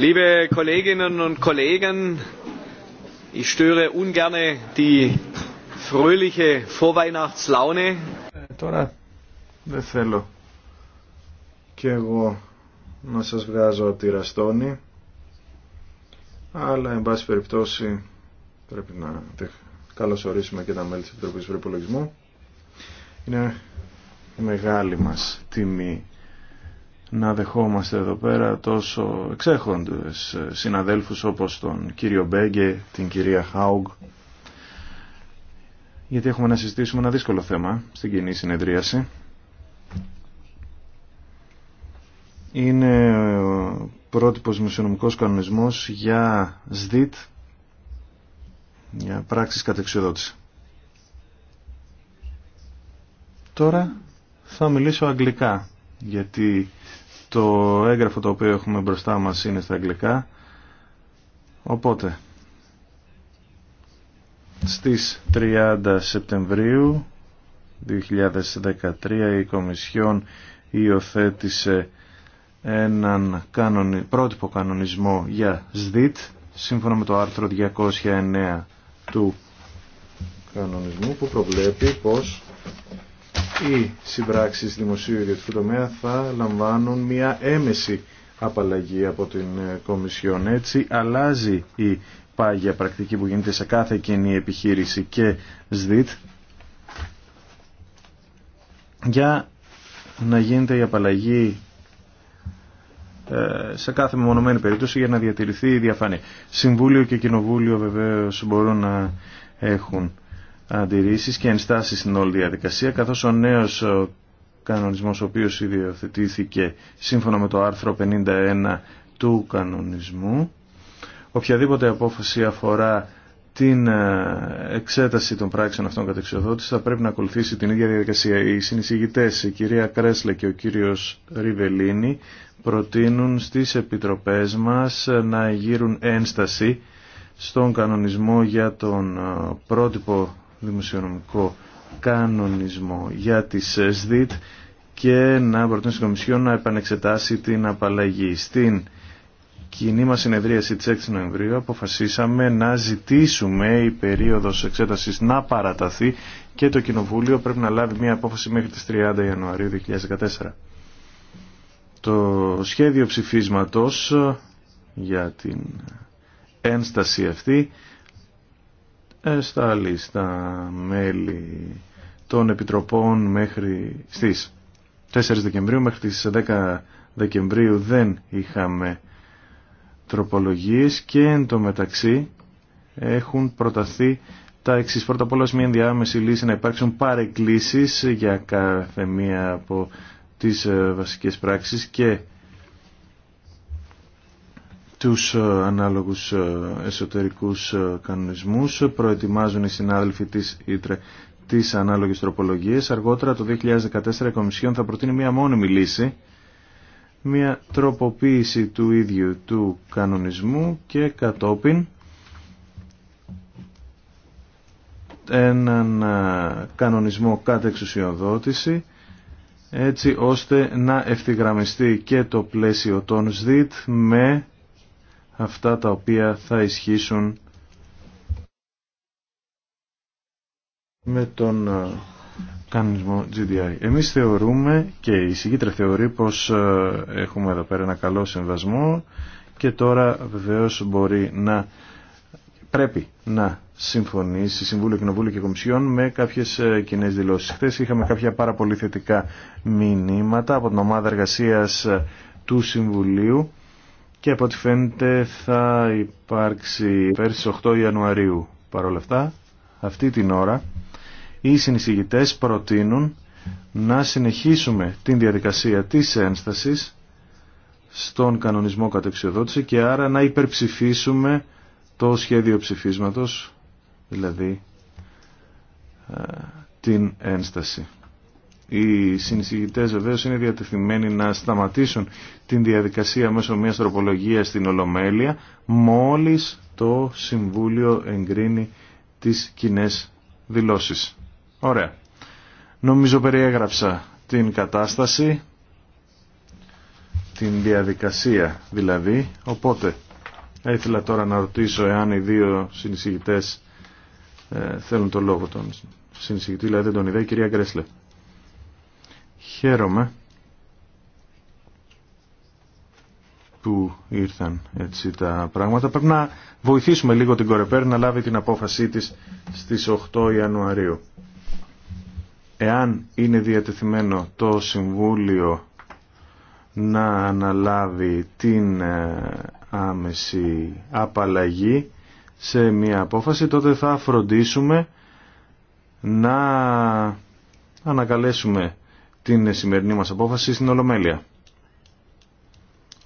liebe kolleginnen und kollegen! ich störe ungern die fröhliche vorweihnachtslaune. Ε, τώρα δεν θέλω και εγώ να σας βγάζω από τη ραστόνη, αλλά εν πάση περιπτώσει πρέπει να καλωσορίσουμε και τα μέλη της Επιτροπής Προπολογισμού. Είναι μεγάλη μας τιμή να δεχόμαστε εδώ πέρα τόσο εξέχοντες συναδέλφους όπως τον κύριο Μπέγκε, την κυρία Χάουγ γιατί έχουμε να συζητήσουμε ένα δύσκολο θέμα στην κοινή συνεδρίαση. Είναι ο πρότυπος μεσονομικός κανονισμός για ΣΔΙΤ, για πράξεις κατεξιοδότηση. Τώρα θα μιλήσω αγγλικά, γιατί το έγγραφο το οποίο έχουμε μπροστά μας είναι στα αγγλικά. Οπότε, στις 30 Σεπτεμβρίου 2013 η Κομισιόν υιοθέτησε έναν κανονι... πρότυπο κανονισμό για ΣΔΙΤ σύμφωνα με το άρθρο 209 του κανονισμού που προβλέπει πως οι συμπράξεις δημοσίου ιδιωτικού τομέα θα λαμβάνουν μια έμεση απαλλαγή από την ε, Κομισιόν. Έτσι αλλάζει η πάγια πρακτική που γίνεται σε κάθε κοινή επιχείρηση και ΣΔΙΤ για να γίνεται η απαλλαγή ε, σε κάθε μεμονωμένη περίπτωση για να διατηρηθεί η διαφάνεια. Συμβούλιο και Κοινοβούλιο βεβαίως μπορούν να έχουν αντιρρήσεις και ενστάσεις στην όλη διαδικασία, καθώς ο νέος κανονισμός ο οποίος ιδιοθετήθηκε σύμφωνα με το άρθρο 51 του κανονισμού. Οποιαδήποτε απόφαση αφορά την ε, εξέταση των πράξεων αυτών κατεξιοδότης θα πρέπει να ακολουθήσει την ίδια διαδικασία. Οι συνεισηγητές, η κυρία Κρέσλε και ο κύριος Ριβελίνη προτείνουν στις επιτροπές μας να γύρουν ένσταση στον κανονισμό για τον ε, πρότυπο δημοσιονομικό κανονισμό για τη ΣΔΙΤ και να προτείνει στην Κομισιό να επανεξετάσει την απαλλαγή. Στην κοινή μας συνεδρίαση της 6 Νοεμβρίου αποφασίσαμε να ζητήσουμε η περίοδος εξέτασης να παραταθεί και το Κοινοβούλιο πρέπει να λάβει μια απόφαση μέχρι τις 30 Ιανουαρίου 2014. Το σχέδιο ψηφίσματος για την ένσταση αυτή στα λίστα μέλη των Επιτροπών μέχρι στις 4 Δεκεμβρίου μέχρι τις 10 Δεκεμβρίου δεν είχαμε τροπολογίες και εν τω μεταξύ έχουν προταθεί τα εξή. Πρώτα απ' όλα, μια ενδιάμεση λύση να υπάρξουν παρεκκλήσεις για κάθε μία από τις ε, βασικές πράξεις και τους ε, ανάλογους ε, εσωτερικούς ε, κανονισμούς. Προετοιμάζουν οι συνάδελφοι της ήτρε τις ανάλογες τροπολογίες. Αργότερα το 2014 η Κομισιόν θα προτείνει μία μόνιμη λύση, μία τροποποίηση του ίδιου του κανονισμού και κατόπιν έναν κανονισμό κάτω εξουσιοδότηση έτσι ώστε να ευθυγραμμιστεί και το πλαίσιο των ΣΔΙΤ με αυτά τα οποία θα ισχύσουν με τον ε, κανονισμό GDI. Εμείς θεωρούμε και η συγκίτρια θεωρεί πως ε, έχουμε εδώ πέρα ένα καλό συμβασμό και τώρα βεβαίως μπορεί να πρέπει να συμφωνήσει Συμβούλιο Κοινοβούλιο και Κομισιόν με κάποιες ε, κοινέ δηλώσεις. Χθε είχαμε κάποια πάρα πολύ θετικά μηνύματα από την ομάδα εργασίας του Συμβουλίου και από ό,τι φαίνεται θα υπάρξει πέρσι 8 Ιανουαρίου. Παρ' όλα αυτά, αυτή την ώρα, οι συνεισηγητές προτείνουν να συνεχίσουμε την διαδικασία της ένστασης στον κανονισμό κατεξιοδότηση και άρα να υπερψηφίσουμε το σχέδιο ψηφίσματος, δηλαδή ε, την ένσταση. Οι συνεισηγητέ βεβαίω είναι διατεθειμένοι να σταματήσουν την διαδικασία μέσω μια τροπολογίας στην Ολομέλεια μόλις το Συμβούλιο εγκρίνει τι κοινέ δηλώσει. Ωραία. Νομίζω περιέγραψα την κατάσταση, την διαδικασία δηλαδή, οπότε θα ήθελα τώρα να ρωτήσω εάν οι δύο συνεισηγητέ ε, θέλουν το λόγο των συνεισηγητή, δηλαδή τον ιδέα, κυρία Γκρέσλε. Χαίρομαι που ήρθαν έτσι τα πράγματα. Πρέπει να βοηθήσουμε λίγο την Κορεπέρ να λάβει την απόφασή της στις 8 Ιανουαρίου. Εάν είναι διατεθειμένο το Συμβούλιο να αναλάβει την ε, άμεση απαλλαγή σε μια απόφαση, τότε θα φροντίσουμε να ανακαλέσουμε την σημερινή μας απόφαση στην Ολομέλεια.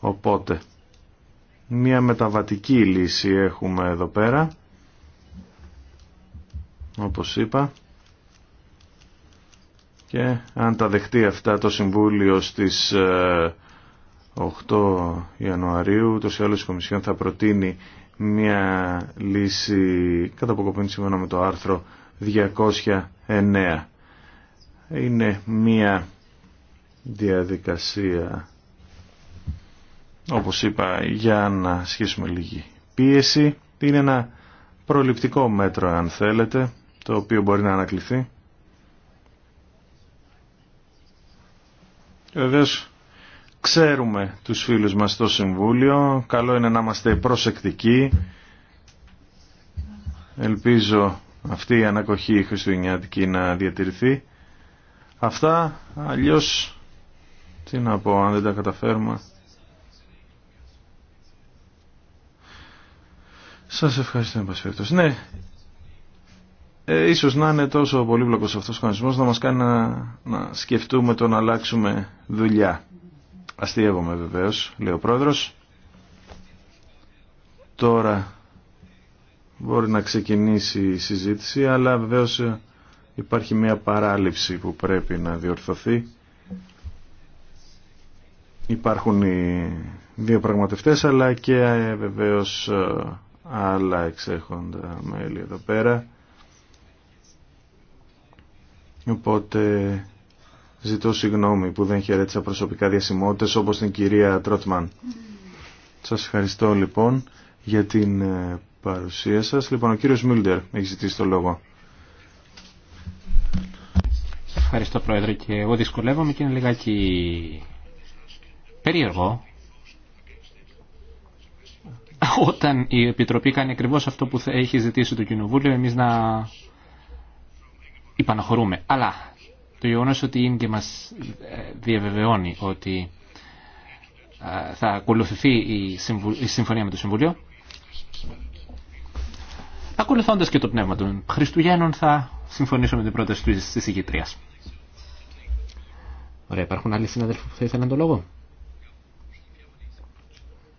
Οπότε, μία μεταβατική λύση έχουμε εδώ πέρα. Όπως είπα. Και αν τα δεχτεί αυτά το Συμβούλιο στις 8 ε, Ιανουαρίου, το σε όλες Κομισιόν θα προτείνει μία λύση κατά αποκοπήν σύμφωνα με το άρθρο 209. Είναι μία διαδικασία όπως είπα για να ασχίσουμε λίγη πίεση είναι ένα προληπτικό μέτρο αν θέλετε το οποίο μπορεί να ανακληθεί Βεβαίω ξέρουμε τους φίλους μας στο Συμβούλιο καλό είναι να είμαστε προσεκτικοί ελπίζω αυτή η ανακοχή χριστουγεννιάτικη να διατηρηθεί αυτά αλλιώς τι να πω, αν δεν τα καταφέρουμε. Σας ευχαριστώ, εμπασφέρτως. Ναι, ε, ίσως να είναι τόσο πολύπλοκος αυτός ο κανονισμός να μας κάνει να, να σκεφτούμε το να αλλάξουμε δουλειά. Αστείευομαι βεβαίως, λέει ο πρόεδρος. Τώρα μπορεί να ξεκινήσει η συζήτηση, αλλά βεβαίως υπάρχει μια παράληψη που πρέπει να διορθωθεί υπάρχουν οι δύο πραγματευτές αλλά και ε, βεβαίως ε, άλλα εξέχοντα μέλη εδώ πέρα. Οπότε ζητώ συγγνώμη που δεν χαιρέτησα προσωπικά διασημότητες όπως την κυρία Τρότμαν. Σας ευχαριστώ λοιπόν για την ε, παρουσία σας. Λοιπόν, ο κύριος Μίλντερ έχει ζητήσει το λόγο. Ευχαριστώ Πρόεδρε και εγώ δυσκολεύομαι και είναι λιγάκι περίεργο όταν η Επιτροπή κάνει ακριβώ αυτό που έχει ζητήσει το Κοινοβούλιο, εμεί να υπαναχωρούμε. Αλλά το γεγονό ότι είναι και μα ε, διαβεβαιώνει ότι ε, θα ακολουθηθεί η συμφωνία με το Συμβουλίο, ακολουθώντα και το πνεύμα των Χριστουγέννων, θα συμφωνήσω με την πρόταση τη συγκητρία. Ωραία, υπάρχουν άλλοι συναδέλφοι που θα ήθελαν το λόγο.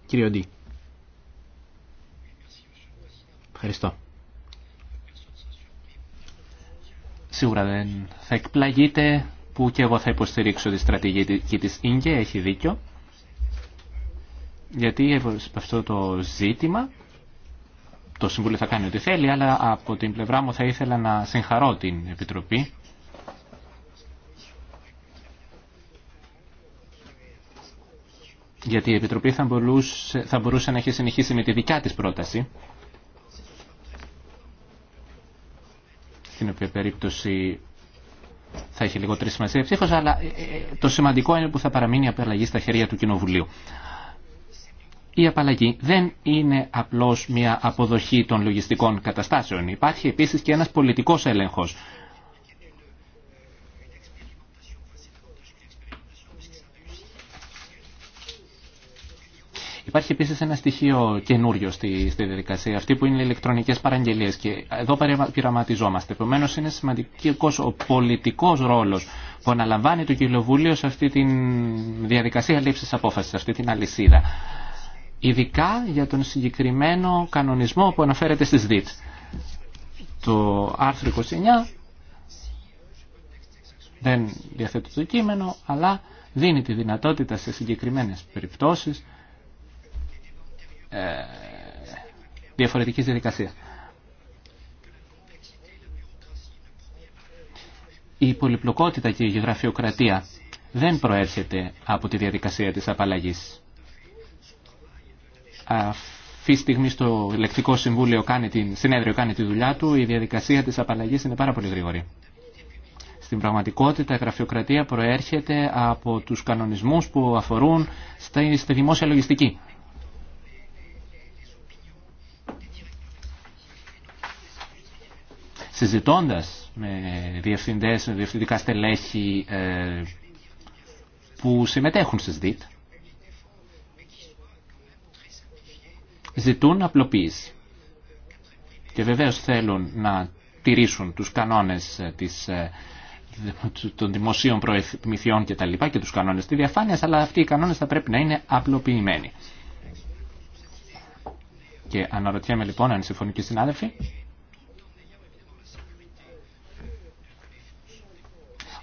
Κύριε Οντή. Ευχαριστώ. Σίγουρα δεν θα εκπλαγείτε που και εγώ θα υποστηρίξω τη στρατηγική της ΙΝΚΕ, έχει δίκιο. Γιατί αυτό το ζήτημα το Συμβούλιο θα κάνει ό,τι θέλει, αλλά από την πλευρά μου θα ήθελα να συγχαρώ την Επιτροπή γιατί η Επιτροπή θα μπορούσε, θα μπορούσε να έχει συνεχίσει με τη δικιά της πρόταση, στην οποία περίπτωση θα έχει λιγότερη σημασία ψήφος, αλλά ε, ε, το σημαντικό είναι που θα παραμείνει η απαλλαγή στα χέρια του Κοινοβουλίου. Η απαλλαγή δεν είναι απλώς μια αποδοχή των λογιστικών καταστάσεων. Υπάρχει επίσης και ένας πολιτικός έλεγχος Υπάρχει επίση ένα στοιχείο καινούριο στη, διαδικασία αυτή που είναι οι ηλεκτρονικέ παραγγελίε και εδώ πειραματιζόμαστε. Επομένω είναι σημαντικό ο πολιτικό ρόλο που αναλαμβάνει το Κοινοβούλιο σε αυτή τη διαδικασία λήψη απόφαση, σε αυτή την αλυσίδα. Ειδικά για τον συγκεκριμένο κανονισμό που αναφέρεται στι ΔΙΤ. Το άρθρο 29 δεν διαθέτει το κείμενο, αλλά δίνει τη δυνατότητα σε συγκεκριμένες περιπτώσεις ε, Διαφορετική διαδικασία. Η πολυπλοκότητα και η γραφειοκρατία δεν προέρχεται από τη διαδικασία της απαλλαγής. Αυτή τη στιγμή στο λεκτικό συμβούλιο κάνει την, συνέδριο κάνει τη δουλειά του, η διαδικασία της απαλλαγής είναι πάρα πολύ γρήγορη. Στην πραγματικότητα η γραφειοκρατία προέρχεται από τους κανονισμούς που αφορούν στη δημόσια λογιστική. συζητώντας με διευθυντές, με διευθυντικά στελέχη ε, που συμμετέχουν στις ΔΙΤ, ζητούν απλοποίηση. Και βεβαίως θέλουν να τηρήσουν τους κανόνες ε, της, ε, των δημοσίων προεπιμήθειών και τα λοιπά και τους κανόνες της διαφάνειας, αλλά αυτοί οι κανόνες θα πρέπει να είναι απλοποιημένοι. Και αναρωτιέμαι λοιπόν αν συμφωνεί και συνάδελφοι,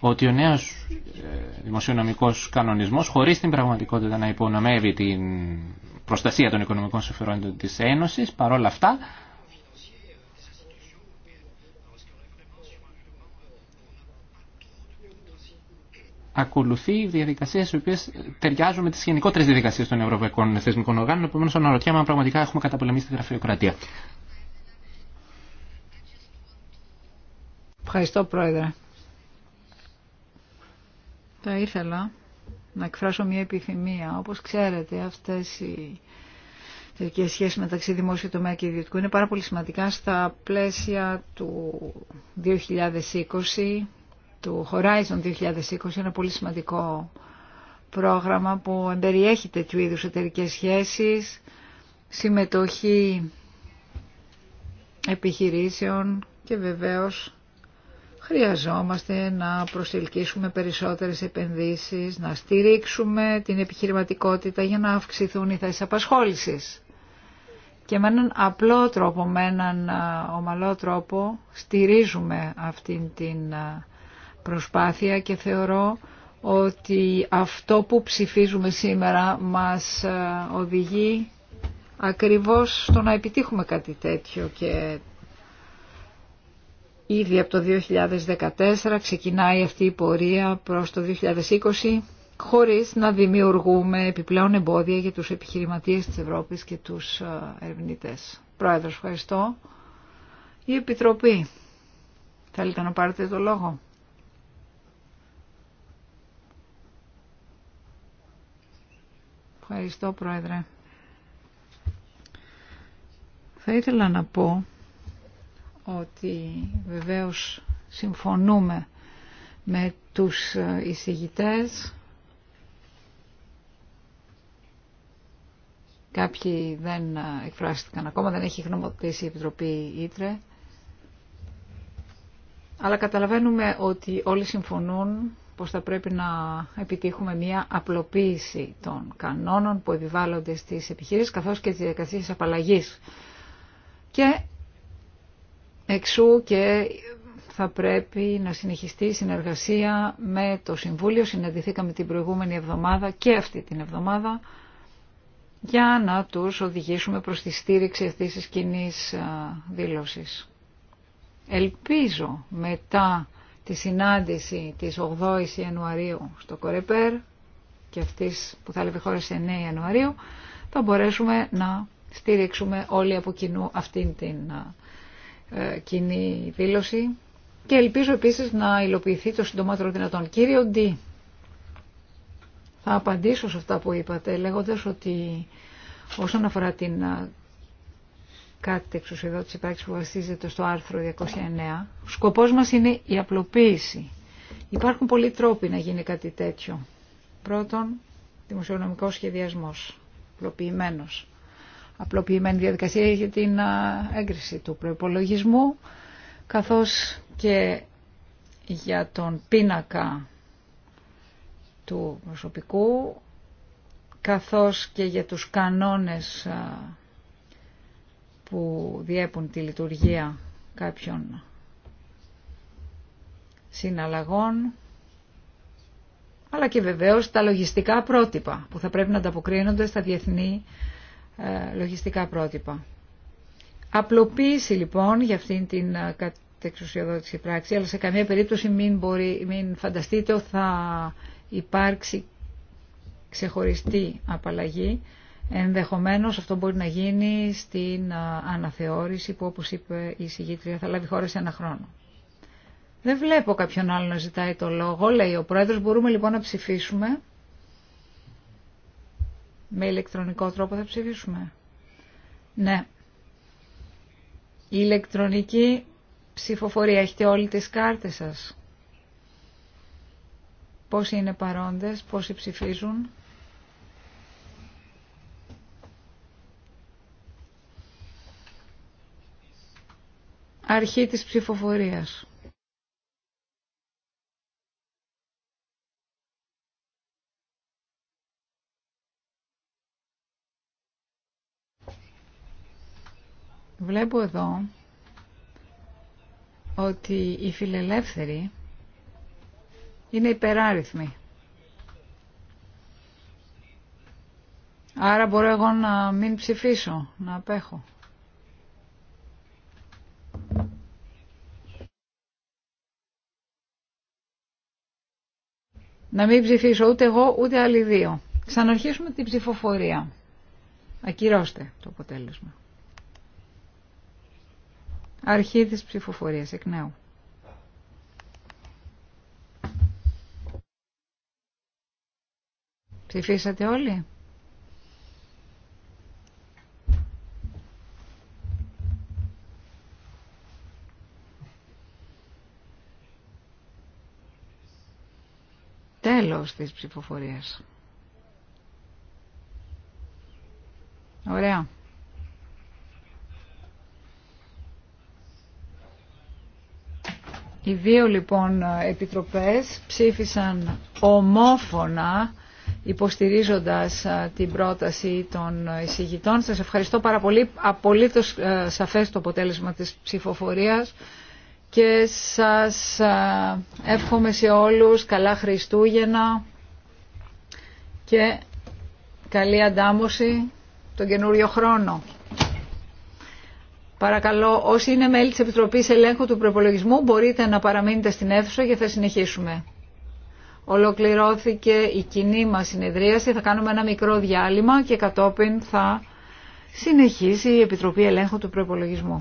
ότι ο νέος ε, δημοσιονομικός κανονισμός χωρίς την πραγματικότητα να υπονομεύει την προστασία των οικονομικών συμφερόντων της Ένωσης, παρόλα αυτά ακολουθεί διαδικασίε οι οποίε ταιριάζουν με τι γενικότερε διαδικασίε των ευρωπαϊκών θεσμικών οργάνων. Επομένω, αναρωτιέμαι αν πραγματικά έχουμε καταπολεμήσει τη γραφειοκρατία. Ευχαριστώ, Πρόεδρε. Θα ήθελα να εκφράσω μια επιθυμία. Όπως ξέρετε, αυτές οι τελικές σχέσεις μεταξύ δημόσιου τομέα και ιδιωτικού είναι πάρα πολύ σημαντικά στα πλαίσια του 2020, του Horizon 2020, ένα πολύ σημαντικό πρόγραμμα που εμπεριέχει τέτοιου είδους εταιρικές σχέσεις, συμμετοχή επιχειρήσεων και βεβαίως Χρειαζόμαστε να προσελκύσουμε περισσότερες επενδύσεις, να στηρίξουμε την επιχειρηματικότητα για να αυξηθούν οι θέσεις απασχόλησης. Και με έναν απλό τρόπο, με έναν ομαλό τρόπο στηρίζουμε αυτήν την προσπάθεια και θεωρώ ότι αυτό που ψηφίζουμε σήμερα μας οδηγεί ακριβώς στο να επιτύχουμε κάτι τέτοιο και Ήδη από το 2014 ξεκινάει αυτή η πορεία προς το 2020 χωρίς να δημιουργούμε επιπλέον εμπόδια για τους επιχειρηματίες της Ευρώπης και τους ε, ερευνητές. Πρόεδρος, ευχαριστώ. Η Επιτροπή. Θέλετε να πάρετε το λόγο. Ευχαριστώ, Πρόεδρε. Θα ήθελα να πω ότι βεβαίως συμφωνούμε με τους εισηγητές. Κάποιοι δεν εκφράστηκαν ακόμα, δεν έχει γνωμοποιήσει η Επιτροπή Ήτρε. Αλλά καταλαβαίνουμε ότι όλοι συμφωνούν πως θα πρέπει να επιτύχουμε μια απλοποίηση των κανόνων που επιβάλλονται στις επιχειρήσεις καθώς και τις διαδικασίες απαλλαγής. Και Εξού και θα πρέπει να συνεχιστεί η συνεργασία με το Συμβούλιο. Συναντηθήκαμε την προηγούμενη εβδομάδα και αυτή την εβδομάδα για να τους οδηγήσουμε προς τη στήριξη αυτής της κοινή δήλωσης. Ελπίζω μετά τη συνάντηση της 8ης Ιανουαρίου στο Κορεπέρ και αυτής που θα έλεγε χώρα σε 9 Ιανουαρίου θα μπορέσουμε να στήριξουμε όλοι από κοινού αυτήν την ε, κοινή δήλωση και ελπίζω επίσης να υλοποιηθεί το συντομότερο δυνατόν. Κύριο Ντί, θα απαντήσω σε αυτά που είπατε λέγοντας ότι όσον αφορά την κάτι της υπάρξης που βασίζεται στο άρθρο 209, ο σκοπός μας είναι η απλοποίηση. Υπάρχουν πολλοί τρόποι να γίνει κάτι τέτοιο. Πρώτον, δημοσιονομικός σχεδιασμός, απλοποιημένος απλοποιημένη διαδικασία για την έγκριση του προϋπολογισμού καθώς και για τον πίνακα του προσωπικού καθώς και για τους κανόνες που διέπουν τη λειτουργία κάποιων συναλλαγών αλλά και βεβαίως τα λογιστικά πρότυπα που θα πρέπει να ανταποκρίνονται στα διεθνή ε, λογιστικά πρότυπα. Απλοποίηση λοιπόν για αυτήν την ε, κατεξουσιοδότηση πράξη, αλλά σε καμία περίπτωση μην, μπορεί, μην φανταστείτε ότι θα υπάρξει ξεχωριστή απαλλαγή. Ενδεχομένως αυτό μπορεί να γίνει στην ε, αναθεώρηση που όπως είπε η συγγήτρια θα λάβει χώρα σε ένα χρόνο. Δεν βλέπω κάποιον άλλο να ζητάει το λόγο. Λέει ο Πρόεδρος μπορούμε λοιπόν να ψηφίσουμε με ηλεκτρονικό τρόπο θα ψηφίσουμε. Ναι. Η ηλεκτρονική ψηφοφορία. Έχετε όλοι τις κάρτες σας. Πόσοι είναι παρόντες, πόσοι ψηφίζουν. Αρχή της ψηφοφορίας. Βλέπω εδώ ότι οι φιλελεύθεροι είναι υπεράριθμοι. Άρα μπορώ εγώ να μην ψηφίσω, να απέχω. Να μην ψηφίσω ούτε εγώ ούτε άλλοι δύο. Ξαναρχίσουμε την ψηφοφορία. Ακυρώστε το αποτέλεσμα. Αρχή της ψηφοφορίας εκ νέου. Ψηφίσατε όλοι. Τέλος της ψηφοφορίας. Ωραία. Οι δύο λοιπόν επιτροπές ψήφισαν ομόφωνα υποστηρίζοντας την πρόταση των εισηγητών. Σας ευχαριστώ πάρα πολύ. Απολύτως σαφές το αποτέλεσμα της ψηφοφορίας και σας εύχομαι σε όλους καλά Χριστούγεννα και καλή αντάμωση τον καινούριο χρόνο. Παρακαλώ, όσοι είναι μέλη της Επιτροπής Ελέγχου του Προπολογισμού, μπορείτε να παραμείνετε στην αίθουσα και θα συνεχίσουμε. Ολοκληρώθηκε η κοινή μας συνεδρίαση, θα κάνουμε ένα μικρό διάλειμμα και κατόπιν θα συνεχίσει η Επιτροπή Ελέγχου του Προπολογισμού.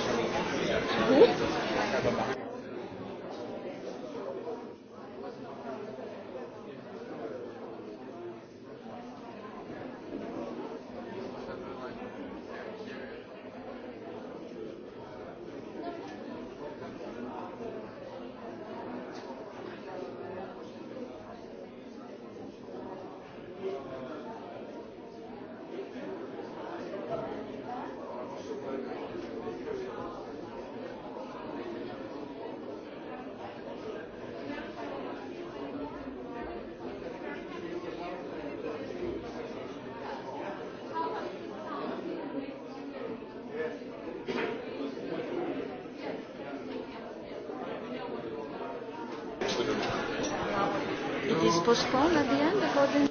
μπορούσα να διαλέξω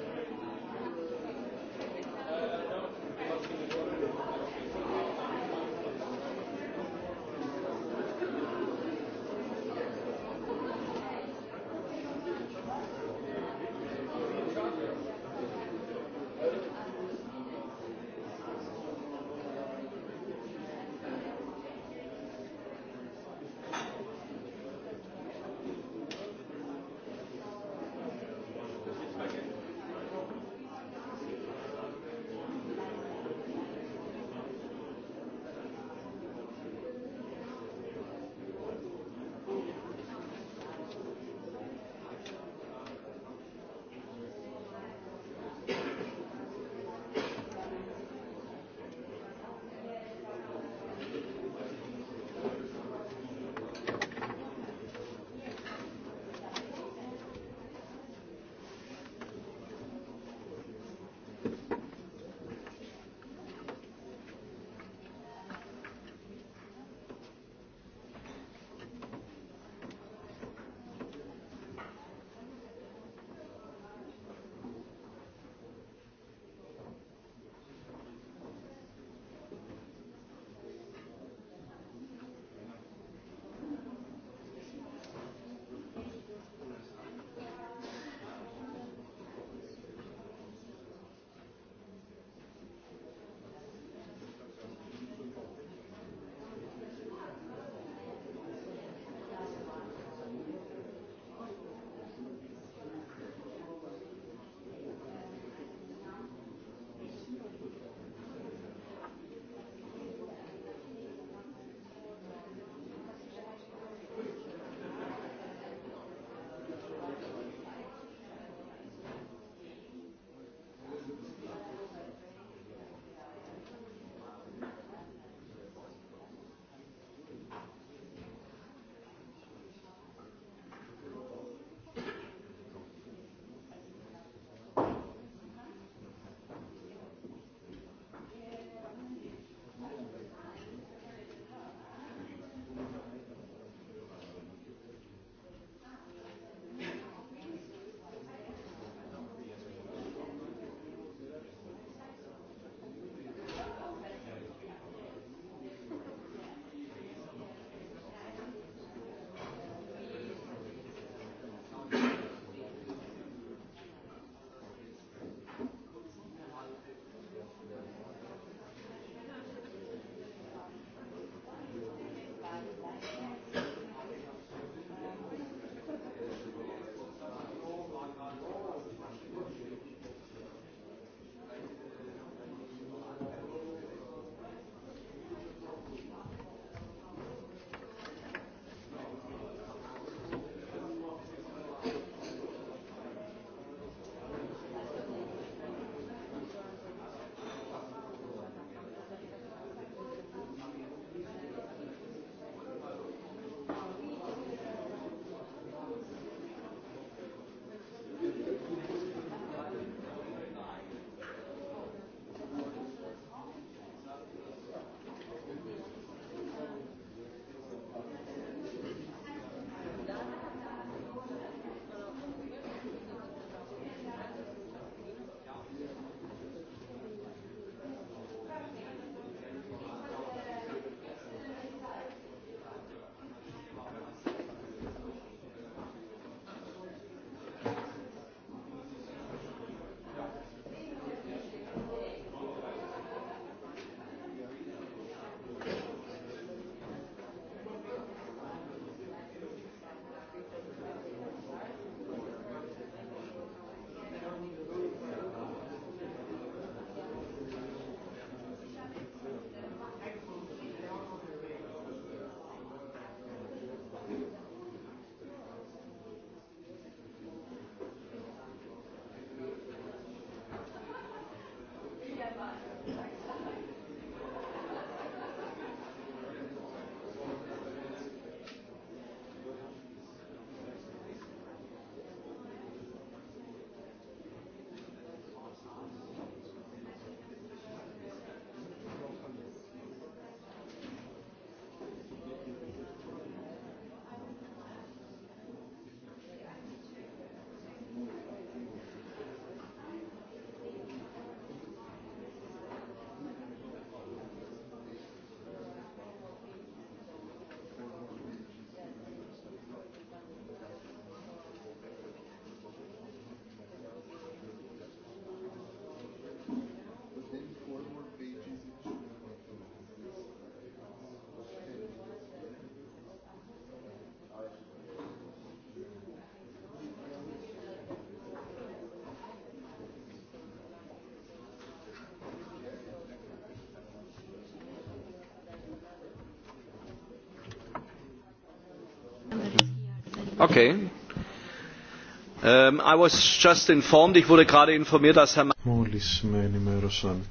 Μόλις με ενημέρωσαν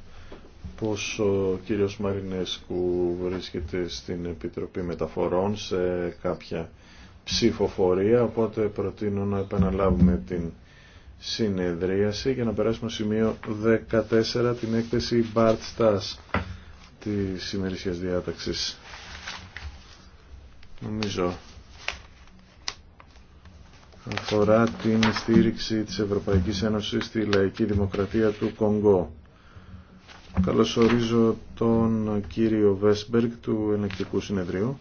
πως ο κύριος Μαρινέσκου βρίσκεται στην Επιτροπή Μεταφορών σε κάποια ψηφοφορία, οπότε προτείνω να επαναλάβουμε την συνεδρίαση για να περάσουμε σημείο 14 την έκθεση Bart τη της ημερήσιας διάταξης. Νομίζω αφορά την στήριξη της Ευρωπαϊκής Ένωσης στη λαϊκή δημοκρατία του Κονγκό. Καλωσορίζω τον κύριο Βέσμπεργκ του Ενεκτικού Συνεδρίου.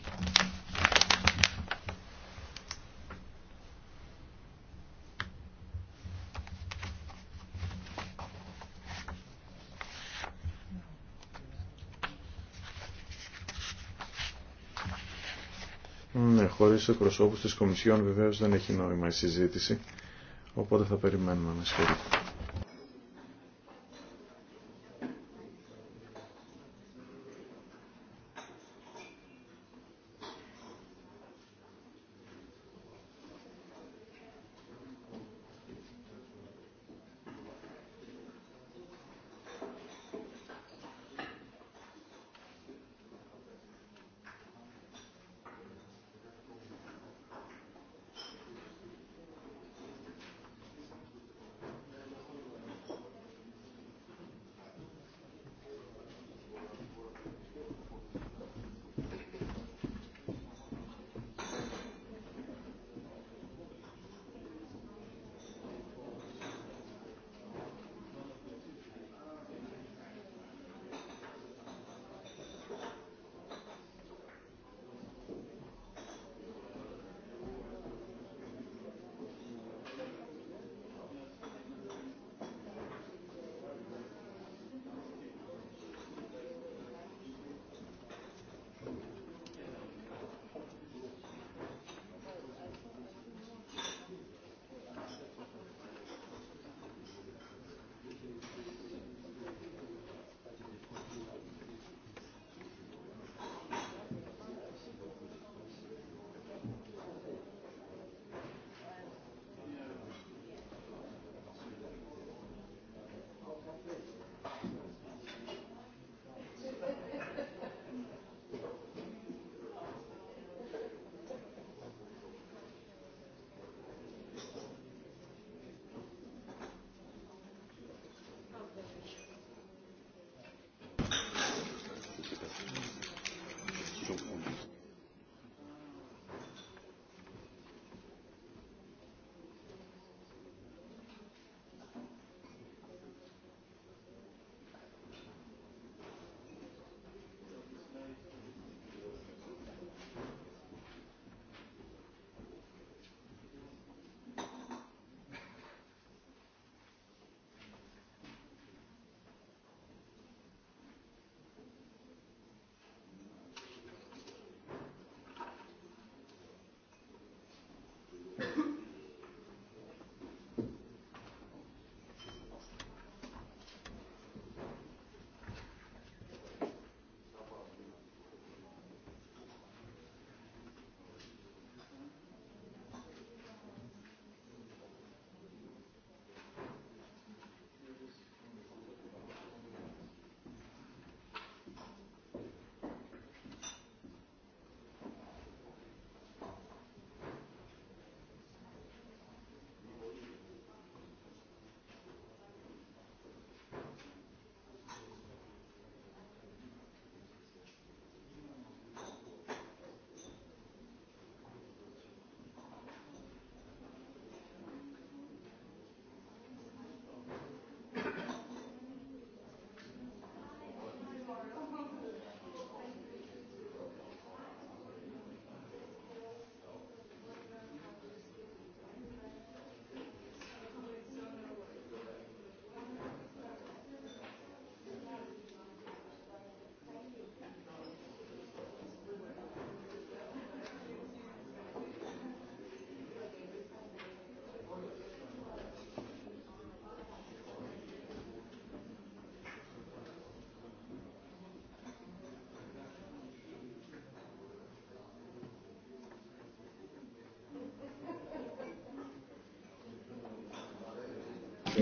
εκπροσώπους της Κομισιόν βεβαίως δεν έχει νόημα η συζήτηση, οπότε θα περιμένουμε να σχέδιο.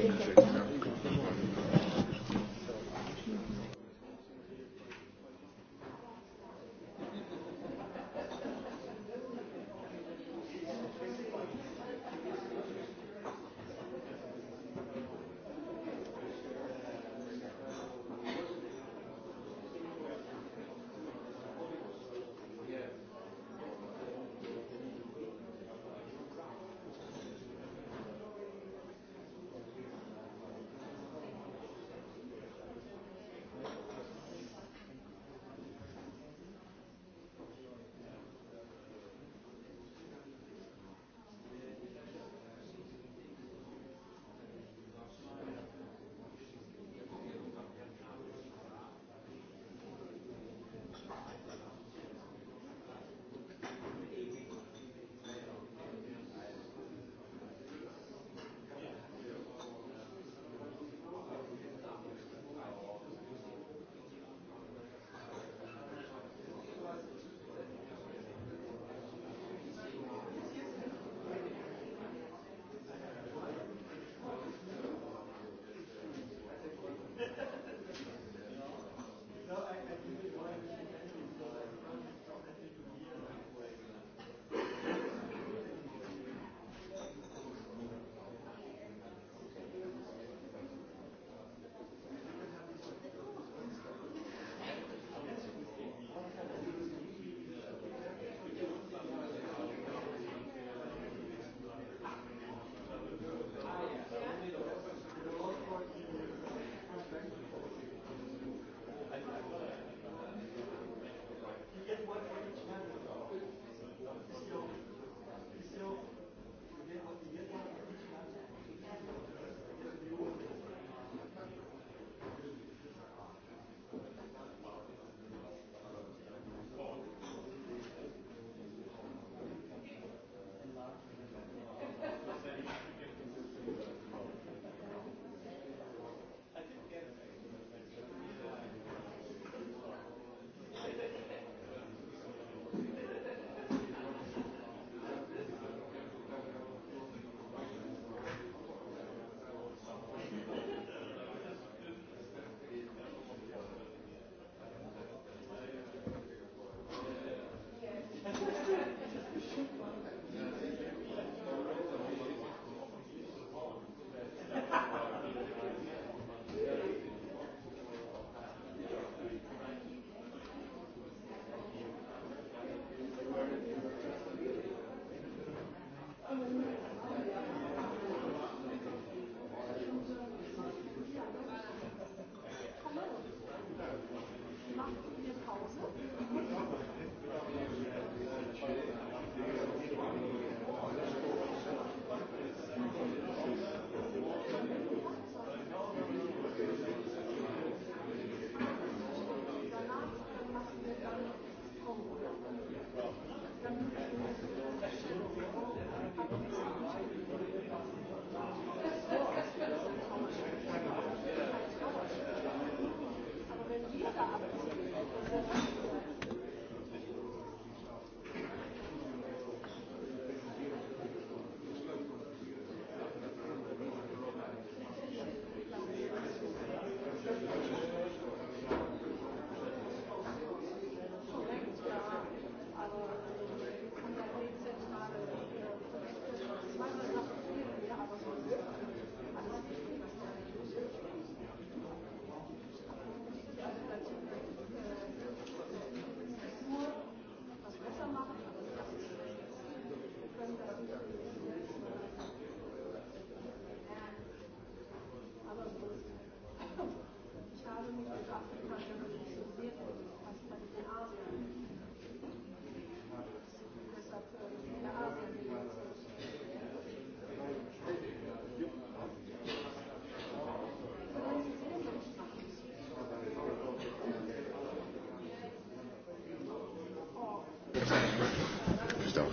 Thank you.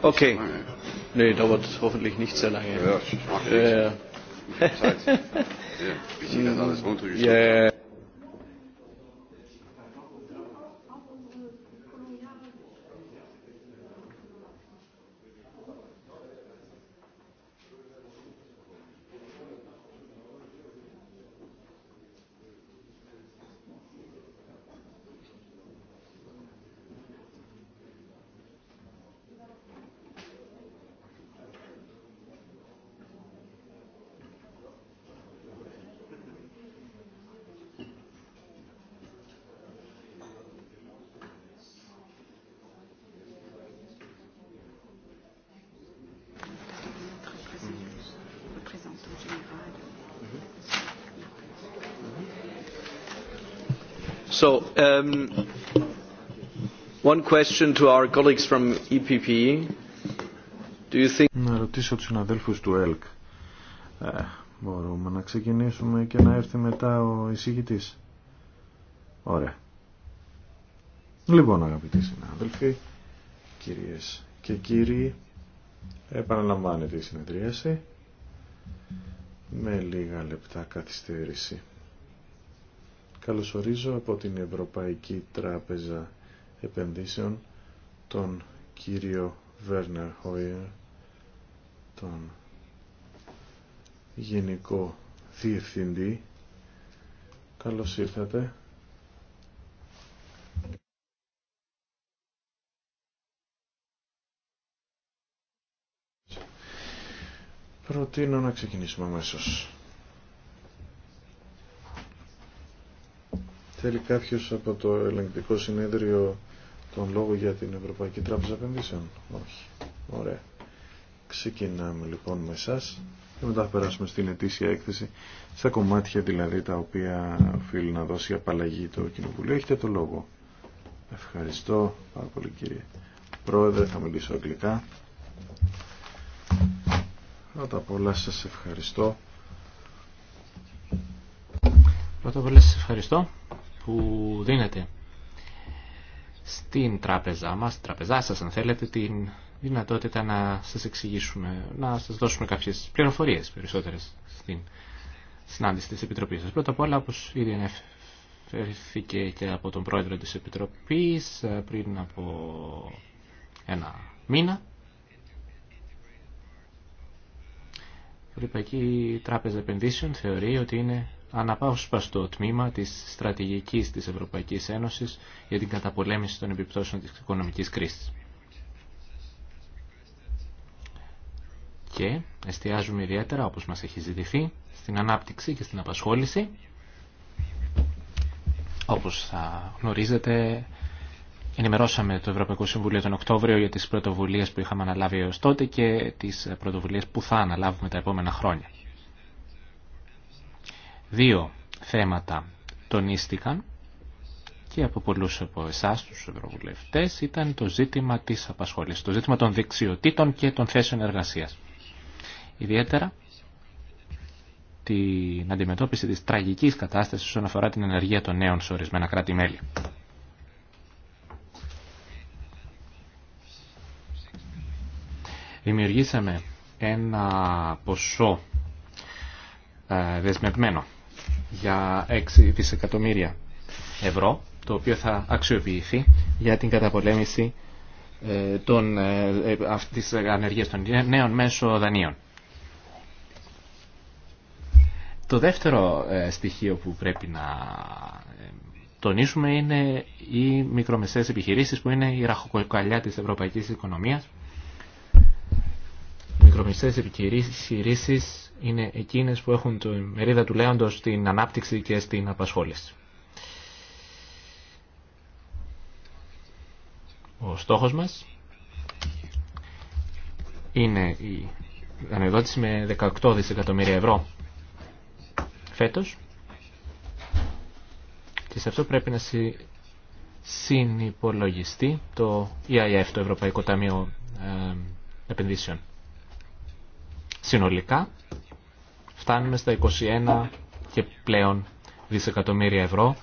Okay. Nee, dauert hoffentlich nicht sehr lange. Ja, So, um, one question to our colleagues from EPP. Do you Να ρωτήσω τους συναδέλφους του ΕΛΚ. Ε, μπορούμε να ξεκινήσουμε και να έρθει μετά ο εισηγητής. Ωραία. Λοιπόν, αγαπητοί συνάδελφοι, κυρίες και κύριοι, επαναλαμβάνεται η συνεδρίαση με λίγα λεπτά καθυστέρηση καλωσορίζω από την Ευρωπαϊκή Τράπεζα Επενδύσεων τον κύριο Βέρνερ Χόιερ, τον Γενικό Διευθυντή. Καλώς ήρθατε. Προτείνω να ξεκινήσουμε αμέσως. Θέλει κάποιο από το ελεγκτικό συνέδριο τον λόγο για την Ευρωπαϊκή Τράπεζα Επενδύσεων. Όχι. Ωραία. Ξεκινάμε λοιπόν με εσά και μετά θα περάσουμε στην ετήσια έκθεση, στα κομμάτια δηλαδή τα οποία οφείλει να δώσει απαλλαγή το Κοινοβουλίο. Έχετε το λόγο. Ευχαριστώ πάρα πολύ κύριε Πρόεδρε, θα μιλήσω αγγλικά. Πρώτα απ' όλα σας ευχαριστώ. Πρώτα απ' όλα σας ευχαριστώ που δίνεται στην τράπεζά μας, τραπεζά σας αν θέλετε, την δυνατότητα να σας εξηγήσουμε, να σας δώσουμε κάποιες πληροφορίες περισσότερες στην συνάντηση της Επιτροπής σας. Πρώτα απ' όλα, όπως ήδη ανέφερθηκε και από τον πρόεδρο της Επιτροπής ε, πριν από ένα μήνα, η Ευρωπαϊκή Τράπεζα Επενδύσεων θεωρεί ότι είναι αναπόσπαστο τμήμα της στρατηγικής της Ευρωπαϊκής Ένωσης για την καταπολέμηση των επιπτώσεων της οικονομικής κρίσης. Και εστιάζουμε ιδιαίτερα, όπως μας έχει ζητηθεί, στην ανάπτυξη και στην απασχόληση. Όπως θα γνωρίζετε, ενημερώσαμε το Ευρωπαϊκό Συμβουλίο τον Οκτώβριο για τις πρωτοβουλίες που είχαμε αναλάβει έως τότε και τις πρωτοβουλίες που θα αναλάβουμε τα επόμενα χρόνια. Δύο θέματα τονίστηκαν και από πολλούς από εσάς τους ευρωβουλευτές ήταν το ζήτημα της απασχόλησης, το ζήτημα των δεξιοτήτων και των θέσεων εργασίας. Ιδιαίτερα την αντιμετώπιση της τραγικής κατάστασης όσον αφορά την ενεργεία των νέων σε ορισμένα κράτη-μέλη. Δημιουργήσαμε ένα ποσό ε, δεσμευμένο για 6 δισεκατομμύρια ευρώ, το οποίο θα αξιοποιηθεί για την καταπολέμηση ε, των, ε, ε, αυτής της ανεργίας των νέων μέσω δανείων. Το δεύτερο στοιχείο που πρέπει να τονίσουμε είναι οι μικρομεσαίες επιχειρήσεις που είναι η ραχοκοκαλιά της ευρωπαϊκής οικονομίας. Μικρομεσαίες επιχειρήσεις είναι εκείνες που έχουν τη μερίδα του λέοντος στην ανάπτυξη και στην απασχόληση. Ο στόχος μας είναι η ανεδότηση με 18 δισεκατομμύρια ευρώ φέτος και σε αυτό πρέπει να συνυπολογιστεί το EIF, το Ευρωπαϊκό Ταμείο ε, Επενδύσεων. Συνολικά φτάνουμε στα 21 και πλέον δισεκατομμύρια ευρώ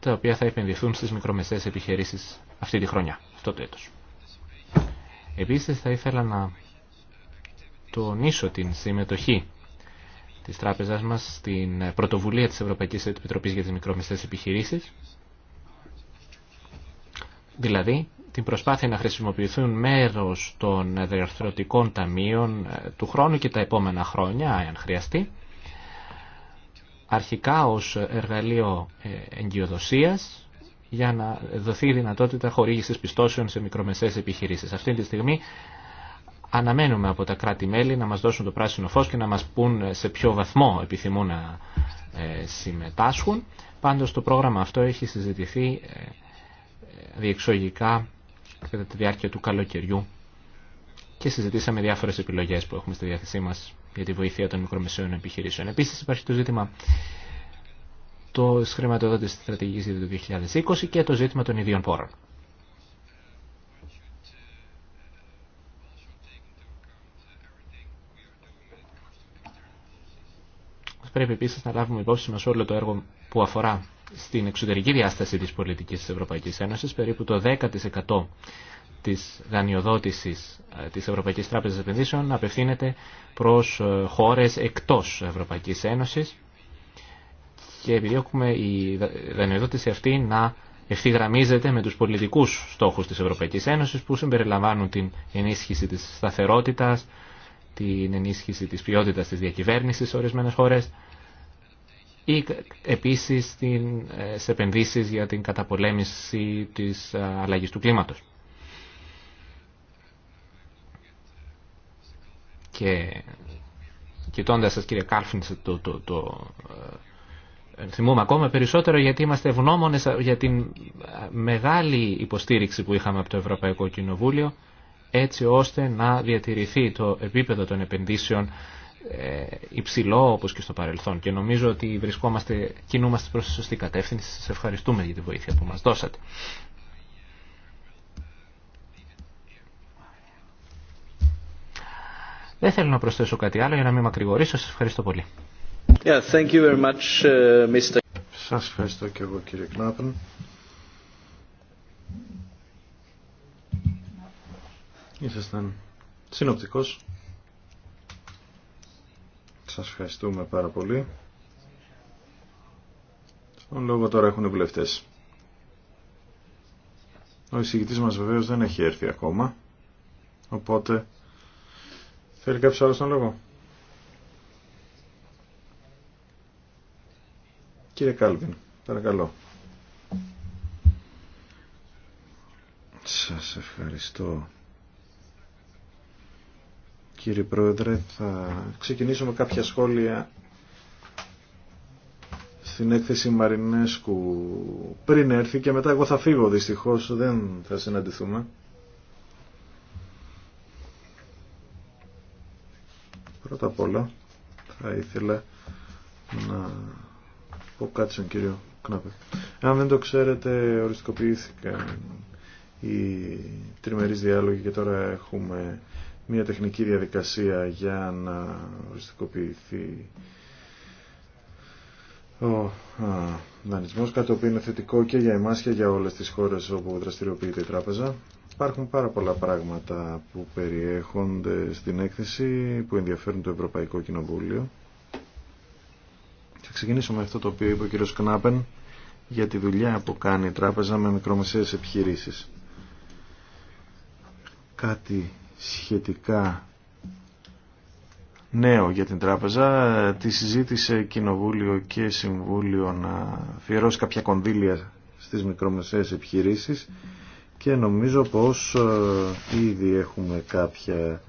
τα οποία θα επενδυθούν στις μικρομεσαίες επιχειρήσεις αυτή τη χρονιά, αυτό το έτος. Επίσης θα ήθελα να τονίσω την συμμετοχή της τράπεζας μας στην πρωτοβουλία της Ευρωπαϊκής Επιτροπής για τις Μικρομεσαίες Επιχειρήσεις, δηλαδή την προσπάθεια να χρησιμοποιηθούν μέρος των διαρθρωτικών ταμείων ε, του χρόνου και τα επόμενα χρόνια, αν χρειαστεί, αρχικά ως εργαλείο ε, εγκυοδοσίας για να δοθεί η δυνατότητα χορήγησης πιστώσεων σε μικρομεσαίες επιχειρήσεις. Αυτή τη στιγμή αναμένουμε από τα κράτη-μέλη να μας δώσουν το πράσινο φως και να μας πούν ε, σε ποιο βαθμό επιθυμούν να συμμετάσχουν. Πάντως το πρόγραμμα αυτό έχει συζητηθεί διεξογικά κατά τη διάρκεια του καλοκαιριού και συζητήσαμε διάφορες επιλογές που έχουμε στη διάθεσή μας για τη βοήθεια των μικρομεσαίων επιχειρήσεων. Επίσης υπάρχει το ζήτημα το χρηματοδότηση της στρατηγικής για 2020 και το ζήτημα των ιδίων πόρων. Πρέπει επίσης να λάβουμε υπόψη μας όλο το έργο που αφορά στην εξωτερική διάσταση της πολιτικής της Ευρωπαϊκής Ένωσης περίπου το 10% της δανειοδότησης ε, της Ευρωπαϊκής Τράπεζας Επενδύσεων απευθύνεται προς ε, χώρες εκτός Ευρωπαϊκής Ένωσης και επιδιώκουμε η δανειοδότηση αυτή να ευθυγραμμίζεται με τους πολιτικούς στόχους της Ευρωπαϊκής Ένωσης που συμπεριλαμβάνουν την ενίσχυση της σταθερότητας, την ενίσχυση της ποιότητας της διακυβέρνησης σε ορισμένες χώρες ή επίσης ε, σε επενδύσεις για την καταπολέμηση της ε, αλλαγής του κλίματος. Και κοιτώντα σας κύριε Κάλφιν το, το, το ε, θυμούμε ακόμα περισσότερο γιατί είμαστε ευγνώμονες για την μεγάλη υποστήριξη που είχαμε από το Ευρωπαϊκό Κοινοβούλιο έτσι ώστε να διατηρηθεί το επίπεδο των επενδύσεων ε, υψηλό όπως και στο παρελθόν και νομίζω ότι βρισκόμαστε, κινούμαστε προς τη σωστή κατεύθυνση. Σας ευχαριστούμε για τη βοήθεια που μας δώσατε. Δεν θέλω να προσθέσω κάτι άλλο για να μην μακρηγορήσω. Σας ευχαριστώ πολύ. Yeah, thank you very much, uh, Mr. Σας ευχαριστώ και εγώ κύριε Κνάπεν. Ήσασταν συνοπτικός. Σας ευχαριστούμε πάρα πολύ. Τον λόγο τώρα έχουν οι βουλευτές. Ο εισηγητής μας βεβαίως δεν έχει έρθει ακόμα. Οπότε θέλει κάποιος άλλος τον λόγο. Κύριε Κάλβιν, παρακαλώ. Σας ευχαριστώ κύριε Πρόεδρε. Θα ξεκινήσω με κάποια σχόλια στην έκθεση Μαρινέσκου πριν έρθει και μετά εγώ θα φύγω δυστυχώς, δεν θα συναντηθούμε. Πρώτα απ' όλα θα ήθελα να πω κάτι στον κύριο Κνάπε. Αν δεν το ξέρετε οριστικοποιήθηκαν οι τριμερείς διάλογοι και τώρα έχουμε μια τεχνική διαδικασία για να οριστικοποιηθεί ο δανεισμός, κάτι το είναι θετικό και για εμάς και για όλες τις χώρες όπου δραστηριοποιείται η τράπεζα. Υπάρχουν πάρα πολλά πράγματα που περιέχονται στην έκθεση που ενδιαφέρουν το Ευρωπαϊκό Κοινοβούλιο. Θα ξεκινήσω με αυτό το οποίο είπε ο κ. Κνάπεν για τη δουλειά που κάνει η τράπεζα με μικρομεσαίες επιχειρήσεις. Κάτι σχετικά νέο για την τράπεζα. Τη συζήτησε Κοινοβούλιο και Συμβούλιο να αφιερώσει κάποια κονδύλια στις μικρομεσαίες επιχειρήσεις και νομίζω πως ε, ήδη έχουμε κάποια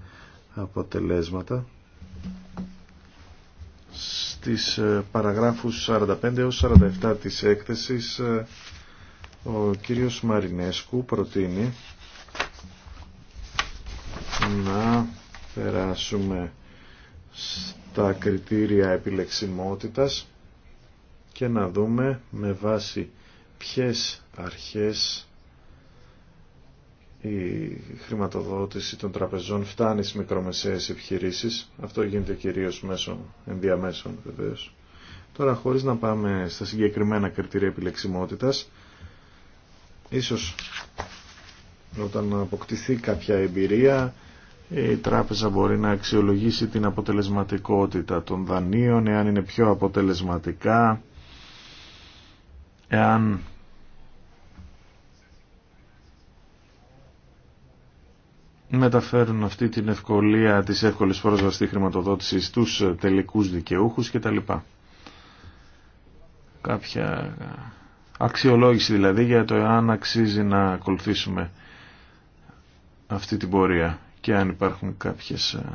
αποτελέσματα στις ε, παραγράφους 45 έως 47 της έκθεσης ε, ο κύριος Μαρινέσκου προτείνει να περάσουμε στα κριτήρια επιλεξιμότητας και να δούμε με βάση ποιες αρχές η χρηματοδότηση των τραπεζών φτάνει στις μικρομεσαίες επιχειρήσεις. Αυτό γίνεται κυρίως μέσω ενδιαμέσων βεβαίω. Τώρα χωρίς να πάμε στα συγκεκριμένα κριτήρια επιλεξιμότητας, ίσως όταν αποκτηθεί κάποια εμπειρία η τράπεζα μπορεί να αξιολογήσει την αποτελεσματικότητα των δανείων, εάν είναι πιο αποτελεσματικά, εάν μεταφέρουν αυτή την ευκολία της εύκολης πρόσβασης στη χρηματοδότηση στους τελικούς δικαιούχους κτλ. Κάποια αξιολόγηση δηλαδή για το εάν αξίζει να ακολουθήσουμε αυτή την πορεία και αν υπάρχουν κάποιες ε,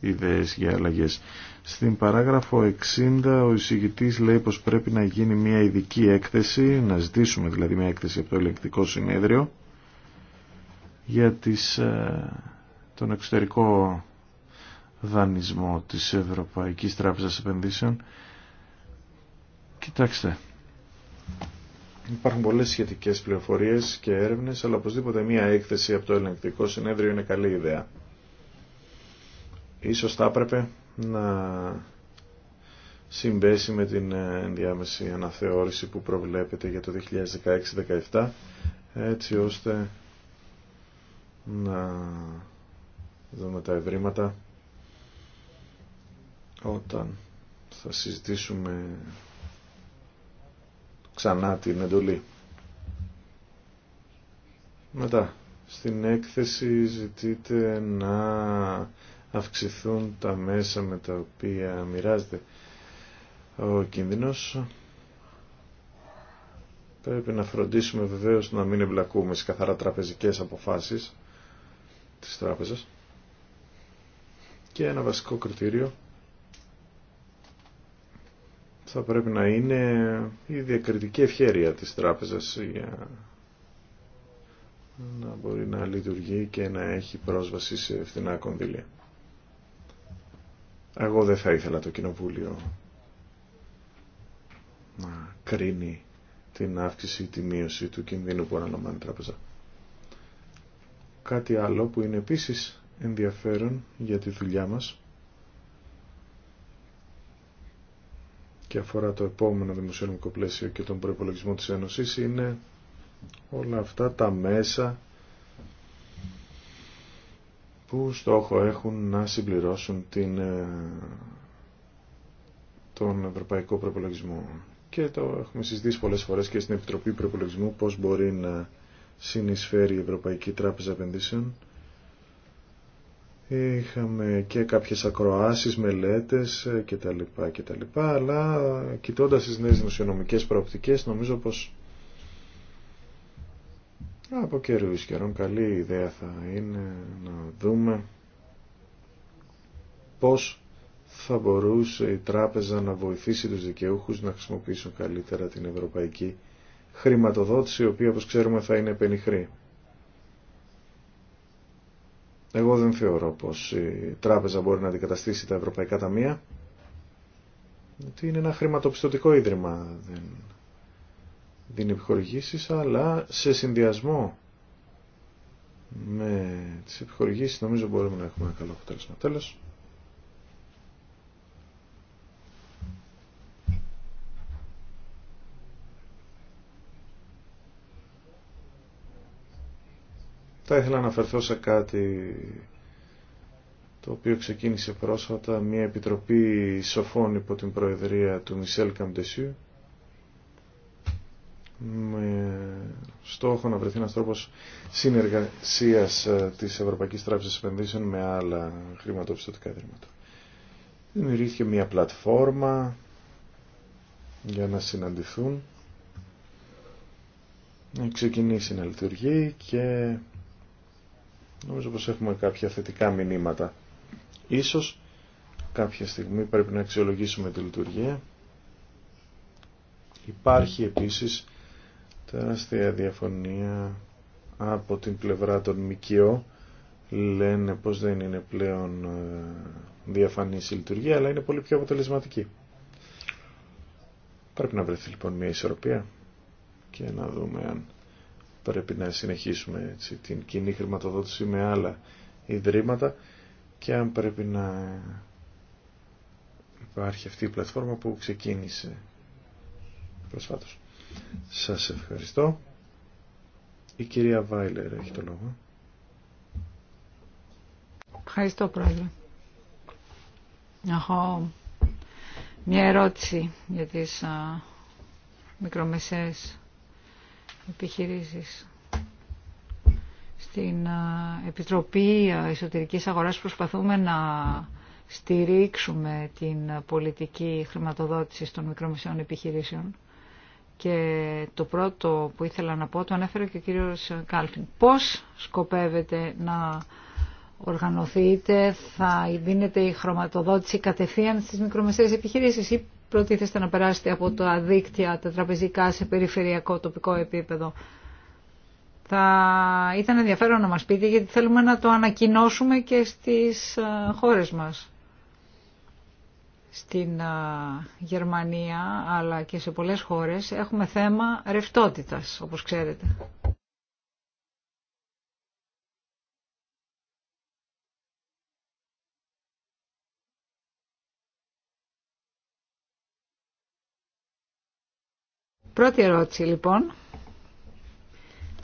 ιδέες για αλλαγές. Στην παράγραφο 60 ο εισηγητής λέει πως πρέπει να γίνει μια ειδική έκθεση, να ζητήσουμε δηλαδή μια έκθεση από το ελεγκτικό συνέδριο για τις, ε, τον εξωτερικό δανεισμό της Ευρωπαϊκής Τράπεζας Επενδύσεων. Κοιτάξτε, Υπάρχουν πολλές σχετικές πληροφορίες και έρευνες, αλλά οπωσδήποτε μία έκθεση από το ελεγκτικό συνέδριο είναι καλή ιδέα. Ίσως θα έπρεπε να συμπέσει με την ενδιάμεση αναθεώρηση που προβλέπεται για το 2016-2017, έτσι ώστε να δούμε τα ευρήματα όταν θα συζητήσουμε ξανά την εντολή. Μετά, στην έκθεση ζητείτε να αυξηθούν τα μέσα με τα οποία μοιράζεται ο κίνδυνος. Πρέπει να φροντίσουμε βεβαίως να μην εμπλακούμε σε καθαρά τραπεζικές αποφάσεις της τράπεζας. Και ένα βασικό κριτήριο θα πρέπει να είναι η διακριτική ευχέρεια της τράπεζας για να μπορεί να λειτουργεί και να έχει πρόσβαση σε φθηνά κονδύλια. Εγώ δεν θα ήθελα το Κοινοβούλιο να κρίνει την αύξηση ή τη μείωση του κινδύνου που αναλαμβάνει η τράπεζα. Κάτι άλλο που είναι επίσης ενδιαφέρον για τη δουλειά μας και αφορά το επόμενο δημοσιονομικό πλαίσιο και τον προπολογισμό της Ένωσης είναι όλα αυτά τα μέσα που στόχο έχουν να συμπληρώσουν την, ε, τον ευρωπαϊκό προπολογισμό. Και το έχουμε συζητήσει πολλές φορές και στην Επιτροπή Προπολογισμού πώς μπορεί να συνεισφέρει η Ευρωπαϊκή Τράπεζα Επενδύσεων Είχαμε και κάποιες ακροάσεις, μελέτες κτλ. Ε, κτλ αλλά κοιτώντας τις νέες δημοσιονομικές προοπτικές νομίζω πως από καιρού καιρόν καλή ιδέα θα είναι να δούμε πώς θα μπορούσε η τράπεζα να βοηθήσει τους δικαιούχους να χρησιμοποιήσουν καλύτερα την ευρωπαϊκή χρηματοδότηση, η οποία όπως ξέρουμε θα είναι επενιχρή. Εγώ δεν θεωρώ πως η τράπεζα μπορεί να αντικαταστήσει τα ευρωπαϊκά ταμεία, γιατί είναι ένα χρηματοπιστωτικό ίδρυμα, δεν δίνει επιχορηγήσεις, αλλά σε συνδυασμό με τις επιχορηγήσεις νομίζω μπορούμε να έχουμε ένα καλό αποτέλεσμα. Τέλος. Θα ήθελα να αναφερθώ σε κάτι το οποίο ξεκίνησε πρόσφατα μια επιτροπή σοφών υπό την προεδρία του Μισελ Καμπτεσίου με στόχο να βρεθεί ένας τρόπος συνεργασίας ε, της Ευρωπαϊκής Τράπεζας Επενδύσεων με άλλα χρηματοπιστωτικά ιδρύματα. Δημιουργήθηκε μια πλατφόρμα για να συναντηθούν. Ξεκινήσει να λειτουργεί και Νομίζω πως έχουμε κάποια θετικά μηνύματα. Ίσως κάποια στιγμή πρέπει να αξιολογήσουμε τη λειτουργία. Υπάρχει επίσης τεράστια διαφωνία από την πλευρά των ΜΚΟ. Λένε πως δεν είναι πλέον ε, διαφανής η λειτουργία, αλλά είναι πολύ πιο αποτελεσματική. Πρέπει να βρεθεί λοιπόν μια ισορροπία και να δούμε αν πρέπει να συνεχίσουμε έτσι, την κοινή χρηματοδότηση με άλλα ιδρύματα και αν πρέπει να υπάρχει αυτή η πλατφόρμα που ξεκίνησε προσφάτως. Σας ευχαριστώ. Η κυρία Βάιλερ έχει το λόγο. Ευχαριστώ πρόεδρε. Έχω μια ερώτηση για τις μικρομεσαίες επιχειρήσεις. Στην Επιτροπή Εσωτερική Αγοράς προσπαθούμε να στηρίξουμε την πολιτική χρηματοδότηση των μικρομεσαίων επιχειρήσεων. Και το πρώτο που ήθελα να πω, το ανέφερε και ο κύριος Κάλφιν. Πώς σκοπεύετε να οργανωθείτε, θα δίνετε η χρηματοδότηση κατευθείαν στις μικρομεσαίες επιχειρήσεις ή προτίθεστε να περάσετε από τα δίκτυα, τα τραπεζικά σε περιφερειακό τοπικό επίπεδο. Θα ήταν ενδιαφέρον να μας πείτε γιατί θέλουμε να το ανακοινώσουμε και στις ε, χώρες μας. Στην ε, Γερμανία αλλά και σε πολλές χώρες έχουμε θέμα ρευτότητας όπως ξέρετε. Πρώτη ερώτηση λοιπόν.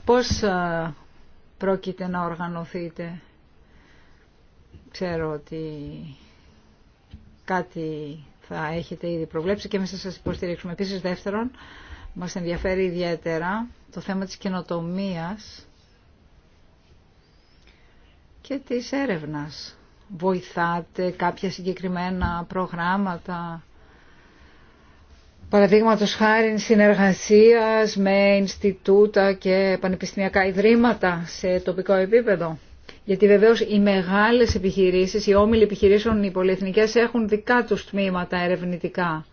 Πώς ε, πρόκειται να οργανωθείτε. Ξέρω ότι κάτι θα έχετε ήδη προβλέψει και εμείς θα σας υποστηρίξουμε. Επίσης δεύτερον, μας ενδιαφέρει ιδιαίτερα το θέμα της καινοτομίας και της έρευνας. Βοηθάτε κάποια συγκεκριμένα προγράμματα παραδείγματο χάρη συνεργασία με Ινστιτούτα και πανεπιστημιακά ιδρύματα σε τοπικό επίπεδο. Γιατί βεβαίω οι μεγάλε επιχειρήσει, οι όμιλοι επιχειρήσεων, οι πολυεθνικέ έχουν δικά του τμήματα ερευνητικά.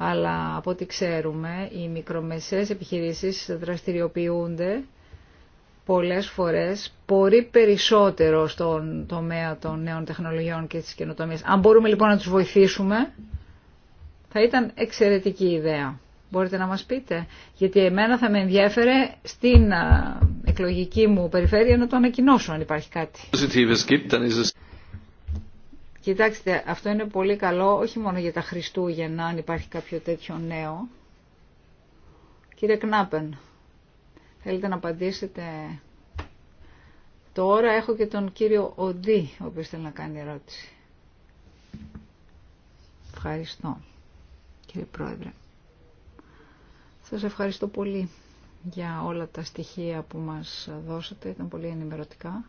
Αλλά από ό,τι ξέρουμε, οι μικρομεσαίες επιχειρήσεις δραστηριοποιούνται πολλές φορές πολύ περισσότερο στον τομέα των νέων τεχνολογιών και της καινοτομίας. Αν μπορούμε λοιπόν να τους βοηθήσουμε, θα ήταν εξαιρετική ιδέα. Μπορείτε να μας πείτε. Γιατί εμένα θα με ενδιέφερε στην εκλογική μου περιφέρεια να το ανακοινώσω αν υπάρχει κάτι. Κοιτάξτε, αυτό είναι πολύ καλό, όχι μόνο για τα Χριστούγεννα, αν υπάρχει κάποιο τέτοιο νέο. Κύριε Κνάπεν, θέλετε να απαντήσετε τώρα. Έχω και τον κύριο Οντί, ο οποίος θέλει να κάνει ερώτηση. Ευχαριστώ κύριε Πρόεδρε. Σας ευχαριστώ πολύ για όλα τα στοιχεία που μας δώσατε. Ήταν πολύ ενημερωτικά.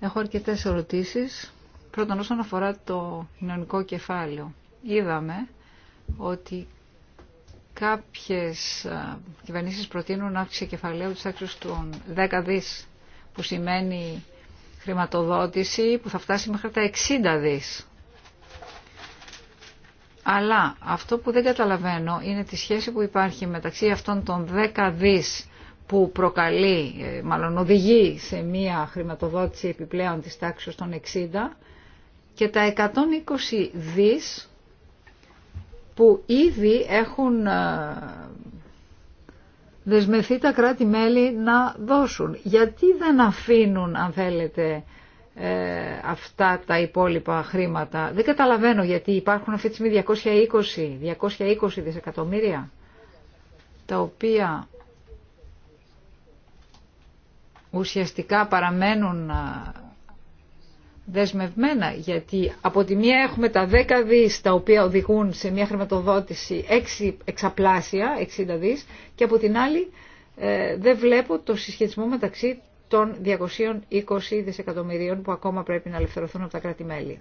Έχω αρκετές ερωτήσεις. Πρώτον, όσον αφορά το κοινωνικό κεφάλαιο. Είδαμε ότι κάποιες κυβερνήσεις προτείνουν αύξηση κεφαλαίου της άξιος των 10 δις, που σημαίνει χρηματοδότηση που θα φτάσει μέχρι τα 60 δις. Αλλά αυτό που δεν καταλαβαίνω είναι τη σχέση που υπάρχει μεταξύ αυτών των 10 δις που προκαλεί, ε, μάλλον οδηγεί σε μία χρηματοδότηση επιπλέον της τάξης των 60 και τα 120 δις που ήδη έχουν ε, δεσμευθεί τα κράτη-μέλη να δώσουν. Γιατί δεν αφήνουν, αν θέλετε, ε, αυτά τα υπόλοιπα χρήματα. Δεν καταλαβαίνω γιατί υπάρχουν αυτή τη στιγμή 220, 220 δισεκατομμύρια τα οποία ουσιαστικά παραμένουν ε, δεσμευμένα γιατί από τη μία έχουμε τα 10 δις τα οποία οδηγούν σε μια χρηματοδότηση 6 εξαπλάσια, 60 δις και από την άλλη ε, δεν βλέπω το συσχετισμό μεταξύ των 220 δισεκατομμυρίων που ακόμα πρέπει να ελευθερωθούν από τα κράτη-μέλη.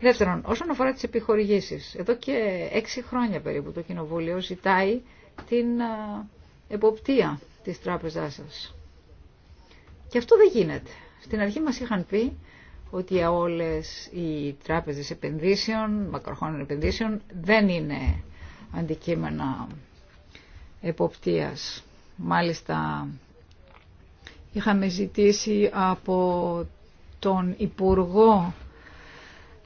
Δεύτερον, όσον αφορά τις επιχορηγήσεις, εδώ και έξι χρόνια περίπου το Κοινοβούλιο ζητάει την εποπτεία της τράπεζάς σας. Και αυτό δεν γίνεται. Στην αρχή μας είχαν πει ότι όλες οι τράπεζες επενδύσεων, μακροχρόνων επενδύσεων, δεν είναι αντικείμενα εποπτείας. Μάλιστα Είχαμε ζητήσει από τον Υπουργό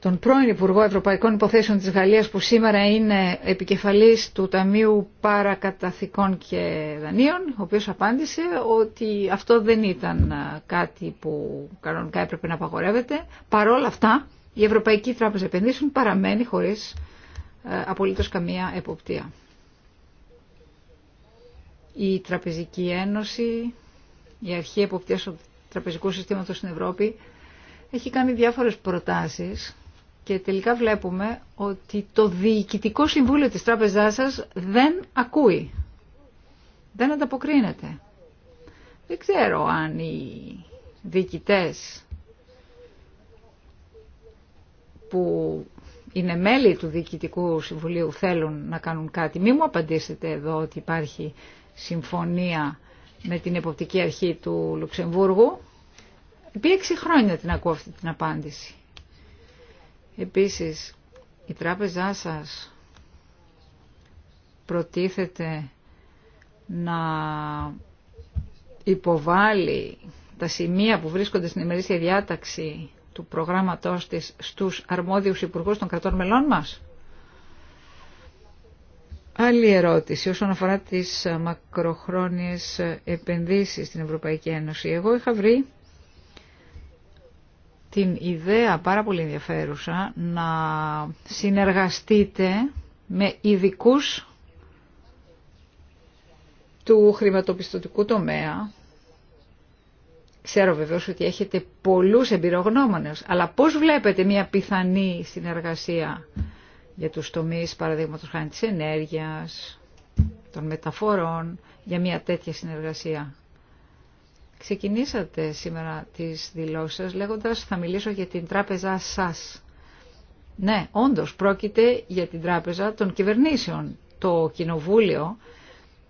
τον πρώην Υπουργό Ευρωπαϊκών Υποθέσεων της Γαλλίας που σήμερα είναι επικεφαλής του Ταμείου Παρακαταθήκων και Δανείων, ο οποίος απάντησε ότι αυτό δεν ήταν ε, κάτι που κανονικά έπρεπε να απαγορεύεται. Παρόλα αυτά, η Ευρωπαϊκή Τράπεζα Επενδύσεων παραμένει χωρίς ε, απολύτως καμία εποπτεία. Η Τραπεζική Ένωση η αρχή εποπτεία του τραπεζικού συστήματος στην Ευρώπη, έχει κάνει διάφορες προτάσεις και τελικά βλέπουμε ότι το διοικητικό συμβούλιο της τράπεζάς δεν ακούει. Δεν ανταποκρίνεται. Δεν ξέρω αν οι διοικητές που είναι μέλη του Διοικητικού Συμβουλίου θέλουν να κάνουν κάτι. Μη μου απαντήσετε εδώ ότι υπάρχει συμφωνία με την εποπτική αρχή του Λουξεμβούργου. Επί έξι χρόνια την ακούω αυτή την απάντηση. Επίσης, η τράπεζά σας προτίθεται να υποβάλει τα σημεία που βρίσκονται στην ημερήσια διάταξη του προγράμματός της στους αρμόδιους υπουργούς των κρατών μελών μας. Άλλη ερώτηση όσον αφορά τις ε, μακροχρόνιες ε, επενδύσεις στην Ευρωπαϊκή Ένωση. Εγώ είχα βρει την ιδέα πάρα πολύ ενδιαφέρουσα να συνεργαστείτε με ειδικού του χρηματοπιστωτικού τομέα. Ξέρω βεβαίως ότι έχετε πολλούς εμπειρογνώμονες, αλλά πώς βλέπετε μια πιθανή συνεργασία για τους τομείς παραδείγματος χάνει της ενέργειας, των μεταφορών, για μια τέτοια συνεργασία. Ξεκινήσατε σήμερα τις δηλώσεις σας λέγοντας θα μιλήσω για την τράπεζά σας. Ναι, όντως πρόκειται για την τράπεζα των κυβερνήσεων. Το Κοινοβούλιο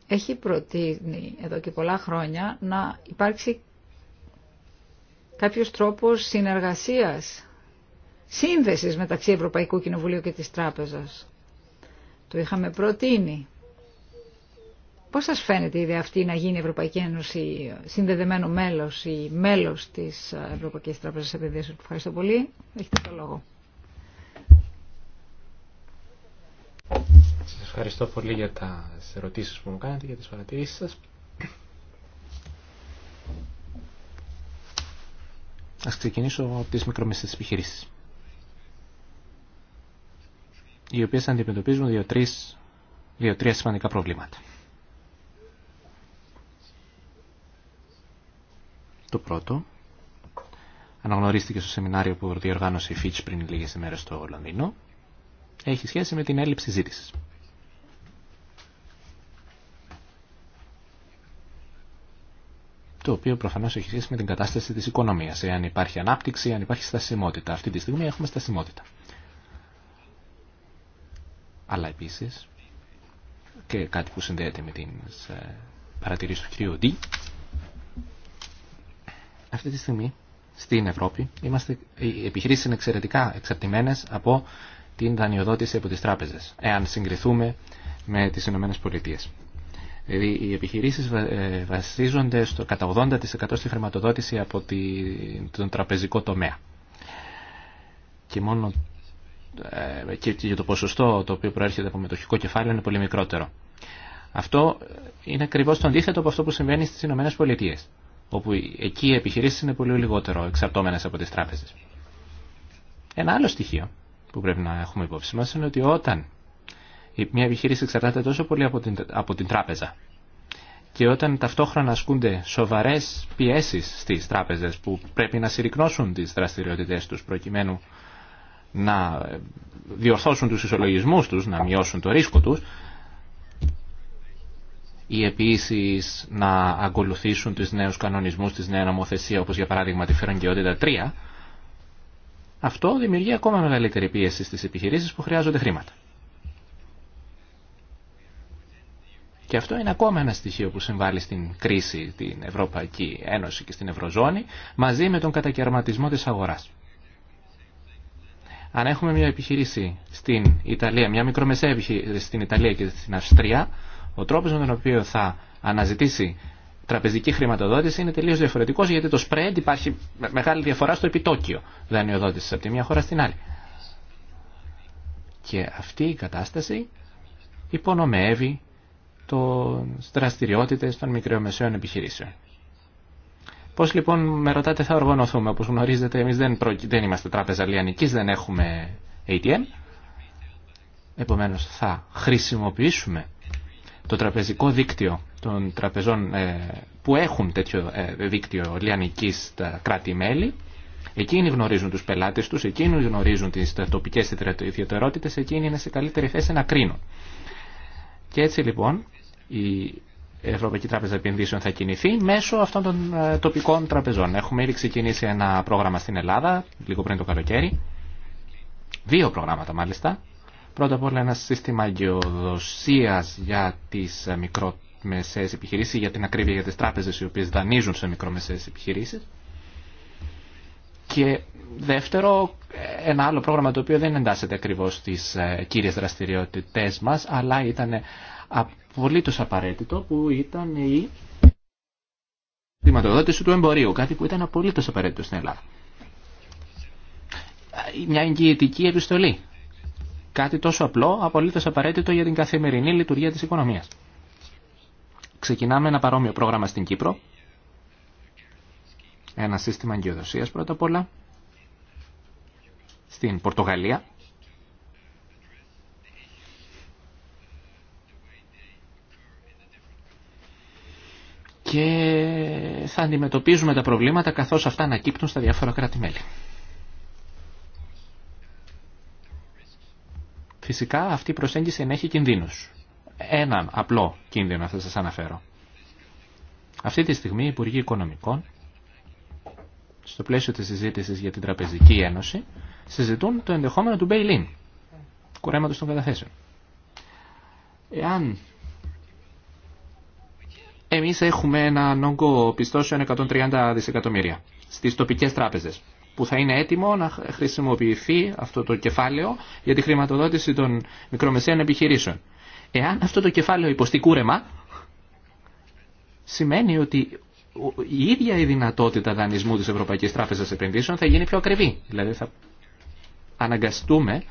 έχει προτείνει εδώ και πολλά χρόνια να υπάρξει κάποιος τρόπος συνεργασίας σύνδεσης μεταξύ Ευρωπαϊκού Κοινοβουλίου και της Τράπεζας. Το είχαμε προτείνει. Πώς σας φαίνεται η ιδέα αυτή να γίνει η Ευρωπαϊκή Ένωση συνδεδεμένο μέλος ή μέλος της Ευρωπαϊκής Τράπεζας Επενδύσεων. Ευχαριστώ πολύ. Έχετε το λόγο. Σας ευχαριστώ πολύ για τα ερωτήσεις που μου κάνετε, για τις παρατηρήσεις σας. Ας ξεκινήσω από τις μικρομεσαίες επιχειρήσεις οι οποίες αντιμετωπίζουν δύο-τρία σημαντικά προβλήματα. Το πρώτο αναγνωρίστηκε στο σεμινάριο που διοργάνωσε η Fitch πριν λίγες ημέρες στο Λονδίνο έχει σχέση με την έλλειψη ζήτησης. το οποίο προφανώ έχει σχέση με την κατάσταση τη οικονομία. Εάν υπάρχει ανάπτυξη, αν υπάρχει στασιμότητα. Αυτή τη στιγμή έχουμε στασιμότητα αλλά επίσης και κάτι που συνδέεται με την ε, παρατηρήση του κυρίου Αυτή τη στιγμή στην Ευρώπη είμαστε, οι επιχειρήσεις είναι εξαιρετικά εξαρτημένες από την δανειοδότηση από τις τράπεζες, εάν συγκριθούμε με τις ΗΠΑ. Δηλαδή οι επιχειρήσεις ε, βασίζονται στο κατά 80% στη χρηματοδότηση από τη, τον τραπεζικό τομέα. Και μόνο ε, και για το ποσοστό το οποίο προέρχεται από μετοχικό κεφάλαιο είναι πολύ μικρότερο. Αυτό είναι ακριβώ το αντίθετο από αυτό που συμβαίνει στι ΗΠΑ, όπου εκεί οι επιχειρήσει είναι πολύ λιγότερο εξαρτώμενε από τι τράπεζε. Ένα άλλο στοιχείο που πρέπει να έχουμε υπόψη μα είναι ότι όταν μια επιχείρηση εξαρτάται τόσο πολύ από την, από την τράπεζα και όταν ταυτόχρονα ασκούνται σοβαρέ πιέσει στι τράπεζε που πρέπει να συρρυκνώσουν τι δραστηριότητέ του προκειμένου να διορθώσουν τους ισολογισμούς τους, να μειώσουν το ρίσκο τους ή επίσης να ακολουθήσουν τους νέους κανονισμούς της νέα νομοθεσία όπως για παράδειγμα τη φεραγγιότητα 3 αυτό δημιουργεί ακόμα μεγαλύτερη πίεση στις επιχειρήσεις που χρειάζονται χρήματα. Και αυτό είναι ακόμα ένα στοιχείο που συμβάλλει στην κρίση την Ευρωπαϊκή Ένωση και στην Ευρωζώνη μαζί με τον κατακαιρματισμό της αγοράς. Αν έχουμε μια επιχείρηση στην Ιταλία, μια μικρομεσαία επιχείρηση στην Ιταλία και στην Αυστρία, ο τρόπο με τον οποίο θα αναζητήσει τραπεζική χρηματοδότηση είναι τελείω διαφορετικό γιατί το spread υπάρχει μεγάλη διαφορά στο επιτόκιο δανειοδότηση από τη μια χώρα στην άλλη. Και αυτή η κατάσταση υπονομεύει τι δραστηριότητε των μικρομεσαίων επιχειρήσεων. Πώς λοιπόν με ρωτάτε θα οργανωθούμε. Όπως γνωρίζετε εμείς δεν, είμαστε τράπεζα λιανικής, δεν έχουμε ATM. Επομένως θα χρησιμοποιήσουμε το τραπεζικό δίκτυο των τραπεζών ε, που έχουν τέτοιο ε, δίκτυο λιανικής στα κράτη-μέλη. Εκείνοι γνωρίζουν τους πελάτες τους, εκείνοι γνωρίζουν τις τοπικές ιδιαιτερότητες, εκείνοι είναι σε καλύτερη θέση να κρίνουν. Και έτσι λοιπόν η Ευρωπαϊκή Τράπεζα Επενδύσεων θα κινηθεί μέσω αυτών των ε, τοπικών τραπεζών. Έχουμε ήδη ξεκινήσει ένα πρόγραμμα στην Ελλάδα, λίγο πριν το καλοκαίρι. Δύο προγράμματα μάλιστα. Πρώτα απ' όλα ένα σύστημα αγκαιοδοσία για τι ε, μικρομεσαίε επιχειρήσει, για την ακρίβεια για τι τράπεζε οι οποίε δανείζουν σε μικρομεσαίε επιχειρήσει. Και δεύτερο, ένα άλλο πρόγραμμα το οποίο δεν εντάσσεται ακριβώς στις ε, κύριε δραστηριότητε μα, αλλά ήταν απολύτως απαραίτητο που ήταν η χρηματοδότηση του εμπορίου, κάτι που ήταν απολύτως απαραίτητο στην Ελλάδα. Μια εγγυητική επιστολή. Κάτι τόσο απλό, απολύτω απαραίτητο για την καθημερινή λειτουργία της οικονομίας. Ξεκινάμε ένα παρόμοιο πρόγραμμα στην Κύπρο. Ένα σύστημα εγκυοδοσίας πρώτα απ' όλα. Στην Πορτογαλία. και θα αντιμετωπίζουμε τα προβλήματα καθώς αυτά ανακύπτουν στα διάφορα κράτη-μέλη. Φυσικά αυτή η προσέγγιση ενέχει κινδύνους. Έναν απλό κίνδυνο θα σας αναφέρω. Αυτή τη στιγμή οι Υπουργοί Οικονομικών στο πλαίσιο της συζήτησης για την Τραπεζική Ένωση συζητούν το ενδεχόμενο του Μπέιλιν, in κουρέματος των καταθέσεων. Εάν εμείς έχουμε ένα όγκο πιστώσεων 130 δισεκατομμύρια στις τοπικές τράπεζες που θα είναι έτοιμο να χρησιμοποιηθεί αυτό το κεφάλαιο για τη χρηματοδότηση των μικρομεσαίων επιχειρήσεων. Εάν αυτό το κεφάλαιο υποστεί κούρεμα, σημαίνει ότι η ίδια η δυνατότητα δανεισμού της Ευρωπαϊκής Τράπεζας Επενδύσεων θα γίνει πιο ακριβή. Δηλαδή θα αναγκαστούμε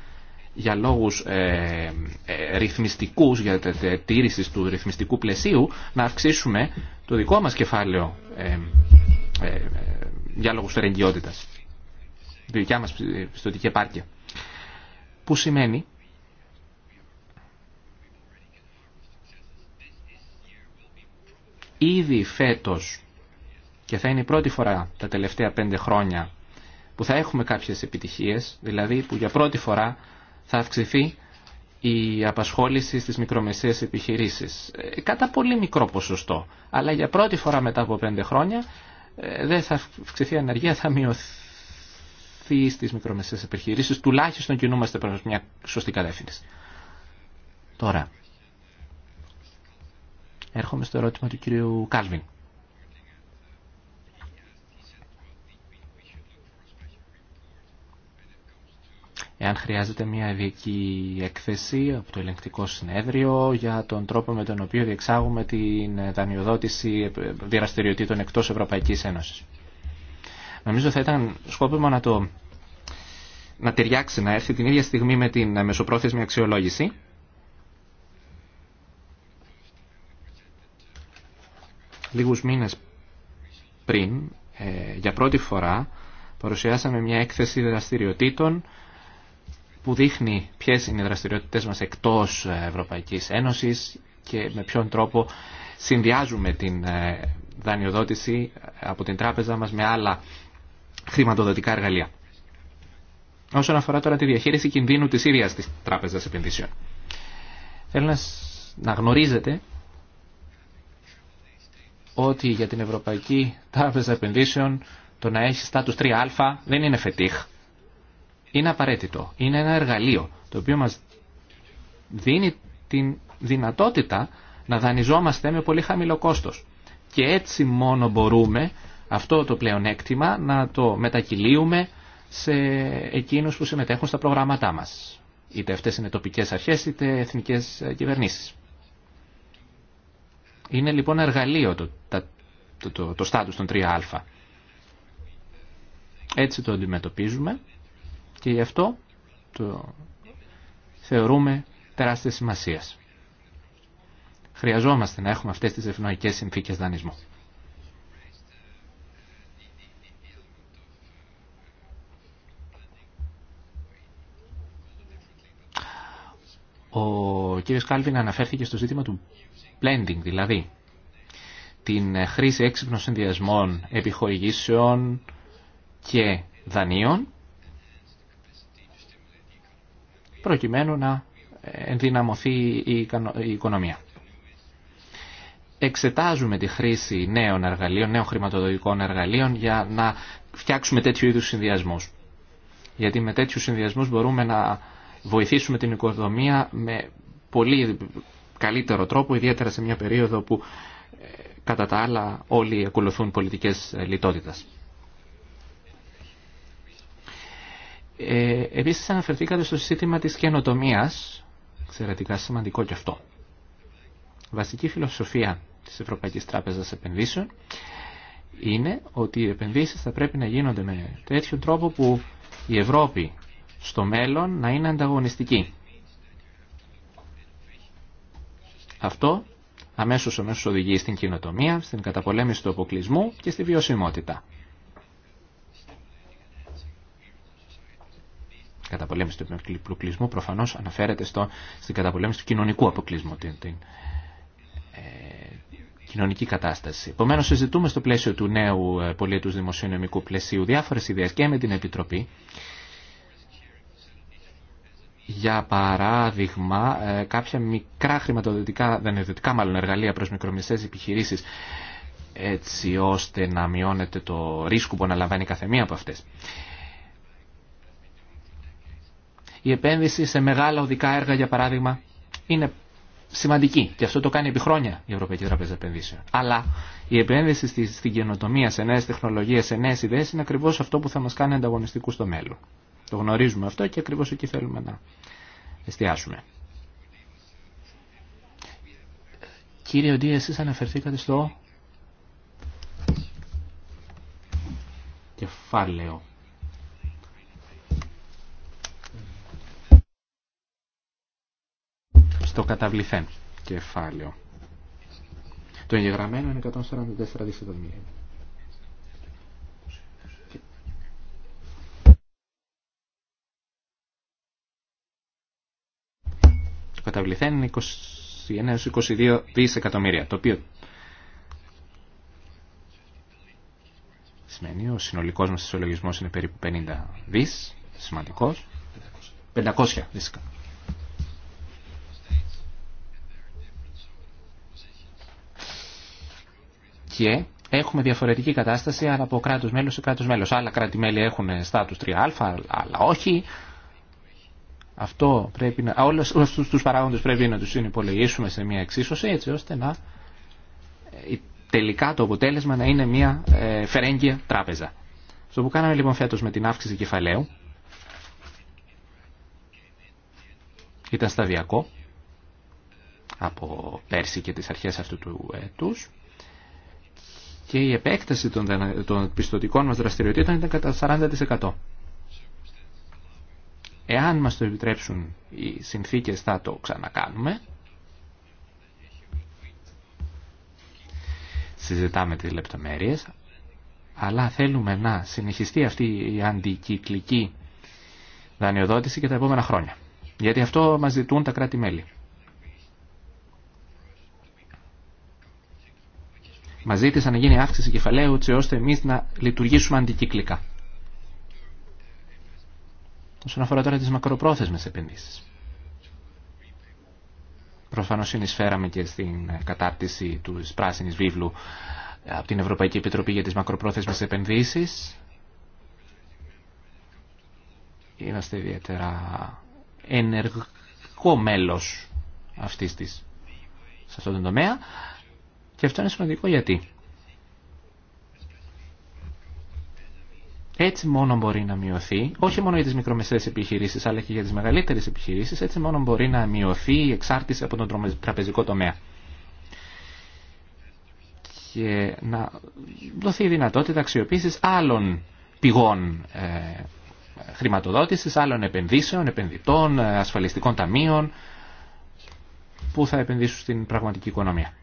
για λόγους ε, ε ρυθμιστικούς, για τήρηση του ρυθμιστικού πλαισίου, να αυξήσουμε το δικό μας κεφάλαιο ε, ε για λόγους φερεγγιότητας, τη δικιά μας πιστοτική επάρκεια. Που σημαίνει ήδη φέτος και θα είναι η πρώτη φορά τα τελευταία πέντε χρόνια που θα έχουμε κάποιες επιτυχίες, δηλαδή που για πρώτη φορά θα αυξηθεί η απασχόληση στις μικρομεσαίες επιχειρήσεις. Ε, κατά πολύ μικρό ποσοστό. Αλλά για πρώτη φορά μετά από πέντε χρόνια ε, δεν θα αυξηθεί η ανεργία, θα μειωθεί στις μικρομεσαίες επιχειρήσεις. Τουλάχιστον κινούμαστε προς μια σωστή κατεύθυνση. Τώρα, έρχομαι στο ερώτημα του κύριου Κάλβιν. εάν χρειάζεται μια ειδική εκθέση από το ελεγκτικό συνέδριο για τον τρόπο με τον οποίο διεξάγουμε την δανειοδότηση δραστηριοτήτων εκτός Ευρωπαϊκής Ένωσης. Νομίζω θα ήταν σκόπιμο να το να ταιριάξει, να έρθει την ίδια στιγμή με την μεσοπρόθεσμη αξιολόγηση. Λίγους μήνες πριν, ε, για πρώτη φορά, παρουσιάσαμε μια έκθεση δραστηριοτήτων που δείχνει ποιε είναι οι δραστηριότητέ μας εκτός ε, Ευρωπαϊκής Ένωσης και με ποιον τρόπο συνδυάζουμε την ε, δανειοδότηση ε, από την τράπεζα μας με άλλα χρηματοδοτικά εργαλεία. Όσον αφορά τώρα τη διαχείριση κινδύνου της ίδια τη τράπεζα Επενδύσεων. Θέλω να γνωρίζετε ότι για την Ευρωπαϊκή Τράπεζα Επενδύσεων το να έχει στάτους 3α δεν είναι φετίχ είναι απαραίτητο. Είναι ένα εργαλείο το οποίο μας δίνει την δυνατότητα να δανειζόμαστε με πολύ χαμηλό κόστος. Και έτσι μόνο μπορούμε αυτό το πλεονέκτημα να το μετακυλίουμε σε εκείνους που συμμετέχουν στα προγράμματά μας. Είτε αυτές είναι τοπικές αρχές είτε εθνικές κυβερνήσεις. Είναι λοιπόν εργαλείο το, το, το στάτους των 3α. Έτσι το αντιμετωπίζουμε και γι' αυτό το θεωρούμε τεράστια σημασία. Χρειαζόμαστε να έχουμε αυτές τις ευνοϊκές συνθήκες δανεισμού. Ο κ. Κάλβιν αναφέρθηκε στο ζήτημα του blending, δηλαδή την χρήση έξυπνων συνδυασμών επιχορηγήσεων και δανείων προκειμένου να ενδυναμωθεί η οικονομία. Εξετάζουμε τη χρήση νέων εργαλείων, νέων χρηματοδοτικών εργαλείων για να φτιάξουμε τέτοιου είδους συνδυασμούς. Γιατί με τέτοιους συνδυασμούς μπορούμε να βοηθήσουμε την οικοδομία με πολύ καλύτερο τρόπο, ιδιαίτερα σε μια περίοδο που ε, κατά τα άλλα όλοι ακολουθούν πολιτικές λιτότητας. Ε, επίσης αναφερθήκατε στο σύστημα της καινοτομίας, εξαιρετικά σημαντικό και αυτό. Βασική φιλοσοφία της Ευρωπαϊκής Τράπεζας Επενδύσεων είναι ότι οι επενδύσεις θα πρέπει να γίνονται με τέτοιο τρόπο που η Ευρώπη στο μέλλον να είναι ανταγωνιστική. Αυτό αμέσως αμέσως οδηγεί στην κοινοτομία, στην καταπολέμηση του αποκλεισμού και στη βιωσιμότητα. καταπολέμηση του αποκλεισμού προφανώς αναφέρεται στο, στην καταπολέμηση του κοινωνικού αποκλεισμού, την, την ε, κοινωνική κατάσταση. Επομένως συζητούμε στο πλαίσιο του νέου ε, πολίτου δημοσιονομικού πλαισίου διάφορες ιδέες και με την Επιτροπή. Για παράδειγμα, ε, κάποια μικρά χρηματοδοτικά, δανειοδοτικά μάλλον εργαλεία προς μικρομεσαίες επιχειρήσεις έτσι ώστε να μειώνεται το ρίσκο που αναλαμβάνει κάθε μία από αυτές. Η επένδυση σε μεγάλα οδικά έργα, για παράδειγμα, είναι σημαντική και αυτό το κάνει επί χρόνια η Ευρωπαϊκή Τραπέζα Επενδύσεων. Αλλά η επένδυση στη, στην καινοτομία, σε νέε τεχνολογίε, σε νέε ιδέε είναι ακριβώ αυτό που θα μα κάνει ανταγωνιστικού στο μέλλον. Το γνωρίζουμε αυτό και ακριβώ εκεί θέλουμε να εστιάσουμε. Κύριε Οντή, εσείς αναφερθήκατε στο κεφάλαιο το καταβληθέν κεφάλαιο. Το εγγεγραμμένο είναι 144 δισεκατομμύρια. Το καταβληθέν είναι 21-22 δισεκατομμύρια, το οποίο σημαίνει ο συνολικός μας ισολογισμός είναι περίπου 50 δις, σημαντικός, 500 δισεκατομμύρια. και έχουμε διαφορετική κατάσταση από κράτος μέλος σε κράτος μέλος. Άλλα κράτη-μέλη έχουν στάτους 3α, αλλά όχι. Αυτό πρέπει να, όλους, όλους τους παράγοντες πρέπει να τους συνυπολογίσουμε σε μια εξίσωση έτσι ώστε να ε, τελικά το αποτέλεσμα να είναι μια ε, φερέγγια τράπεζα. Στο που κάναμε λοιπόν φέτος με την αύξηση κεφαλαίου ήταν σταδιακό από πέρσι και τις αρχές αυτού του έτους και η επέκταση των πιστοτικών μας δραστηριοτήτων ήταν κατά 40%. Εάν μας το επιτρέψουν οι συνθήκες θα το ξανακάνουμε. Συζητάμε τις λεπτομέρειες, αλλά θέλουμε να συνεχιστεί αυτή η αντικυκλική δανειοδότηση και τα επόμενα χρόνια. Γιατί αυτό μας ζητούν τα κράτη-μέλη. Μα ζήτησαν να γίνει αύξηση κεφαλαίου έτσι ώστε εμείς να λειτουργήσουμε αντικυκλικά. Όσον αφορά τώρα τι μακροπρόθεσμε επενδύσεις. Προφανώς συνεισφέραμε και στην κατάρτιση του πράσινη βίβλου από την Ευρωπαϊκή Επιτροπή για τις μακροπρόθεσμες επενδύσεις. Είμαστε ιδιαίτερα ενεργό μέλο αυτή τη σε αυτόν τον τομέα. Και αυτό είναι σημαντικό γιατί. Έτσι μόνο μπορεί να μειωθεί, όχι μόνο για τις μικρομεσαίες επιχειρήσεις, αλλά και για τις μεγαλύτερες επιχειρήσεις, έτσι μόνο μπορεί να μειωθεί η εξάρτηση από τον τραπεζικό τομέα. Και να δοθεί η δυνατότητα αξιοποίησης άλλων πηγών ε, χρηματοδότησης, άλλων επενδύσεων, επενδυτών, ε, ασφαλιστικών ταμείων, που θα επενδύσουν στην πραγματική οικονομία.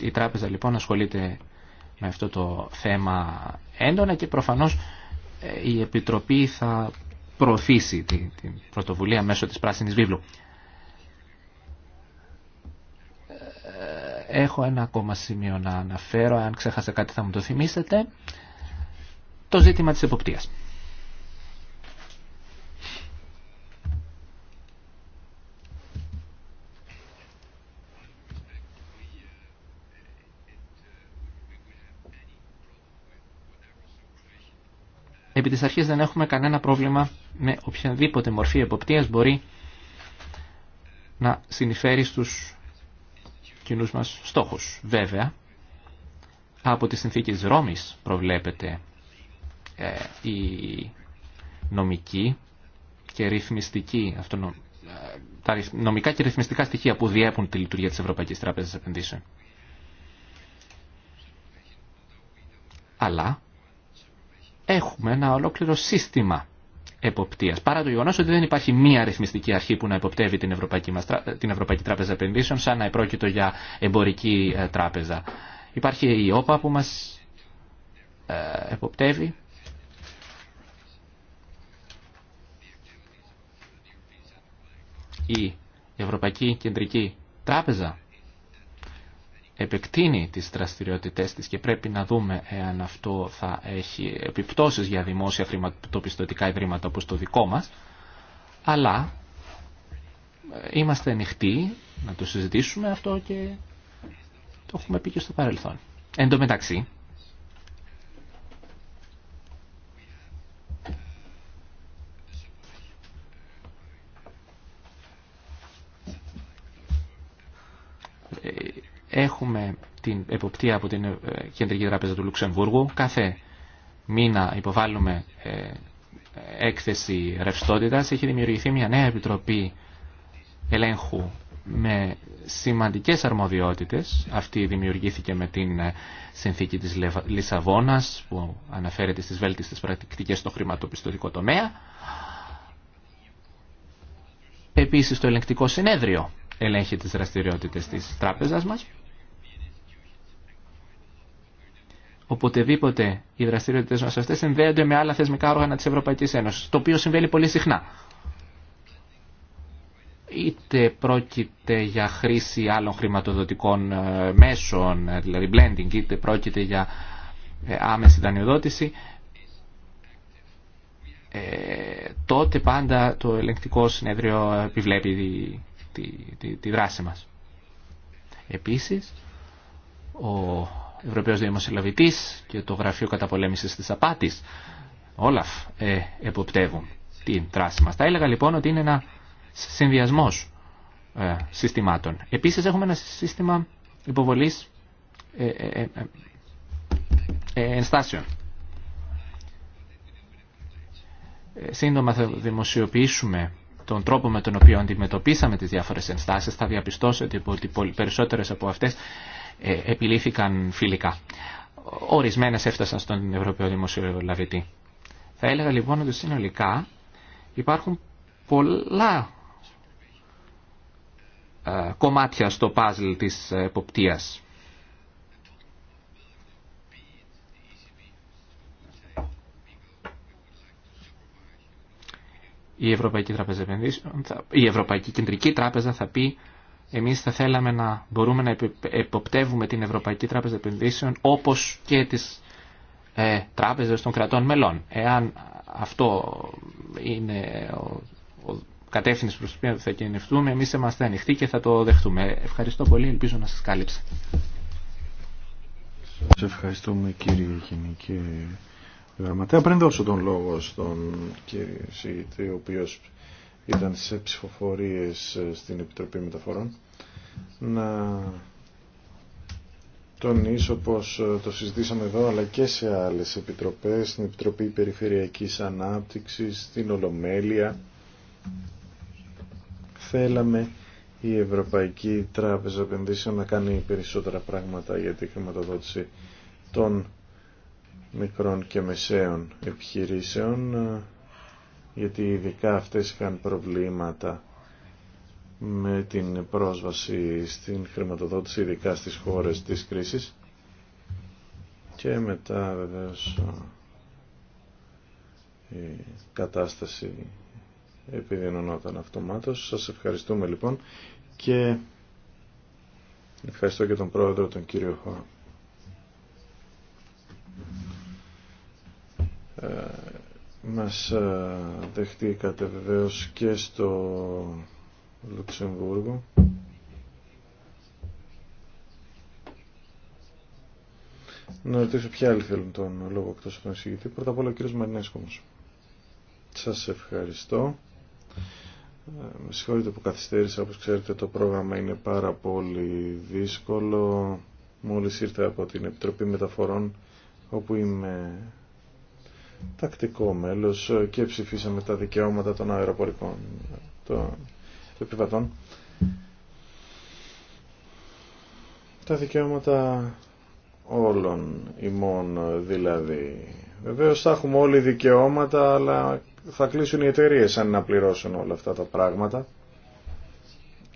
η τράπεζα λοιπόν ασχολείται με αυτό το θέμα έντονα και προφανώς ε, η Επιτροπή θα προωθήσει την, πρωτοβουλία μέσω της Πράσινης Βίβλου. Ε, έχω ένα ακόμα σημείο να αναφέρω, αν ξέχασα κάτι θα μου το θυμίσετε, το ζήτημα της εποπτείας. Επί της αρχής δεν έχουμε κανένα πρόβλημα με οποιαδήποτε μορφή εποπτείας μπορεί να συνειφέρει στους κοινούς μας στόχους. Βέβαια, από τις συνθήκες Ρώμης προβλέπεται ε, η νομική και ρυθμιστική ε, τα νομικά και ρυθμιστικά στοιχεία που διέπουν τη λειτουργία της Ευρωπαϊκής Τράπεζας Επενδύσεων. Αλλά έχουμε ένα ολόκληρο σύστημα εποπτείας. Παρά το γεγονός ότι δεν υπάρχει μία αριθμιστική αρχή που να εποπτεύει την Ευρωπαϊκή, μας, την Ευρωπαϊκή Τράπεζα Επενδύσεων σαν να επρόκειτο για εμπορική ε, τράπεζα. Υπάρχει η ΟΠΑ που μας ε, εποπτεύει. Η Ευρωπαϊκή Κεντρική Τράπεζα επεκτείνει τις δραστηριότητές της και πρέπει να δούμε εάν αυτό θα έχει επιπτώσεις για δημόσια χρηματοπιστωτικά ιδρύματα όπως το δικό μας, αλλά ε, είμαστε ανοιχτοί να το συζητήσουμε αυτό και το έχουμε πει και στο παρελθόν. Εν τω μεταξύ, Έχουμε την εποπτεία από την ε, Κεντρική Τράπεζα του Λουξεμβούργου. Κάθε μήνα υποβάλλουμε ε, έκθεση ρευστότητα. Έχει δημιουργηθεί μια νέα επιτροπή ελέγχου με σημαντικές αρμοδιότητες. Αυτή δημιουργήθηκε με την ε, συνθήκη της Λισαβόνας που αναφέρεται στις βέλτιστες πρακτικές στο χρηματοπιστωτικό τομέα. Επίσης το ελεγκτικό συνέδριο ελέγχει τις δραστηριότητες της τράπεζας μας Οποτεδήποτε οι δραστηριότητε μα αυτέ συνδέονται με άλλα θεσμικά όργανα τη Ευρωπαϊκή Ένωση, το οποίο συμβαίνει πολύ συχνά. Είτε πρόκειται για χρήση άλλων χρηματοδοτικών ε, μέσων, ε, δηλαδή blending, είτε πρόκειται για ε, άμεση δανειοδότηση, τότε πάντα το ελεγκτικό συνέδριο επιβλέπει τη, τη, τη, τη δράση μας. Επίσης, ο Ευρωπαίος Δημοσιολαβητής και το Γραφείο Καταπολέμησης της Απάτης, όλα ε, εποπτεύουν την τράση μας. Θα έλεγα λοιπόν ότι είναι ένα συνδυασμός ε, συστημάτων. Επίσης έχουμε ένα σύστημα υποβολής ε, ε, ενστάσεων. Σύντομα θα δημοσιοποιήσουμε τον τρόπο με τον οποίο αντιμετωπίσαμε τις διάφορες ενστάσεις. Θα διαπιστώσετε ότι περισσότερες από αυτές ε, επιλήθηκαν φιλικά. Ορισμένε έφτασαν στον Ευρωπαίο Δημοσιολαβητή. Θα έλεγα λοιπόν ότι συνολικά υπάρχουν πολλά ε, κομμάτια στο παζλ της εποπτείας. Η Ευρωπαϊκή, Τράπεζα η Ευρωπαϊκή Κεντρική Τράπεζα θα πει εμείς θα θέλαμε να μπορούμε να εποπτεύουμε την Ευρωπαϊκή Τράπεζα Επενδύσεων όπως και τις ε, τράπεζες των κρατών μελών. Εάν αυτό είναι ο, ο κατεύθυνση προς το οποίο θα κινηθούμε, εμείς είμαστε ανοιχτοί και θα το δεχτούμε. Ευχαριστώ πολύ, ελπίζω να σας κάλυψα. Σας ευχαριστούμε κύριε Γενική Γραμματέα. Πριν δώσω τον λόγο στον κύριο Σιγητή, ο οποίος ήταν σε ψηφοφορίες ε, στην Επιτροπή Μεταφορών να τονίσω πως ε, το συζητήσαμε εδώ αλλά και σε άλλες επιτροπές, στην Επιτροπή Περιφερειακής Ανάπτυξης, στην Ολομέλεια. Θέλαμε η Ευρωπαϊκή Τράπεζα Επενδύσεων να κάνει περισσότερα πράγματα για τη χρηματοδότηση των μικρών και μεσαίων επιχειρήσεων ε, γιατί ειδικά αυτές είχαν προβλήματα με την πρόσβαση στην χρηματοδότηση ειδικά στις χώρες της κρίσης και μετά βεβαίως η κατάσταση επιδεινωνόταν αυτομάτως. Σας ευχαριστούμε λοιπόν και ευχαριστώ και τον πρόεδρο τον κύριο Χωά. Ε, μας ε, δεχτήκατε βεβαίως και στο Λουξεμβούργο. Να ρωτήσω ποια άλλη θέλουν τον λόγο εκτός από τον εισηγητή. Πρώτα απ' όλα ο κύριος Μαρινέσκο όμως. Σας ευχαριστώ. Ε, με συγχωρείτε που καθυστέρησα, όπως ξέρετε το πρόγραμμα είναι πάρα πολύ δύσκολο. Μόλις ήρθα από την Επιτροπή Μεταφορών, όπου είμαι τακτικό μέλος και ψηφίσαμε τα δικαιώματα των αεροπορικών, τα δικαιώματα όλων ημών δηλαδή. Βεβαίως θα έχουμε όλοι δικαιώματα αλλά θα κλείσουν οι εταιρείε αν να πληρώσουν όλα αυτά τα πράγματα.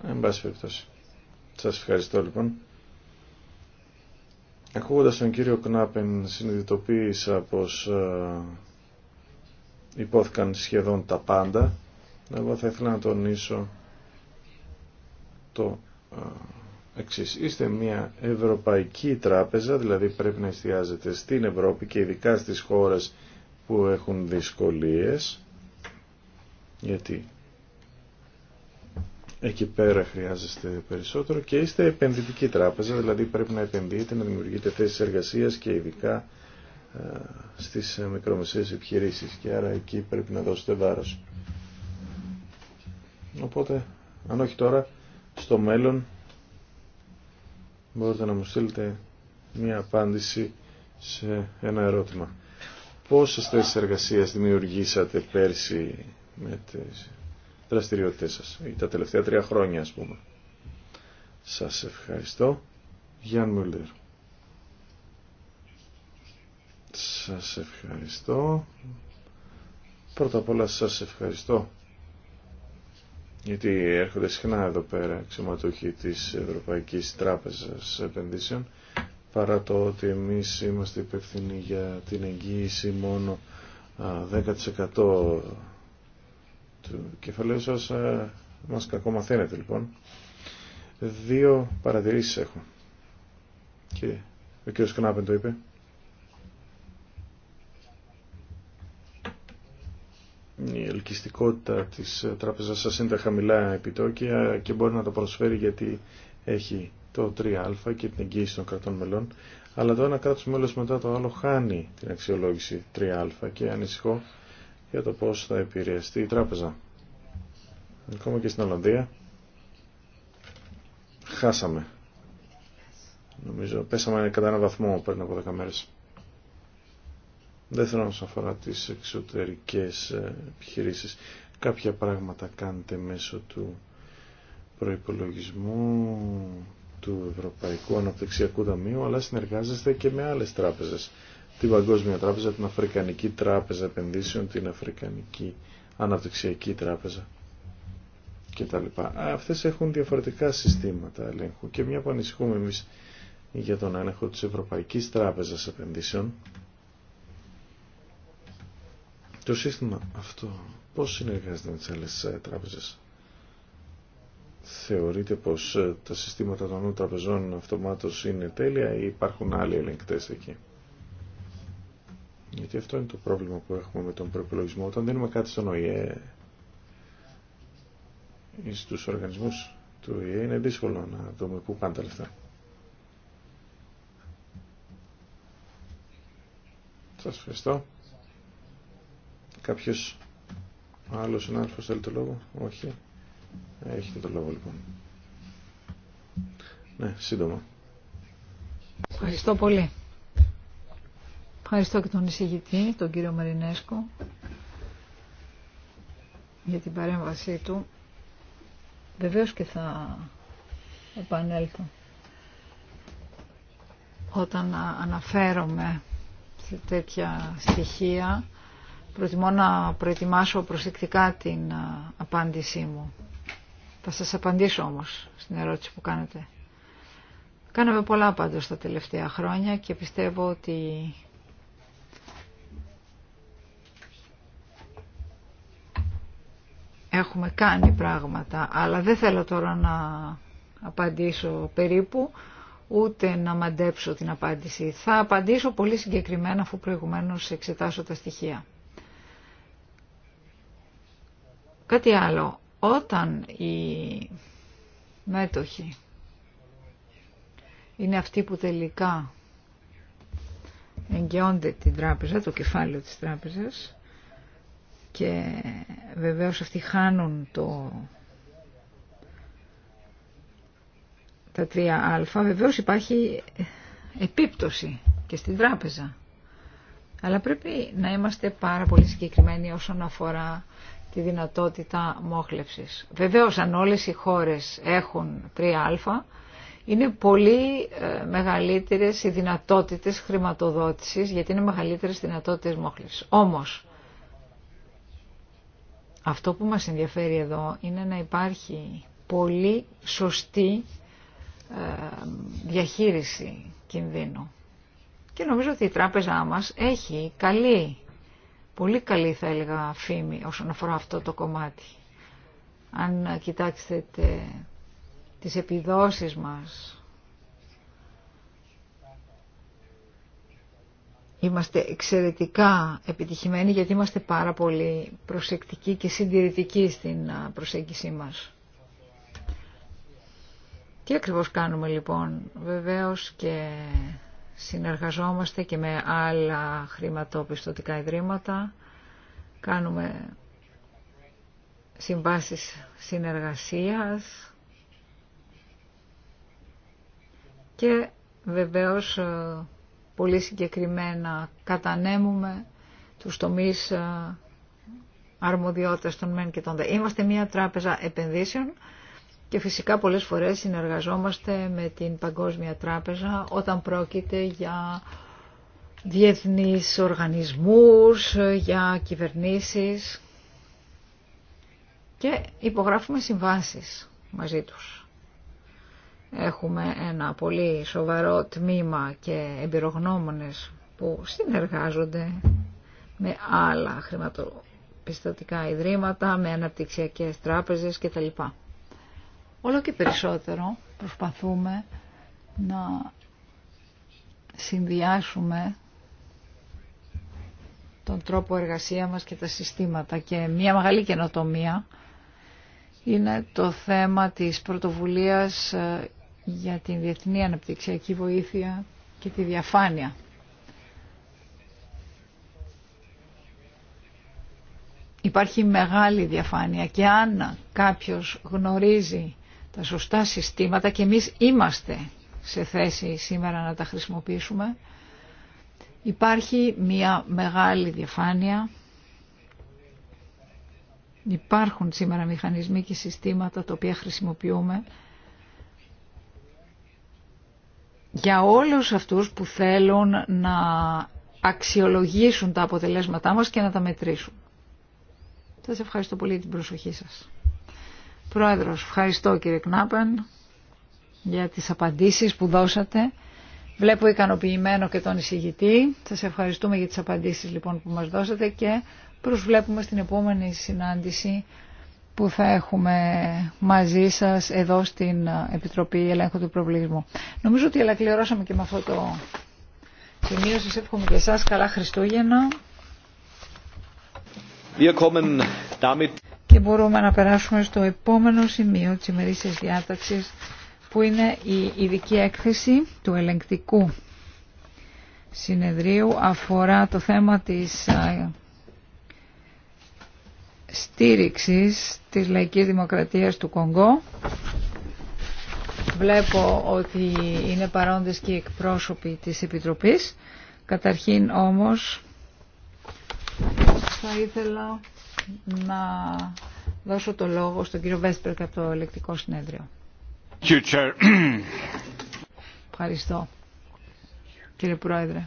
Εν πάση περιπτώσει. Σας ευχαριστώ λοιπόν. Ακούγοντας τον κύριο Κνάπεν συνειδητοποίησα πως ε, υπόθηκαν σχεδόν τα πάντα. Εγώ θα ήθελα να τονίσω το ε, Είστε μια ευρωπαϊκή τράπεζα, δηλαδή πρέπει να εστιάζετε στην Ευρώπη και ειδικά στις χώρες που έχουν δυσκολίες, γιατί εκεί πέρα χρειάζεστε περισσότερο και είστε επενδυτική τράπεζα, δηλαδή πρέπει να επενδύετε, να δημιουργείτε θέσεις εργασίας και ειδικά ε, στις ε, μικρομεσαίες επιχειρήσεις και άρα εκεί πρέπει να δώσετε βάρος. Οπότε, αν όχι τώρα, στο μέλλον μπορείτε να μου στείλετε μία απάντηση σε ένα ερώτημα. Πόσες θέσεις εργασία δημιουργήσατε πέρσι με τις δραστηριότητες σας, ή τα τελευταία τρία χρόνια ας πούμε. Σας ευχαριστώ. Γιάν Μουλτερ. Σας ευχαριστώ. Πρώτα απ' όλα σας ευχαριστώ γιατί έρχονται συχνά εδώ πέρα αξιωματούχοι της Ευρωπαϊκής Τράπεζας Επενδύσεων, παρά το ότι εμείς είμαστε υπεύθυνοι για την εγγύηση μόνο 10% του κεφαλαίου σας, μας κακομαθαίνετε λοιπόν. Δύο παρατηρήσεις έχω. Και ο κ. Κνάπεν το είπε. η ελκυστικότητα της τράπεζας σας είναι τα χαμηλά επιτόκια και μπορεί να τα προσφέρει γιατί έχει το 3α και την εγγύηση των κρατών μελών. Αλλά το ένα κράτος μέλος μετά το άλλο χάνει την αξιολόγηση 3α και ανησυχώ για το πώς θα επηρεαστεί η τράπεζα. Ακόμα και στην Ολλανδία χάσαμε. Νομίζω πέσαμε κατά ένα βαθμό πριν από 10 μέρες. Δεν θέλω να σας αφορά τις εξωτερικές ε, επιχειρήσεις. Κάποια πράγματα κάνετε μέσω του προϋπολογισμού του Ευρωπαϊκού Αναπτυξιακού Ταμείου, αλλά συνεργάζεστε και με άλλες τράπεζες. Την Παγκόσμια Τράπεζα, την Αφρικανική Τράπεζα Επενδύσεων, την Αφρικανική Αναπτυξιακή Τράπεζα κτλ. Αυτές έχουν διαφορετικά συστήματα ελέγχου και μια που ανησυχούμε εμείς για τον έλεγχο της Ευρωπαϊκής Τράπεζας Επενδύσεων, το σύστημα αυτό πώς συνεργάζεται με τις άλλες ε, τράπεζες. Θεωρείτε πως ε, τα συστήματα των τραπεζών αυτομάτως είναι τέλεια ή υπάρχουν άλλοι ελεγκτές εκεί. Γιατί αυτό είναι το πρόβλημα που έχουμε με τον προπολογισμό. Όταν δίνουμε κάτι στον ΟΗΕ ή στους οργανισμούς του ΟΗΕ είναι δύσκολο να δούμε πού πάνε τα λεφτά. Σας ευχαριστώ. Κάποιος άλλο συνάδελφος θέλει το λόγο. Όχι. Έχετε το λόγο λοιπόν. Ναι, σύντομα. Ευχαριστώ πολύ. Ευχαριστώ και τον εισηγητή, τον κύριο Μαρινέσκο, για την παρέμβασή του. Βεβαίως και θα επανέλθω όταν αναφέρομαι σε τέτοια στοιχεία προτιμώ να προετοιμάσω προσεκτικά την απάντησή μου. Θα σας απαντήσω όμως στην ερώτηση που κάνετε. Κάναμε πολλά πάντως τα τελευταία χρόνια και πιστεύω ότι έχουμε κάνει πράγματα, αλλά δεν θέλω τώρα να απαντήσω περίπου, ούτε να μαντέψω την απάντηση. Θα απαντήσω πολύ συγκεκριμένα αφού προηγουμένως εξετάσω τα στοιχεία. Κάτι άλλο. Όταν οι μέτοχοι είναι αυτοί που τελικά εγγυώνται την τράπεζα, το κεφάλαιο της τράπεζας και βεβαίως αυτοί χάνουν το τα 3α βεβαίως υπάρχει επίπτωση και στην τράπεζα αλλά πρέπει να είμαστε πάρα πολύ συγκεκριμένοι όσον αφορά τη δυνατότητα μόχλευσης. Βεβαίως αν όλες οι χώρες έχουν 3α, είναι πολύ ε, μεγαλύτερες οι δυνατότητες χρηματοδότησης, γιατί είναι μεγαλύτερες οι δυνατότητες μόχλευσης. Όμως, αυτό που μας ενδιαφέρει εδώ είναι να υπάρχει πολύ σωστή ε, διαχείριση κινδύνου. Και νομίζω ότι η τράπεζά μας έχει καλή πολύ καλή θα έλεγα φήμη όσον αφορά αυτό το κομμάτι. Αν κοιτάξετε τις επιδόσεις μας, Είμαστε εξαιρετικά επιτυχημένοι γιατί είμαστε πάρα πολύ προσεκτικοί και συντηρητικοί στην προσέγγιση μας. Τι ακριβώς κάνουμε λοιπόν, βεβαίως και συνεργαζόμαστε και με άλλα χρηματοπιστωτικά ιδρύματα, κάνουμε συμβάσεις συνεργασίας και βεβαίως ε, πολύ συγκεκριμένα κατανέμουμε τους τομείς ε, αρμοδιότητας των ΜΕΝ και των ΔΕ. Είμαστε μια τράπεζα επενδύσεων και φυσικά πολλές φορές συνεργαζόμαστε με την Παγκόσμια Τράπεζα όταν πρόκειται για διεθνείς οργανισμούς, για κυβερνήσεις και υπογράφουμε συμβάσεις μαζί τους. Έχουμε ένα πολύ σοβαρό τμήμα και εμπειρογνώμονες που συνεργάζονται με άλλα χρηματοπιστωτικά ιδρύματα, με αναπτυξιακές τράπεζες κτλ όλο και περισσότερο προσπαθούμε να συνδυάσουμε τον τρόπο εργασία μας και τα συστήματα. Και μια μεγάλη καινοτομία είναι το θέμα της πρωτοβουλίας ε, για την διεθνή αναπτυξιακή βοήθεια και τη διαφάνεια. Υπάρχει μεγάλη διαφάνεια και αν κάποιος γνωρίζει τα σωστά συστήματα και εμείς είμαστε σε θέση σήμερα να τα χρησιμοποιήσουμε. Υπάρχει μια μεγάλη διαφάνεια. Υπάρχουν σήμερα μηχανισμοί και συστήματα τα οποία χρησιμοποιούμε για όλους αυτούς που θέλουν να αξιολογήσουν τα αποτελέσματά μας και να τα μετρήσουν. Σας ευχαριστώ πολύ για την προσοχή σας. Πρόεδρος, ευχαριστώ κύριε Κνάπεν για τις απαντήσεις που δώσατε. Βλέπω ικανοποιημένο και τον εισηγητή. Σας ευχαριστούμε για τις απαντήσεις λοιπόν που μας δώσατε και προσβλέπουμε στην επόμενη συνάντηση που θα έχουμε μαζί σας εδώ στην Επιτροπή Ελέγχου του Προβλήσμου. Νομίζω ότι ελακληρώσαμε και με αυτό το σημείο. Σας εύχομαι και εσάς. Καλά Χριστούγεννα και μπορούμε να περάσουμε στο επόμενο σημείο της ημερήσιας διάταξης που είναι η ειδική έκθεση του ελεγκτικού συνεδρίου αφορά το θέμα της στήριξης της λαϊκής δημοκρατίας του Κονγκό. Βλέπω ότι είναι παρόντες και οι εκπρόσωποι της Επιτροπής. Καταρχήν όμως θα ήθελα να δώσω το λόγο στον κύριο Βέσπερκ από το ελεκτικό συνέδριο. Ευχαριστώ. Κύριε Πρόεδρε.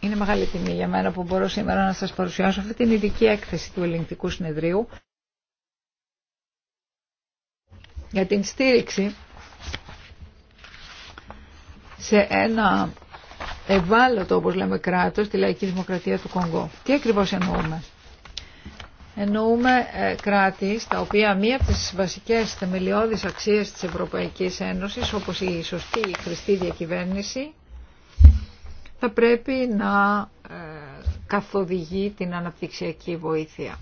Είναι μεγάλη τιμή για μένα που μπορώ σήμερα να σας παρουσιάσω αυτή την ειδική έκθεση του Ελληνικού συνεδρίου για την στήριξη σε ένα ευάλωτο όπως λέμε κράτος, τη λαϊκή δημοκρατία του Κονγκό. Τι ακριβώς εννοούμε. Εννοούμε ε, κράτη στα οποία μία από τις βασικές θεμελιώδεις αξίες της Ευρωπαϊκής Ένωσης όπως η σωστή η χρηστή διακυβέρνηση θα πρέπει να ε, καθοδηγεί την αναπτυξιακή βοήθεια.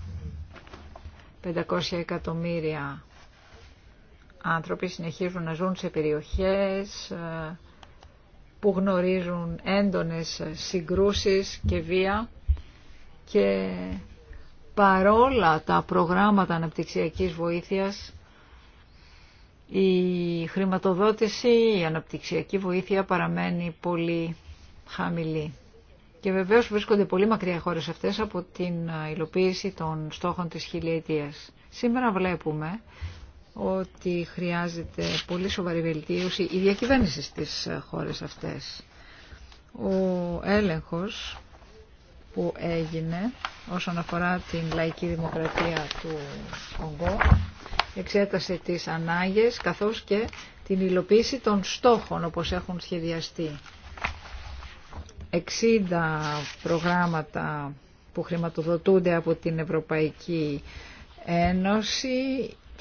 500 εκατομμύρια άνθρωποι συνεχίζουν να ζουν σε περιοχές ε, που γνωρίζουν έντονες συγκρούσεις και βία και παρόλα τα προγράμματα αναπτυξιακής βοήθειας η χρηματοδότηση, η αναπτυξιακή βοήθεια παραμένει πολύ χαμηλή. Και βεβαίως βρίσκονται πολύ μακριά χώρες αυτές από την υλοποίηση των στόχων της χιλιετίας. Σήμερα βλέπουμε ότι χρειάζεται πολύ σοβαρή βελτίωση η διακυβέρνηση στις χώρες αυτές. Ο έλεγχος που έγινε όσον αφορά την λαϊκή δημοκρατία του Κονγκό εξέτασε τις ανάγκες καθώς και την υλοποίηση των στόχων όπως έχουν σχεδιαστεί. 60 προγράμματα που χρηματοδοτούνται από την Ευρωπαϊκή Ένωση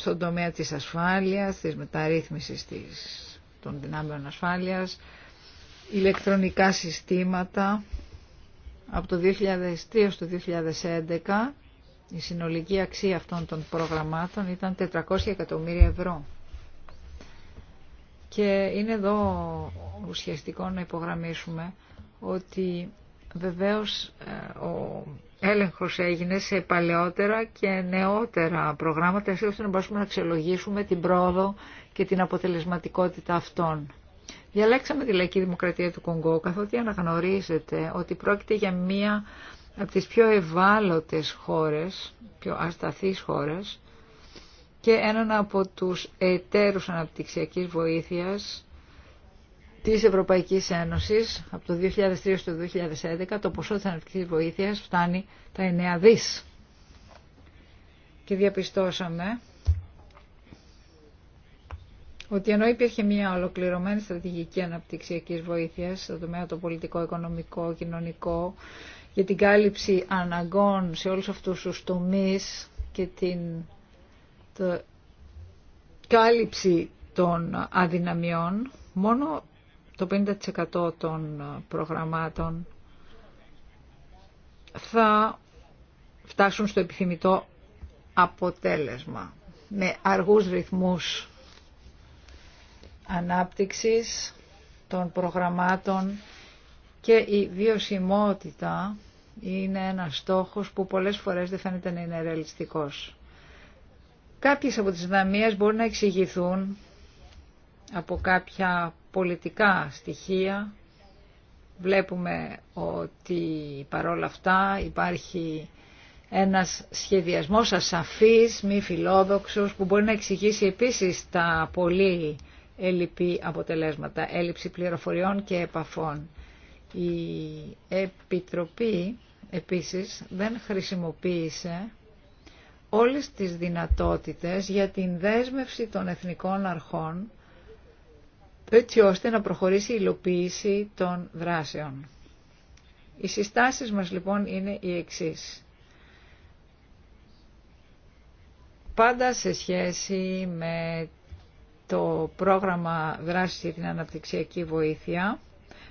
στον τομέα της ασφάλειας, της μεταρρύθμισης της, των δυνάμεων ασφάλειας, ηλεκτρονικά συστήματα. Από το 2003 το 2011 η συνολική αξία αυτών των προγραμμάτων ήταν 400 εκατομμύρια ευρώ. Και είναι εδώ ουσιαστικό να υπογραμμίσουμε ότι βεβαίως ε, ο έλεγχος έγινε σε παλαιότερα και νεότερα προγράμματα, έτσι ώστε να μπορούμε να αξιολογήσουμε την πρόοδο και την αποτελεσματικότητα αυτών. Διαλέξαμε τη λαϊκή δημοκρατία του Κονγκό, καθότι αναγνωρίζετε ότι πρόκειται για μία από τις πιο ευάλωτες χώρες, πιο ασταθείς χώρες, και έναν από τους εταίρους αναπτυξιακής βοήθειας της Ευρωπαϊκής Ένωσης από το 2003 στο 2011 το ποσό της αναπτυξής βοήθειας φτάνει τα 9 δις. Και διαπιστώσαμε ότι ενώ υπήρχε μια ολοκληρωμένη στρατηγική αναπτυξιακής βοήθειας στο τομέα το πολιτικό, οικονομικό, κοινωνικό για την κάλυψη αναγκών σε όλους αυτούς τους τομείς και την το... κάλυψη των αδυναμιών, μόνο το 50% των ε, προγραμμάτων θα φτάσουν στο επιθυμητό αποτέλεσμα με αργούς ρυθμούς ανάπτυξης των προγραμμάτων και η βιωσιμότητα είναι ένας στόχος που πολλές φορές δεν φαίνεται να είναι ρεαλιστικός. Κάποιες από τις δυναμίες μπορούν να εξηγηθούν από κάποια πολιτικά στοιχεία. Βλέπουμε ότι παρόλα αυτά υπάρχει ένας σχεδιασμός ασαφής, μη φιλόδοξος, που μπορεί να εξηγήσει επίσης τα πολύ έλλειπη αποτελέσματα, έλλειψη πληροφοριών και επαφών. Η Επιτροπή επίσης δεν χρησιμοποίησε όλες τις δυνατότητες για την δέσμευση των εθνικών αρχών έτσι ώστε να προχωρήσει η υλοποίηση των δράσεων. Οι συστάσεις μας λοιπόν είναι οι εξής. Πάντα σε σχέση με το πρόγραμμα δράσης για την αναπτυξιακή βοήθεια,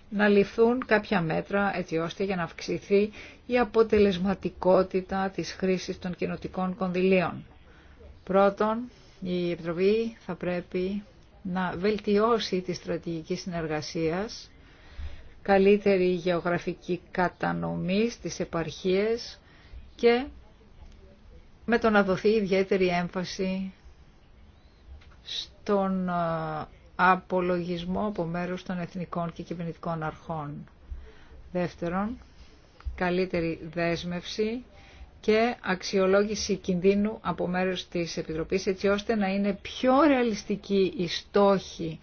να ληφθούν κάποια μέτρα έτσι ώστε για να αυξηθεί η αποτελεσματικότητα της χρήσης των κοινοτικών κονδυλίων. Πρώτον, η Επιτροπή θα πρέπει να βελτιώσει τη στρατηγική συνεργασίας, καλύτερη γεωγραφική κατανομή στις επαρχίες και με το να δοθεί ιδιαίτερη έμφαση στον ε, απολογισμό από μέρους των εθνικών και κυβερνητικών αρχών. Δεύτερον, καλύτερη δέσμευση και αξιολόγηση κινδύνου από μέρους της Επιτροπής έτσι ώστε να είναι πιο ρεαλιστική η στόχη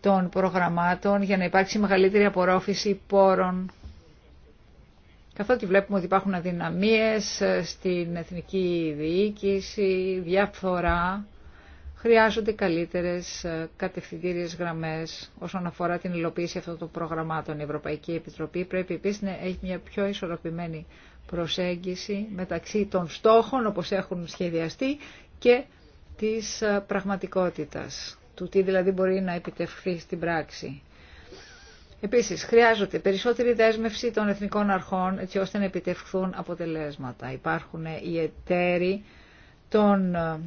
των προγραμμάτων για να υπάρξει μεγαλύτερη απορρόφηση πόρων. Καθότι βλέπουμε ότι υπάρχουν αδυναμίες στην εθνική διοίκηση, διαφθορά, χρειάζονται καλύτερες κατευθυντήριες γραμμές όσον αφορά την υλοποίηση αυτών των προγραμμάτων. Η Ευρωπαϊκή Επιτροπή πρέπει επίσης να έχει μια πιο ισορροπημένη προσέγγιση μεταξύ των στόχων όπως έχουν σχεδιαστεί και της ε, πραγματικότητας, του τι δηλαδή μπορεί να επιτευχθεί στην πράξη. Επίσης, χρειάζονται περισσότερη δέσμευση των εθνικών αρχών έτσι ώστε να επιτευχθούν αποτελέσματα. Υπάρχουν οι εταίροι των ε,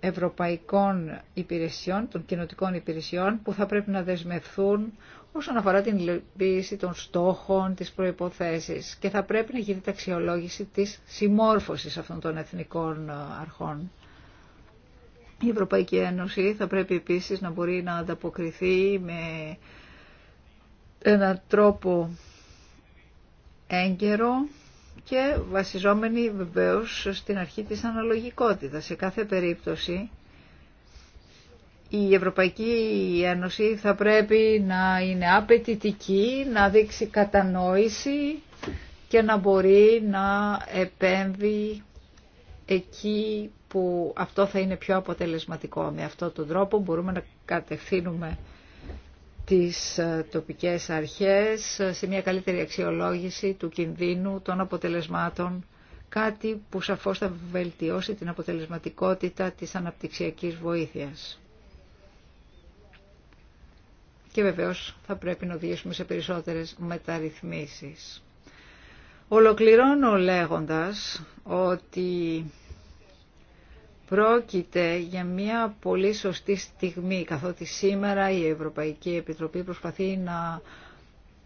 ευρωπαϊκών υπηρεσιών, των κοινοτικών υπηρεσιών που θα πρέπει να δεσμευθούν όσον αφορά την υλοποίηση των στόχων, τις προϋποθέσεις και θα πρέπει να γίνεται αξιολόγηση της συμμόρφωσης αυτών των εθνικών ε, αρχών. Η Ευρωπαϊκή Ένωση θα πρέπει επίσης να μπορεί να ανταποκριθεί με έναν τρόπο έγκαιρο και βασιζόμενη βεβαίως στην αρχή της αναλογικότητας. Σε κάθε περίπτωση η Ευρωπαϊκή Ένωση θα πρέπει να είναι απαιτητική, να δείξει κατανόηση και να μπορεί να επέμβει εκεί που αυτό θα είναι πιο αποτελεσματικό. Με αυτόν τον τρόπο μπορούμε να κατευθύνουμε τις ε, τοπικές αρχές σε μια καλύτερη αξιολόγηση του κινδύνου των αποτελεσμάτων, κάτι που σαφώς θα βελτιώσει την αποτελεσματικότητα της αναπτυξιακής βοήθειας και βεβαίως θα πρέπει να οδηγήσουμε σε περισσότερες μεταρρυθμίσεις. Ολοκληρώνω λέγοντας ότι πρόκειται για μια πολύ σωστή στιγμή, καθότι σήμερα η Ευρωπαϊκή Επιτροπή προσπαθεί να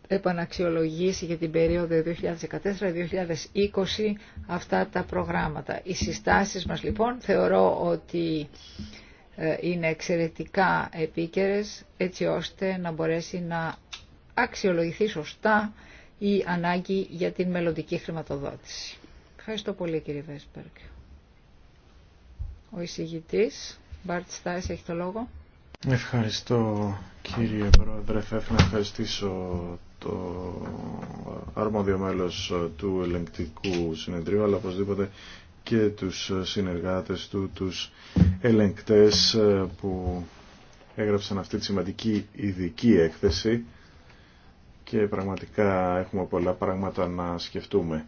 επαναξιολογήσει για την περίοδο 2014-2020 αυτά τα προγράμματα. Οι συστάσεις μας λοιπόν θεωρώ ότι ε, είναι εξαιρετικά επίκαιρες έτσι ώστε να μπορέσει να αξιολογηθεί σωστά η ανάγκη για την μελλοντική χρηματοδότηση. Ευχαριστώ πολύ κύριε Βέσπερκ. Ο εισηγητής Μπάρτ Στάις έχει το λόγο. Ευχαριστώ κύριε Πρόεδρε. Θα να ευχαριστήσω το αρμόδιο μέλος του ελεγκτικού συνεδρίου αλλά οπωσδήποτε και τους συνεργάτες του, τους ελεγκτές ε, που έγραψαν αυτή τη σημαντική ειδική έκθεση και πραγματικά έχουμε πολλά πράγματα να σκεφτούμε.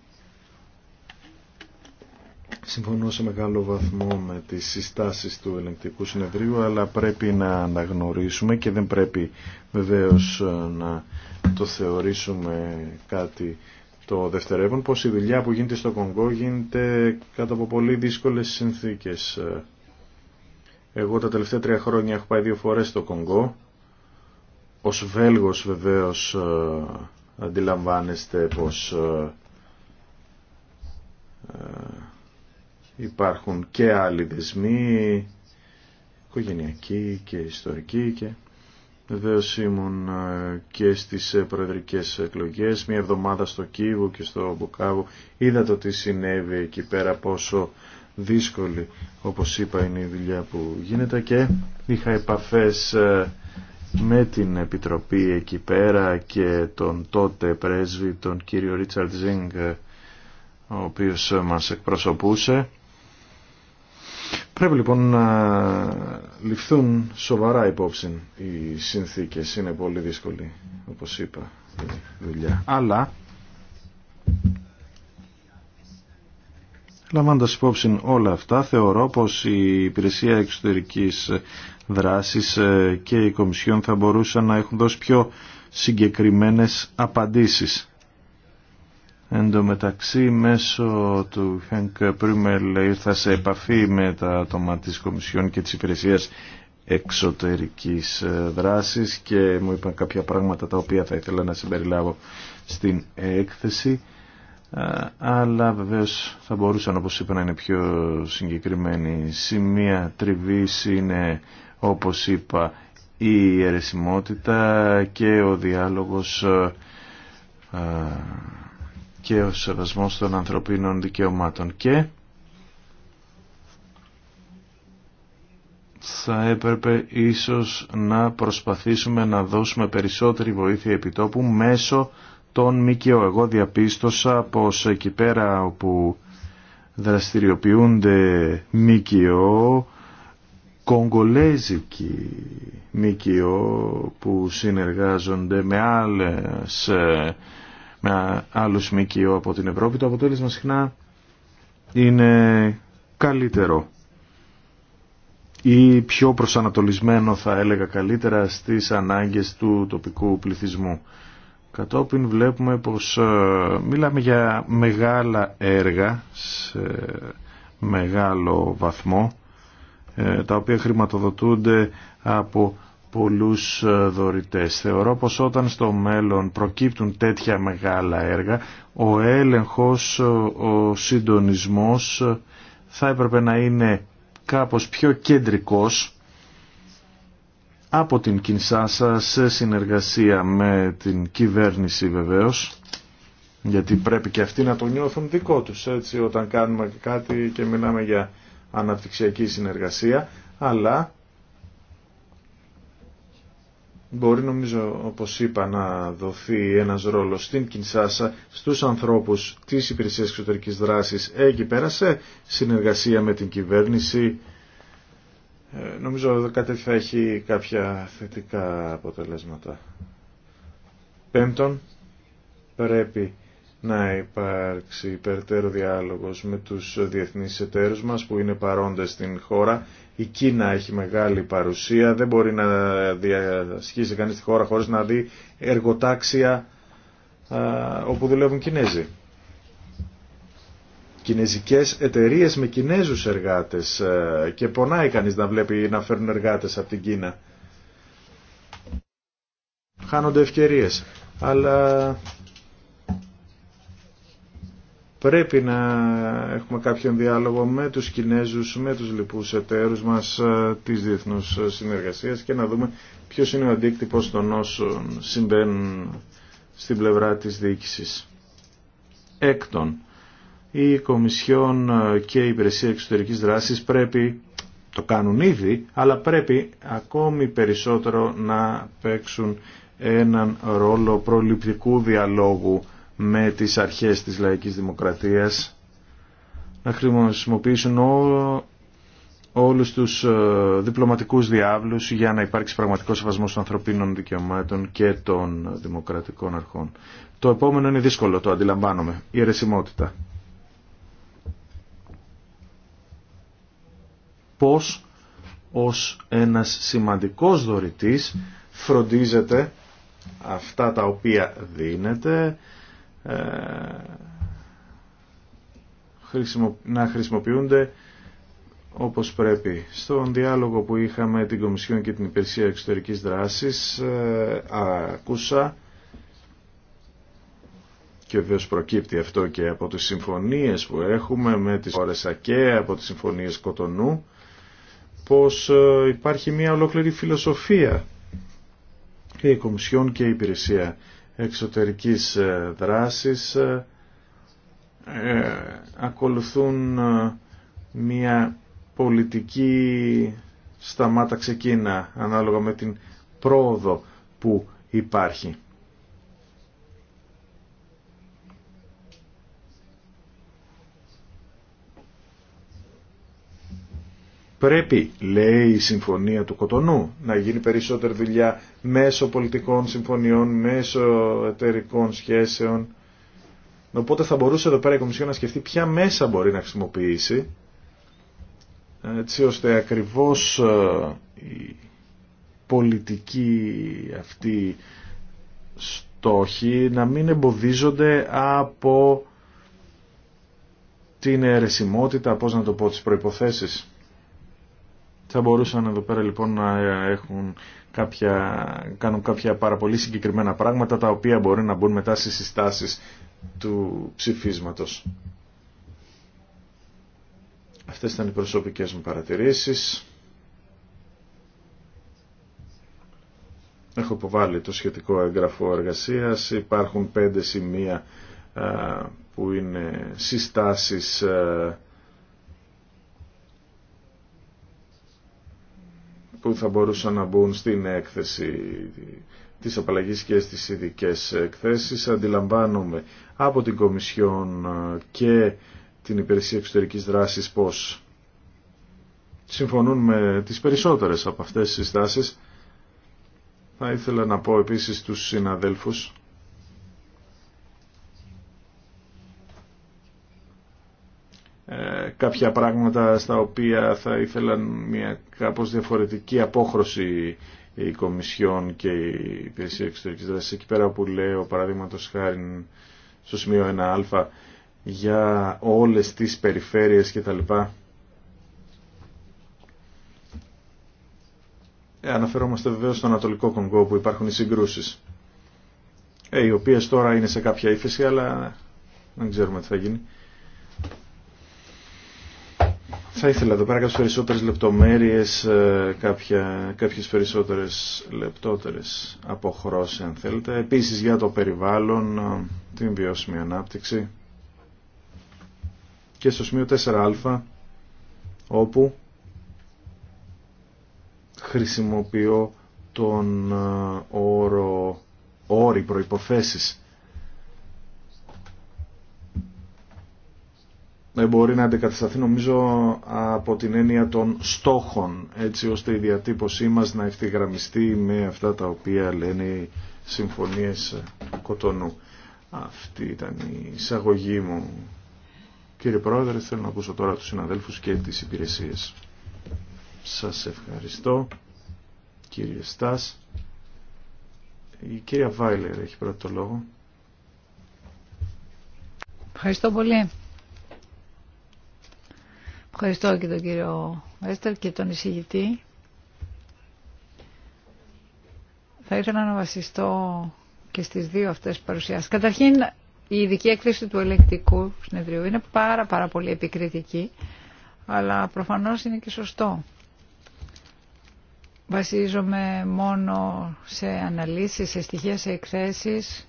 Συμφωνώ σε μεγάλο βαθμό με τις συστάσεις του ελεγκτικού συνεδρίου, αλλά πρέπει να αναγνωρίσουμε και δεν πρέπει βεβαίως ε, να το θεωρήσουμε κάτι το δευτερεύον πως η δουλειά που γίνεται στο Κονγκό γίνεται κάτω από πολύ δύσκολες συνθήκες. Εγώ τα τελευταία τρία χρόνια έχω πάει δύο φορές στο Κονγκό. Ως Βέλγος βεβαίως ε, αντιλαμβάνεστε πως ε, ε, υπάρχουν και άλλοι δεσμοί οικογενειακοί και ιστορικοί και Βεβαίω ήμουν ε, και στις ε, προεδρικές εκλογές, μία εβδομάδα στο Κίβο και στο Μπουκάβο. Είδα το τι συνέβη εκεί πέρα, πόσο δύσκολη, όπως είπα, είναι η δουλειά που γίνεται και είχα επαφές ε, με την Επιτροπή εκεί πέρα και τον τότε πρέσβη, τον κύριο Ρίτσαρτ Ζίνγκ, ο οποίος μας εκπροσωπούσε Πρέπει λοιπόν να ληφθούν σοβαρά υπόψη οι συνθήκες. Είναι πολύ δύσκολη, όπως είπα, η δουλειά. Αλλά, λαμβάνοντας υπόψη όλα αυτά, θεωρώ πως η υπηρεσία εξωτερικής δράσης ε, και η Κομισιόν θα μπορούσαν να έχουν δώσει πιο συγκεκριμένες απαντήσεις Εν τω μεταξύ μέσω του Χένκ Πρίμελ ήρθα σε επαφή με τα άτομα της Κομισιόν και της Υπηρεσίας Εξωτερικής ε, Δράσης και μου είπαν κάποια πράγματα τα οποία θα ήθελα να συμπεριλάβω στην έκθεση αλλά βεβαίως θα μπορούσαν όπως είπα να είναι πιο συγκεκριμένοι σημεία τριβής είναι όπως είπα η ερεσιμότητα και ο διάλογος ε, και ο σεβασμός των ανθρωπίνων δικαιωμάτων και θα έπρεπε ίσως να προσπαθήσουμε να δώσουμε περισσότερη βοήθεια επιτόπου μέσω των ΜΚΟ. Εγώ διαπίστωσα πως εκεί πέρα όπου δραστηριοποιούνται ΜΚΟ, κογκολέζικοι ΜΚΟ που συνεργάζονται με άλλες ε, με άλλους ΜΚΟ από την Ευρώπη, το αποτέλεσμα συχνά είναι καλύτερο ή πιο προσανατολισμένο θα έλεγα καλύτερα στις ανάγκες του τοπικού πληθυσμού. Κατόπιν βλέπουμε πως ε, μιλάμε για μεγάλα έργα σε μεγάλο βαθμό ε, τα οποία χρηματοδοτούνται από πολλούς ε, δωρητές. Θεωρώ πως όταν στο μέλλον προκύπτουν τέτοια μεγάλα έργα, ο έλεγχος, ο συντονισμός ε, θα έπρεπε να είναι κάπως πιο κεντρικός από την Κινσάσα σε συνεργασία με την κυβέρνηση βεβαίως γιατί πρέπει και αυτοί να το νιώθουν δικό τους έτσι όταν κάνουμε κάτι και μιλάμε για αναπτυξιακή συνεργασία αλλά μπορεί νομίζω όπως είπα να δοθεί ένας ρόλος στην Κινσάσα στους ανθρώπους της υπηρεσίας εξωτερικής δράσης εκεί πέρα σε συνεργασία με την κυβέρνηση ε, νομίζω κάτι θα έχει κάποια θετικά αποτελέσματα πέμπτον πρέπει να υπάρξει υπερτέρω διάλογος με τους διεθνείς εταίρους μας που είναι παρόντες στην χώρα η Κίνα έχει μεγάλη παρουσία, δεν μπορεί να διασχίσει κανείς τη χώρα χωρίς να δει εργοτάξια όπου δουλεύουν Κινέζοι. Κινέζικες εταιρείες με Κινέζους εργάτες και πονάει κανείς να βλέπει να φέρουν εργάτες από την Κίνα. Χάνονται ευκαιρίες. Αλλά πρέπει να έχουμε κάποιον διάλογο με τους Κινέζους, με τους λοιπούς εταίρους μας ε, της διεθνούς συνεργασίας και να δούμε ποιος είναι ο αντίκτυπος των όσων συμβαίνουν στην πλευρά της διοίκησης. Έκτον, η Κομισιόν και η Υπηρεσία Εξωτερικής Δράσης πρέπει, το κάνουν ήδη, αλλά πρέπει ακόμη περισσότερο να παίξουν έναν ρόλο προληπτικού διαλόγου με τις αρχές της λαϊκής δημοκρατίας να χρησιμοποιήσουν ό, όλους τους ε, διπλωματικούς διάβλους για να υπάρξει πραγματικός σεβασμός των ανθρωπίνων δικαιωμάτων και των δημοκρατικών αρχών. Το επόμενο είναι δύσκολο, το αντιλαμβάνομαι, η αιρεσιμότητα. Πώς ως ένας σημαντικός δωρητής φροντίζεται αυτά τα οποία δίνεται ε, να χρησιμοποιούνται όπως πρέπει. Στον διάλογο που είχαμε την Κομισιόν και την Υπηρεσία Εξωτερικής Δράσης ε, ακούσα και βεβαίω προκύπτει αυτό και από τις συμφωνίες που έχουμε με τις χώρες ΑΚΕ, από τις συμφωνίες Κοτονού, πως ε, υπάρχει μια ολόκληρη φιλοσοφία και η Κομισιόν και η Υπηρεσία εξωτερικής ε, δράσης ε, ε, ακολουθούν μια πολιτική σταμάτα ξεκίνα ανάλογα με την πρόοδο που υπάρχει. Πρέπει, λέει η Συμφωνία του Κοτονού, να γίνει περισσότερη δουλειά μέσω πολιτικών συμφωνιών, μέσω εταιρικών σχέσεων. Οπότε θα μπορούσε εδώ πέρα η Κομισιόν να σκεφτεί ποια μέσα μπορεί να χρησιμοποιήσει, έτσι ώστε ακριβώς ε, η πολιτική αυτή στόχοι να μην εμποδίζονται από την αιρεσιμότητα, πώς να το πω, τις προϋποθέσεις. Θα μπορούσαν εδώ πέρα λοιπόν να έχουν κάποια, κάνουν κάποια πάρα πολύ συγκεκριμένα πράγματα τα οποία μπορεί να μπουν μετά στις συστάσεις του ψηφίσματος. Αυτές ήταν οι προσωπικές μου παρατηρήσεις. Έχω υποβάλει το σχετικό έγγραφο εργασίας. Υπάρχουν πέντε σημεία που είναι συστάσεις που θα μπορούσαν να μπουν στην έκθεση της απαλλαγής και στις ειδικέ εκθέσεις. Αντιλαμβάνομαι από την Κομισιόν και την Υπηρεσία Εξωτερικής Δράσης πως συμφωνούν με τις περισσότερες από αυτές τις συστάσεις. Θα ήθελα να πω επίσης τους συναδέλφους Ε, κάποια πράγματα στα οποία θα ήθελαν μια κάπως διαφορετική απόχρωση η Κομισιόν και η Υπηρεσία Εξωτερικής Δράσης εκεί πέρα που λέω παραδείγματος χάρη στο σημείο 1α για όλες τις περιφέρειες και τα λοιπά. Ε, αναφερόμαστε βεβαίως στον Ανατολικό Κονγκό που υπάρχουν οι συγκρούσεις ε, οι οποίες τώρα είναι σε κάποια ύφεση αλλά δεν ξέρουμε τι θα γίνει. Θα ήθελα εδώ πέρα κάποιες περισσότερες λεπτομέρειες, ε, κάποια, κάποιες περισσότερες λεπτότερες αποχρώσεις αν θέλετε. Επίσης για το περιβάλλον, ε, την βιώσιμη ανάπτυξη και στο σημείο 4α όπου χρησιμοποιώ τον ε, όρο όρη προϋποθέσεις Ε, μπορεί να αντικατασταθεί νομίζω από την έννοια των στόχων έτσι ώστε η διατύπωσή μας να ευθυγραμμιστεί με αυτά τα οποία λένε οι συμφωνίες Κοτονού. Αυτή ήταν η εισαγωγή μου. Κύριε Πρόεδρε, θέλω να ακούσω τώρα τους συναδέλφους και τις υπηρεσίες. Σας ευχαριστώ, κύριε Στάς. Η κυρία Βάιλερ έχει πρώτο λόγο. Ευχαριστώ πολύ. Ευχαριστώ και τον κύριο Βέστερ και τον εισηγητή. Θα ήθελα να βασιστώ και στις δύο αυτές παρουσιάσεις. Καταρχήν, η ειδική έκθεση του Ελεκτικού συνεδρίου είναι πάρα πάρα πολύ επικριτική, αλλά προφανώς είναι και σωστό. Βασίζομαι μόνο σε αναλύσεις, σε στοιχεία, σε εκθέσεις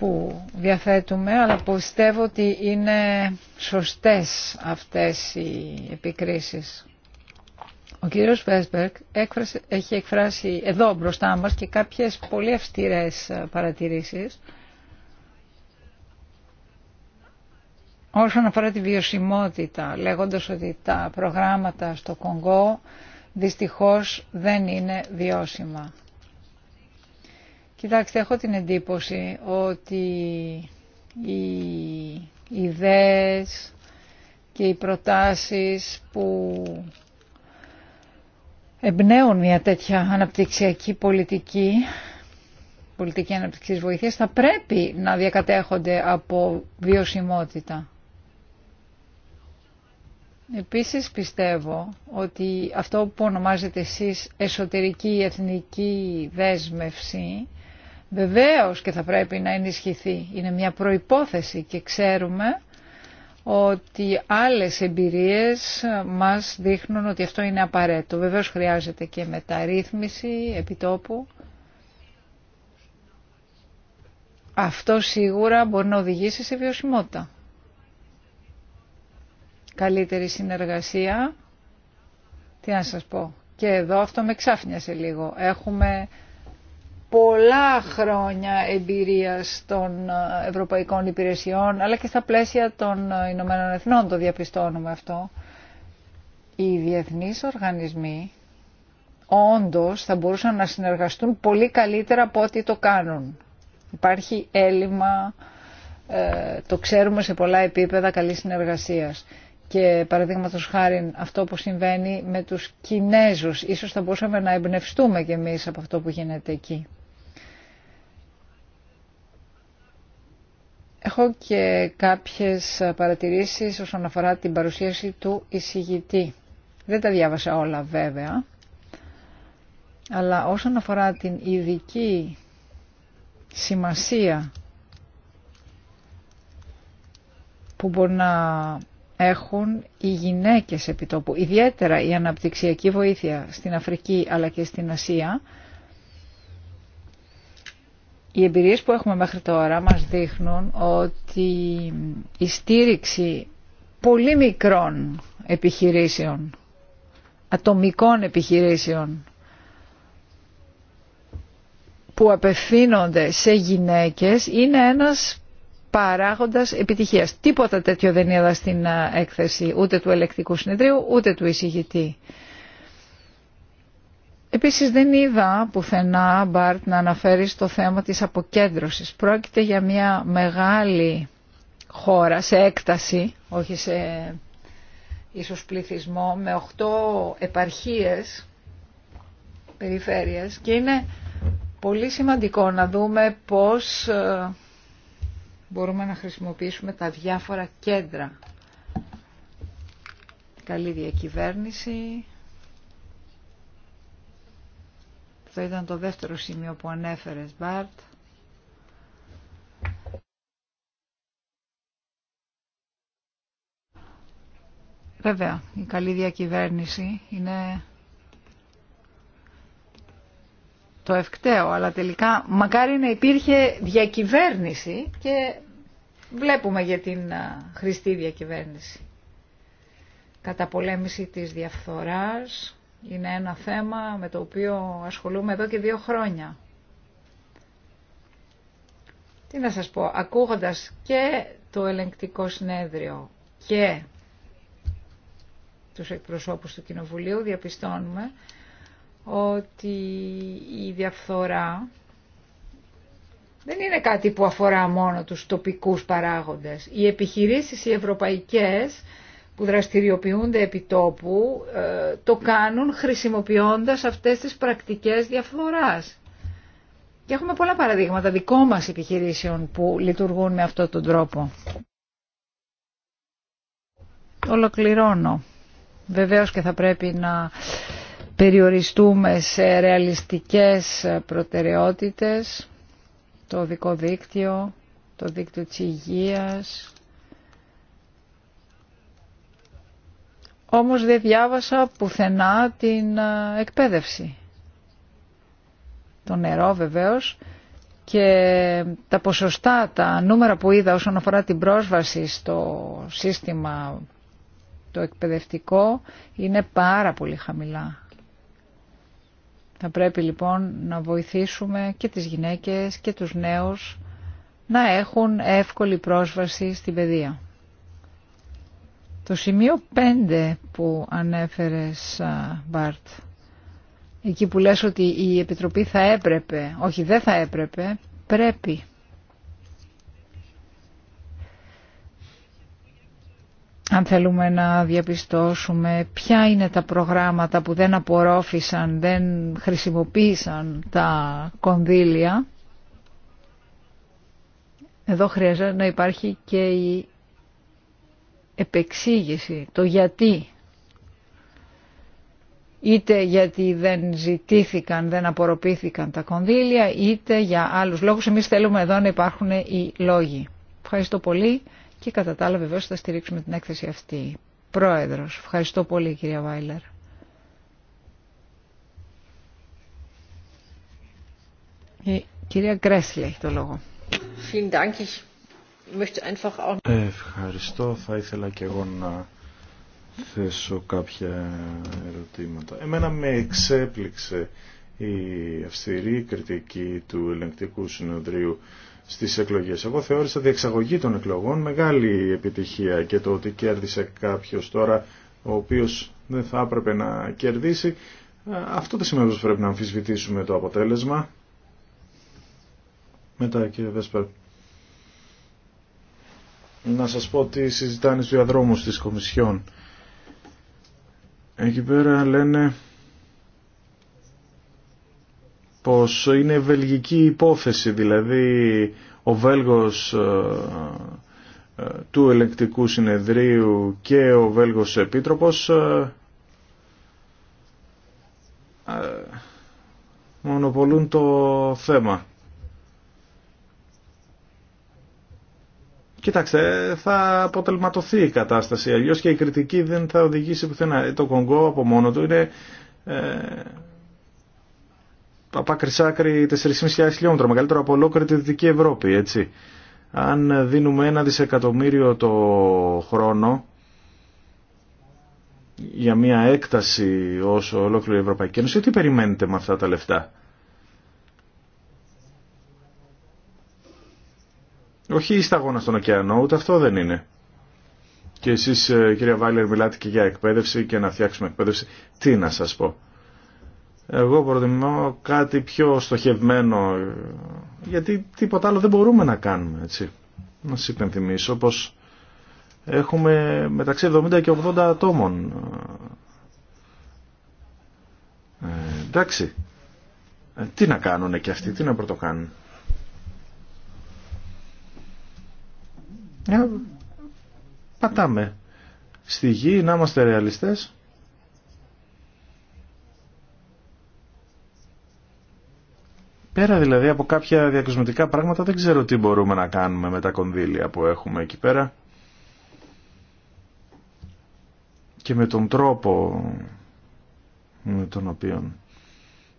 που διαθέτουμε, αλλά πιστεύω ότι είναι σωστές αυτές οι επικρίσεις. Ο κύριος Βέσμπερκ έχει εκφράσει εδώ μπροστά μας και κάποιες πολύ αυστηρές παρατηρήσεις όσον αφορά τη βιωσιμότητα, λέγοντας ότι τα προγράμματα στο Κονγκό δυστυχώς δεν είναι βιώσιμα. Κοιτάξτε, έχω την εντύπωση ότι οι ιδέες και οι προτάσεις που εμπνέουν μια τέτοια αναπτυξιακή πολιτική, πολιτική αναπτυξής βοήθειας, θα πρέπει να διακατέχονται από βιωσιμότητα. Επίσης πιστεύω ότι αυτό που ονομάζετε εσείς εσωτερική εθνική δέσμευση Βεβαίως και θα πρέπει να ενισχυθεί. Είναι μια προϋπόθεση και ξέρουμε ότι άλλες εμπειρίες μας δείχνουν ότι αυτό είναι απαραίτητο. Βεβαίως χρειάζεται και μεταρρύθμιση επιτόπου. Αυτό σίγουρα μπορεί να οδηγήσει σε βιωσιμότητα. Καλύτερη συνεργασία. Τι να σας πω. Και εδώ αυτό με ξάφνιασε λίγο. Έχουμε πολλά χρόνια εμπειρίας των ε, ευρωπαϊκών υπηρεσιών, αλλά και στα πλαίσια των ε, Ηνωμένων Εθνών το διαπιστώνουμε αυτό. Οι διεθνείς οργανισμοί όντως θα μπορούσαν να συνεργαστούν πολύ καλύτερα από ό,τι το κάνουν. Υπάρχει έλλειμμα, ε, το ξέρουμε σε πολλά επίπεδα καλής συνεργασίας. Και παραδείγματο χάρη αυτό που συμβαίνει με τους Κινέζους, ίσως θα μπορούσαμε να εμπνευστούμε κι εμείς από αυτό που γίνεται εκεί. Έχω και κάποιες παρατηρήσεις όσον αφορά την παρουσίαση του εισηγητή. Δεν τα διάβασα όλα βέβαια, αλλά όσον αφορά την ειδική σημασία που μπορεί να έχουν οι γυναίκες επιτόπου, ιδιαίτερα η αναπτυξιακή βοήθεια στην Αφρική αλλά και στην Ασία, οι εμπειρίες που έχουμε μέχρι τώρα μας δείχνουν ότι η στήριξη πολύ μικρών επιχειρήσεων, ατομικών επιχειρήσεων που απευθύνονται σε γυναίκες είναι ένας παράγοντας επιτυχίας. Τίποτα τέτοιο δεν είδα στην ε, έκθεση ούτε του ελεκτικού συνεδρίου ούτε του εισηγητή. Επίσης δεν είδα πουθενά, Μπάρτ, να αναφέρει στο θέμα της αποκέντρωσης. Πρόκειται για μια μεγάλη χώρα σε έκταση, όχι σε ίσως πληθυσμό, με 8 επαρχίες, περιφέρειες και είναι πολύ σημαντικό να δούμε πώς ε, μπορούμε να χρησιμοποιήσουμε τα διάφορα κέντρα. Καλή διακυβέρνηση, ήταν το δεύτερο σημείο που ανέφερες, Μπάρτ. Βέβαια, η καλή διακυβέρνηση είναι το ευκταίο, αλλά τελικά μακάρι να υπήρχε διακυβέρνηση και βλέπουμε για την χρηστή διακυβέρνηση. Καταπολέμηση της διαφθοράς, είναι ένα θέμα με το οποίο ασχολούμαι εδώ και δύο χρόνια. Τι να σας πω, ακούγοντας και το ελεγκτικό συνέδριο και τους εκπροσώπους του Κοινοβουλίου διαπιστώνουμε ότι η διαφθορά δεν είναι κάτι που αφορά μόνο τους τοπικούς παράγοντες. Οι επιχειρήσεις οι ευρωπαϊκές που δραστηριοποιούνται επί τόπου ε, το κάνουν χρησιμοποιώντας αυτές τις πρακτικές διαφθοράς. Και έχουμε πολλά παραδείγματα δικών μας επιχειρήσεων που λειτουργούν με αυτόν τον τρόπο. Ολοκληρώνω. Βεβαίως και θα πρέπει να περιοριστούμε σε ρεαλιστικές προτεραιότητες, το δικό δίκτυο, το δίκτυο της υγείας, Όμως δεν διάβασα πουθενά την ε, εκπαίδευση. Το νερό βεβαίως και τα ποσοστά, τα νούμερα που είδα όσον αφορά την πρόσβαση στο σύστημα το εκπαιδευτικό είναι πάρα πολύ χαμηλά. Θα πρέπει λοιπόν να βοηθήσουμε και τις γυναίκες και τους νέους να έχουν εύκολη πρόσβαση στην παιδεία. Το σημείο 5 που ανέφερες, Μπάρτ, εκεί που λες ότι η Επιτροπή θα έπρεπε, όχι δεν θα έπρεπε, πρέπει. Αν θέλουμε να διαπιστώσουμε ποια είναι τα προγράμματα που δεν απορρόφησαν, δεν χρησιμοποίησαν τα κονδύλια, εδώ χρειάζεται να υπάρχει και η επεξήγηση το γιατί είτε γιατί δεν ζητήθηκαν, δεν απορροπήθηκαν τα κονδύλια, είτε για άλλους λόγους. Εμείς θέλουμε εδώ να υπάρχουν οι λόγοι. Ευχαριστώ πολύ και κατά τα άλλα βεβαίως θα στηρίξουμε την έκθεση αυτή. Πρόεδρος, ευχαριστώ πολύ κυρία Βάιλερ. Η κυρία Γκρέσλη έχει το λόγο. Ευχαριστώ. Θα ήθελα και εγώ να θέσω κάποια ερωτήματα. Εμένα με εξέπληξε η αυστηρή κριτική του ελεγκτικού συνοδρίου στις εκλογές. Εγώ θεώρησα διεξαγωγή των εκλογών μεγάλη επιτυχία και το ότι κέρδισε κάποιος τώρα ο οποίος δεν θα έπρεπε να κερδίσει. Ε, αυτό δεν σημαίνει πως πρέπει να αμφισβητήσουμε το αποτέλεσμα. Μετά κύριε Βέσπερ να σας πω ότι συζητάνε στους διαδρόμους της Κομισιόν. Εκεί πέρα λένε πως είναι βελγική υπόθεση, δηλαδή ο Βέλγος ε, ε, του ελεκτικού συνεδρίου και ο Βέλγος Επίτροπος ε, μονοπολούν το θέμα. Κοιτάξτε, θα αποτελματωθεί η κατάσταση, αλλιώς και η κριτική δεν θα οδηγήσει πουθενά. Ε, το Κονγκό από μόνο του είναι ε, από άκρη 4.500 χιλιόμετρα, μεγαλύτερο από ολόκληρη τη Δυτική Ευρώπη, έτσι. Αν δίνουμε ένα δισεκατομμύριο το χρόνο για μια έκταση όσο ολόκληρη η Ευρωπαϊκή Ένωση, τι περιμένετε με αυτά τα λεφτά. Όχι η σταγόνα στον ωκεανό, ούτε αυτό δεν είναι. Και εσείς ε, κυρία Βάιλερ μιλάτε και για εκπαίδευση και να φτιάξουμε εκπαίδευση. Τι να σας πω. Εγώ προτιμώ κάτι πιο στοχευμένο, ε, γιατί τίποτα άλλο δεν μπορούμε να κάνουμε, έτσι. Να σας υπενθυμίσω πως έχουμε μεταξύ 70 και 80 ατόμων. Ε, εντάξει, ε, τι να κάνουνε και αυτοί, τι να πρωτοκάνουν. Ε, πατάμε στη γη, να είμαστε ρεαλιστές. Πέρα δηλαδή από κάποια διακοσμητικά πράγματα δεν ξέρω τι μπορούμε να κάνουμε με τα κονδύλια που έχουμε εκεί πέρα και με τον τρόπο με τον οποίο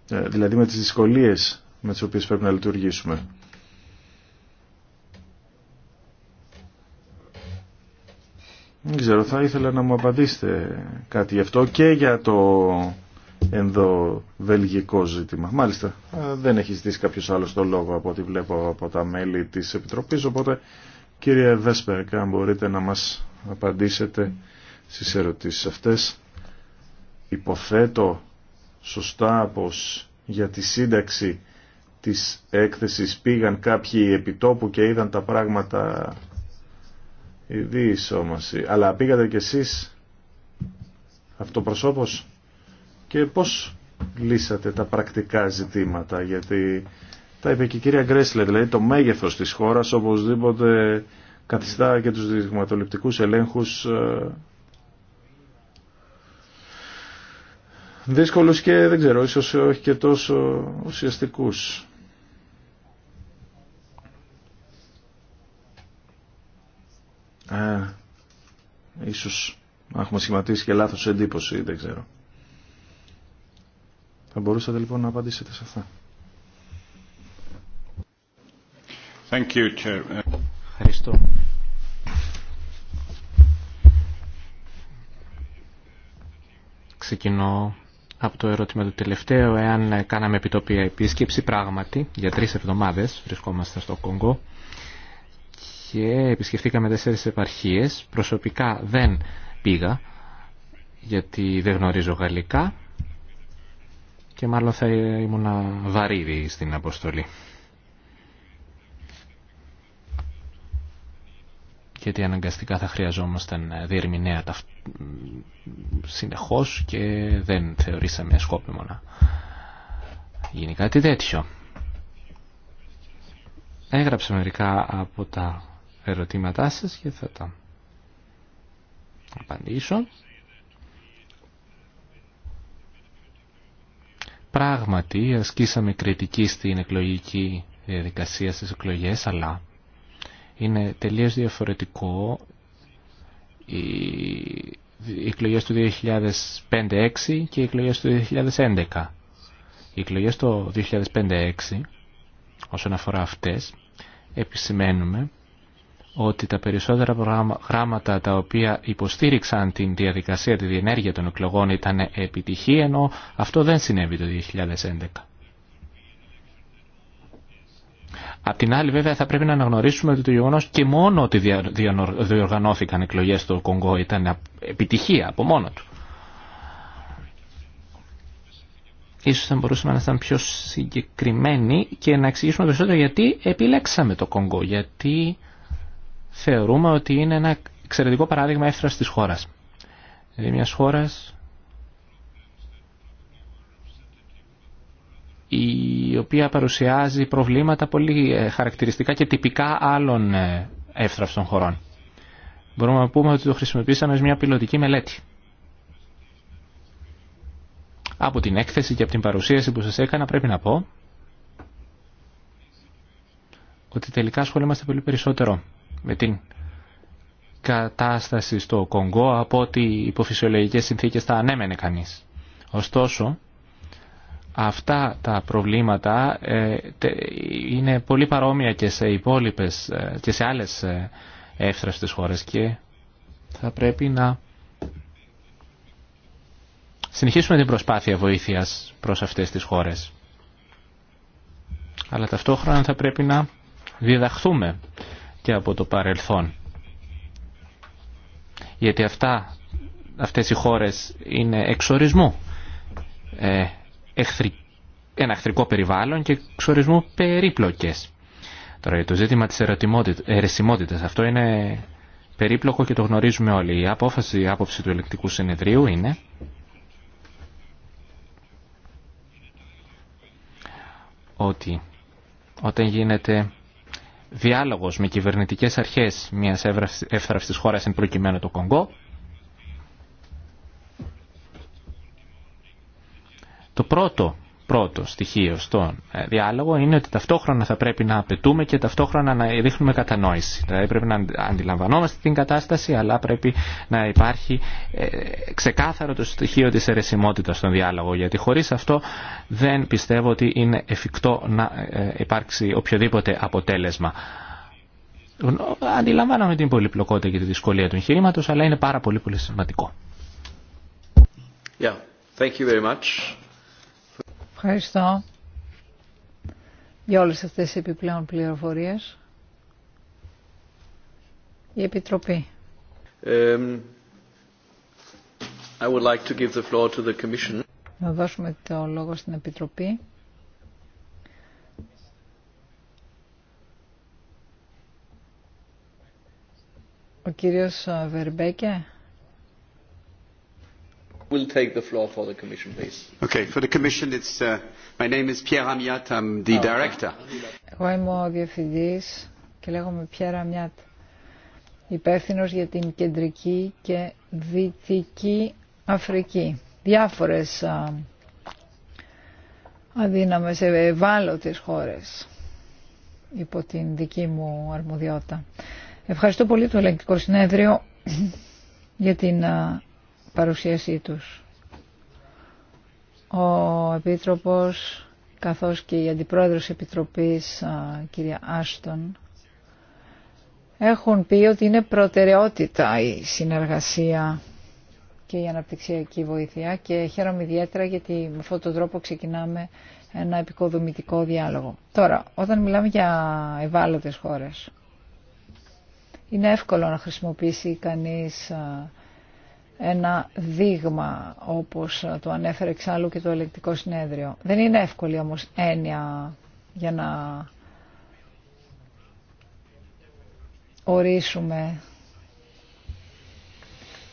ε, δηλαδή με τις δυσκολίες με τις οποίες πρέπει να λειτουργήσουμε. Δεν ξέρω, θα ήθελα να μου απαντήσετε κάτι γι' αυτό και για το ενδοβελγικό ζήτημα. Μάλιστα, ε, δεν έχει ζητήσει κάποιος άλλο το λόγο από ό,τι βλέπω από τα μέλη της Επιτροπής, οπότε κύριε Βέσπερκ, αν μπορείτε να μας απαντήσετε στις ερωτήσεις αυτές. Υποθέτω σωστά πως για τη σύνταξη της έκθεσης πήγαν κάποιοι επιτόπου και είδαν τα πράγματα η διεισόμαση. Αλλά πήγατε κι εσείς αυτοπροσώπως και πώς λύσατε τα πρακτικά ζητήματα γιατί τα είπε και η κυρία Γκρέσλε δηλαδή το μέγεθος της χώρας οπωσδήποτε καθιστά και τους δειγματοληπτικούς ελέγχους ε, δύσκολους και δεν ξέρω ίσως όχι και τόσο ουσιαστικούς Α, ίσως έχουμε σχηματίσει και λάθος εντύπωση, δεν ξέρω. Θα μπορούσατε λοιπόν να απαντήσετε σε αυτά. Thank you, Ευχαριστώ. Ξεκινώ από το ερώτημα του τελευταίου, εάν κάναμε επιτοπία επίσκεψη, πράγματι, για τρεις εβδομάδες βρισκόμαστε στο Κονγκό και επισκεφτήκαμε τέσσερις επαρχίες. Προσωπικά δεν πήγα γιατί δεν γνωρίζω γαλλικά και μάλλον θα ήμουν βαρύδι στην αποστολή. γιατί αναγκαστικά θα χρειαζόμασταν διερμηνέα τα συνεχώς και δεν θεωρήσαμε σκόπιμο να γίνει κάτι τέτοιο. Έγραψα μερικά από τα ερωτήματά σας και θα τα απαντήσω. Πράγματι, ασκήσαμε κριτική στην εκλογική διαδικασία στις εκλογές, αλλά είναι τελείως διαφορετικό οι εκλογές του 2005-2006 και οι εκλογές του 2011. Οι εκλογές του 2005-2006, όσον αφορά αυτές, επισημαίνουμε ότι τα περισσότερα γράμματα τα οποία υποστήριξαν την διαδικασία, τη διενέργεια των εκλογών ήταν επιτυχή, ενώ αυτό δεν συνέβη το 2011. Απ' την άλλη βέβαια θα πρέπει να αναγνωρίσουμε ότι το γεγονό και μόνο ότι διοργανώθηκαν εκλογές στο Κονγκό ήταν επιτυχία από μόνο του. Ίσως θα μπορούσαμε να ήταν πιο συγκεκριμένοι και να εξηγήσουμε περισσότερο γιατί επιλέξαμε το Κονγκό, γιατί θεωρούμε ότι είναι ένα εξαιρετικό παράδειγμα έφτρας της χώρας. Δηλαδή μιας χώρας η οποία παρουσιάζει προβλήματα πολύ ε, χαρακτηριστικά και τυπικά άλλων ε, εύθραυστων χωρών. Μπορούμε να πούμε ότι το χρησιμοποίησαμε ως μια πιλωτική μελέτη. Από την έκθεση και από την παρουσίαση που σας έκανα πρέπει να πω ότι τελικά ασχολούμαστε πολύ περισσότερο με την κατάσταση στο Κονγκό από ότι υπό συνθήκες θα ανέμενε κανείς. Ωστόσο, αυτά τα προβλήματα ε, είναι πολύ παρόμοια και σε υπόλοιπες ε, και σε άλλες ε, εύθραυστες χώρες και θα πρέπει να συνεχίσουμε την προσπάθεια βοήθειας προς αυτές τις χώρες. Αλλά ταυτόχρονα θα πρέπει να διδαχθούμε και από το παρελθόν. Γιατί αυτά, αυτές οι χώρες είναι εξορισμού ε, ένα περιβάλλον και εξορισμού περίπλοκες. Τώρα για το ζήτημα της ερεσιμότητας αυτό είναι περίπλοκο και το γνωρίζουμε όλοι. Η απόφαση, η άποψη του ελεκτικού συνεδρίου είναι ότι όταν γίνεται Διάλογο με κυβερνητικές αρχές μιας εύθραυστη χώρας εν προκειμένου το Κονγκό, το πρώτο πρώτο στοιχείο στον ε, διάλογο είναι ότι ταυτόχρονα θα πρέπει να απαιτούμε και ταυτόχρονα να δείχνουμε κατανόηση. Δηλαδή πρέπει να αντιλαμβανόμαστε την κατάσταση, αλλά πρέπει να υπάρχει ε, ξεκάθαρο το στοιχείο της αιρεσιμότητας στον διάλογο, γιατί χωρίς αυτό δεν πιστεύω ότι είναι εφικτό να ε, υπάρξει οποιοδήποτε αποτέλεσμα. Αντιλαμβάνομαι την πολυπλοκότητα και τη δυσκολία του εγχειρήματο, αλλά είναι πάρα πολύ πολύ σημαντικό. Yeah. Thank you very much. Ευχαριστώ για όλες αυτές τις επιπλέον πληροφορίες. Η Επιτροπή. I would like to give the floor to the Commission. Να δώσουμε το λόγο στην Επιτροπή. Ο κύριος Βερμπέκε. Εγώ είμαι ο διευθυντής και λέγομαι Πιέρα Amiat, υπεύθυνο για την κεντρική και δυτική Αφρική. Διάφορες α, αδύναμες ε, ευάλωτες χώρες υπό την δική μου αρμοδιότητα. Ευχαριστώ πολύ το Ελεγκτικό Συνέδριο για την παρουσίασή τους. Ο Επίτροπος καθώς και η Αντιπρόεδρος Επιτροπής, κυρία Άστον, έχουν πει ότι είναι προτεραιότητα η συνεργασία και η αναπτυξιακή βοήθεια και χαίρομαι ιδιαίτερα γιατί με αυτόν τον τρόπο ξεκινάμε ένα επικοδομητικό διάλογο. Τώρα, όταν μιλάμε για ευάλωτες χώρες, είναι εύκολο να χρησιμοποιήσει κανείς ένα δείγμα όπως το ανέφερε εξάλλου και το ελεκτικό συνέδριο. Δεν είναι εύκολη όμως έννοια για να ορίσουμε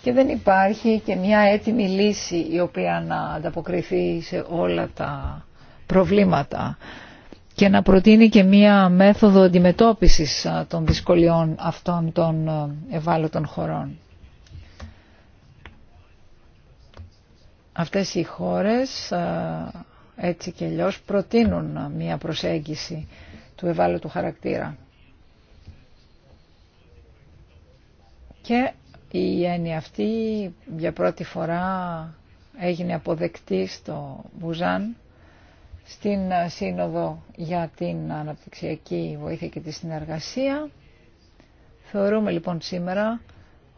και δεν υπάρχει και μια έτοιμη λύση η οποία να ανταποκριθεί σε όλα τα προβλήματα και να προτείνει και μία μέθοδο αντιμετώπισης των δυσκολιών αυτών των ευάλωτων χωρών. Αυτές οι χώρες έτσι και αλλιώ προτείνουν μια προσέγγιση του ευάλωτου χαρακτήρα. Και η έννοια αυτή για πρώτη φορά έγινε αποδεκτή στο Μπουζάν στην Σύνοδο για την Αναπτυξιακή Βοήθεια και τη Συνεργασία. Θεωρούμε λοιπόν σήμερα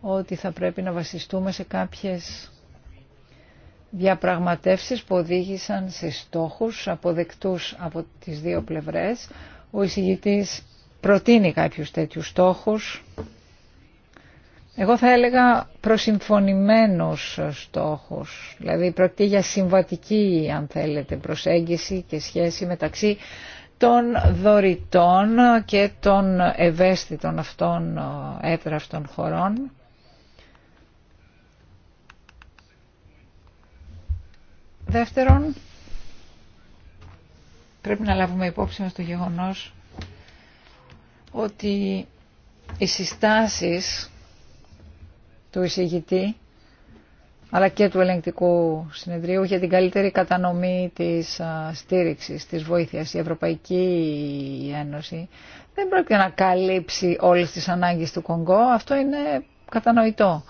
ότι θα πρέπει να βασιστούμε σε κάποιες διαπραγματεύσεις που οδήγησαν σε στόχους αποδεκτούς από τις δύο πλευρές. Ο εισηγητής προτείνει κάποιους τέτοιους στόχους. Εγώ θα έλεγα προσυμφωνημένους στόχους, δηλαδή πρόκειται για συμβατική, αν θέλετε, προσέγγιση και σχέση μεταξύ των δωρητών και των ευαίσθητων αυτών ε, έδραυτων χωρών. Δεύτερον, πρέπει να λάβουμε υπόψη μας το γεγονός ότι οι συστάσεις του εισηγητή αλλά και του ελεγκτικού συνεδρίου για την καλύτερη κατανομή της στήριξης, της βοήθειας. Η Ευρωπαϊκή Ένωση δεν πρέπει να καλύψει όλες τις ανάγκες του Κονγκό, αυτό είναι κατανοητό.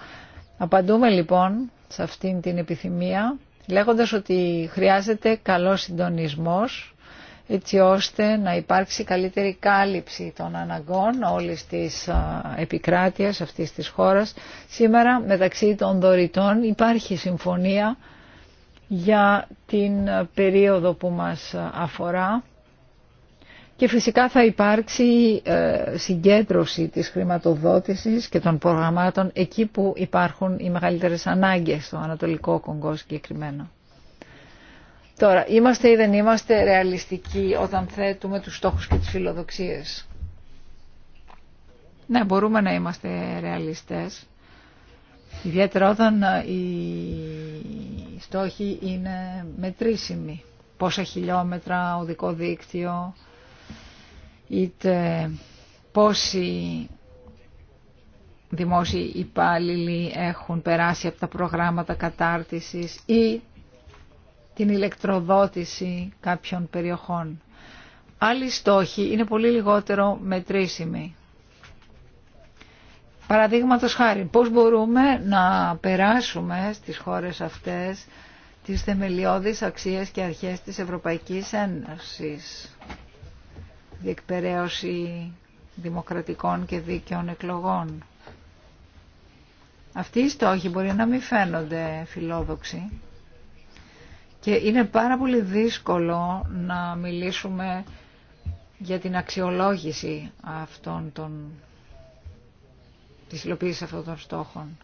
Απαντούμε λοιπόν σε αυτήν την επιθυμία λέγοντας ότι χρειάζεται καλό συντονισμός έτσι ώστε να υπάρξει καλύτερη κάλυψη των αναγκών όλης της επικράτειας αυτής της χώρας. Σήμερα μεταξύ των δωρητών υπάρχει συμφωνία για την περίοδο που μας αφορά και φυσικά θα υπάρξει ε, συγκέντρωση της χρηματοδότησης και των προγραμμάτων εκεί που υπάρχουν οι μεγαλύτερες ανάγκες στο Ανατολικό Κονγκό συγκεκριμένα. Τώρα, είμαστε ή δεν είμαστε ρεαλιστικοί όταν θέτουμε τους στόχους και τις φιλοδοξίες. Ναι, μπορούμε να είμαστε ρεαλιστές. Ιδιαίτερα όταν ε, οι στόχοι είναι μετρήσιμοι. Πόσα χιλιόμετρα οδικό δίκτυο, είτε πόσοι δημόσιοι υπάλληλοι έχουν περάσει από τα προγράμματα κατάρτισης ή την ηλεκτροδότηση κάποιων περιοχών. Άλλοι στόχοι είναι πολύ λιγότερο μετρήσιμοι. Παραδείγματο χάρη, πώς μπορούμε να περάσουμε στις χώρες αυτές τις θεμελιώδεις αξίες και αρχές της Ευρωπαϊκής Ένωσης διεκπαιρέωση δημοκρατικών και δίκαιων εκλογών. Αυτοί οι στόχοι μπορεί να μην φαίνονται φιλόδοξοι και είναι πάρα πολύ δύσκολο να μιλήσουμε για την αξιολόγηση αυτών των, της υλοποίησης αυτών των στόχων.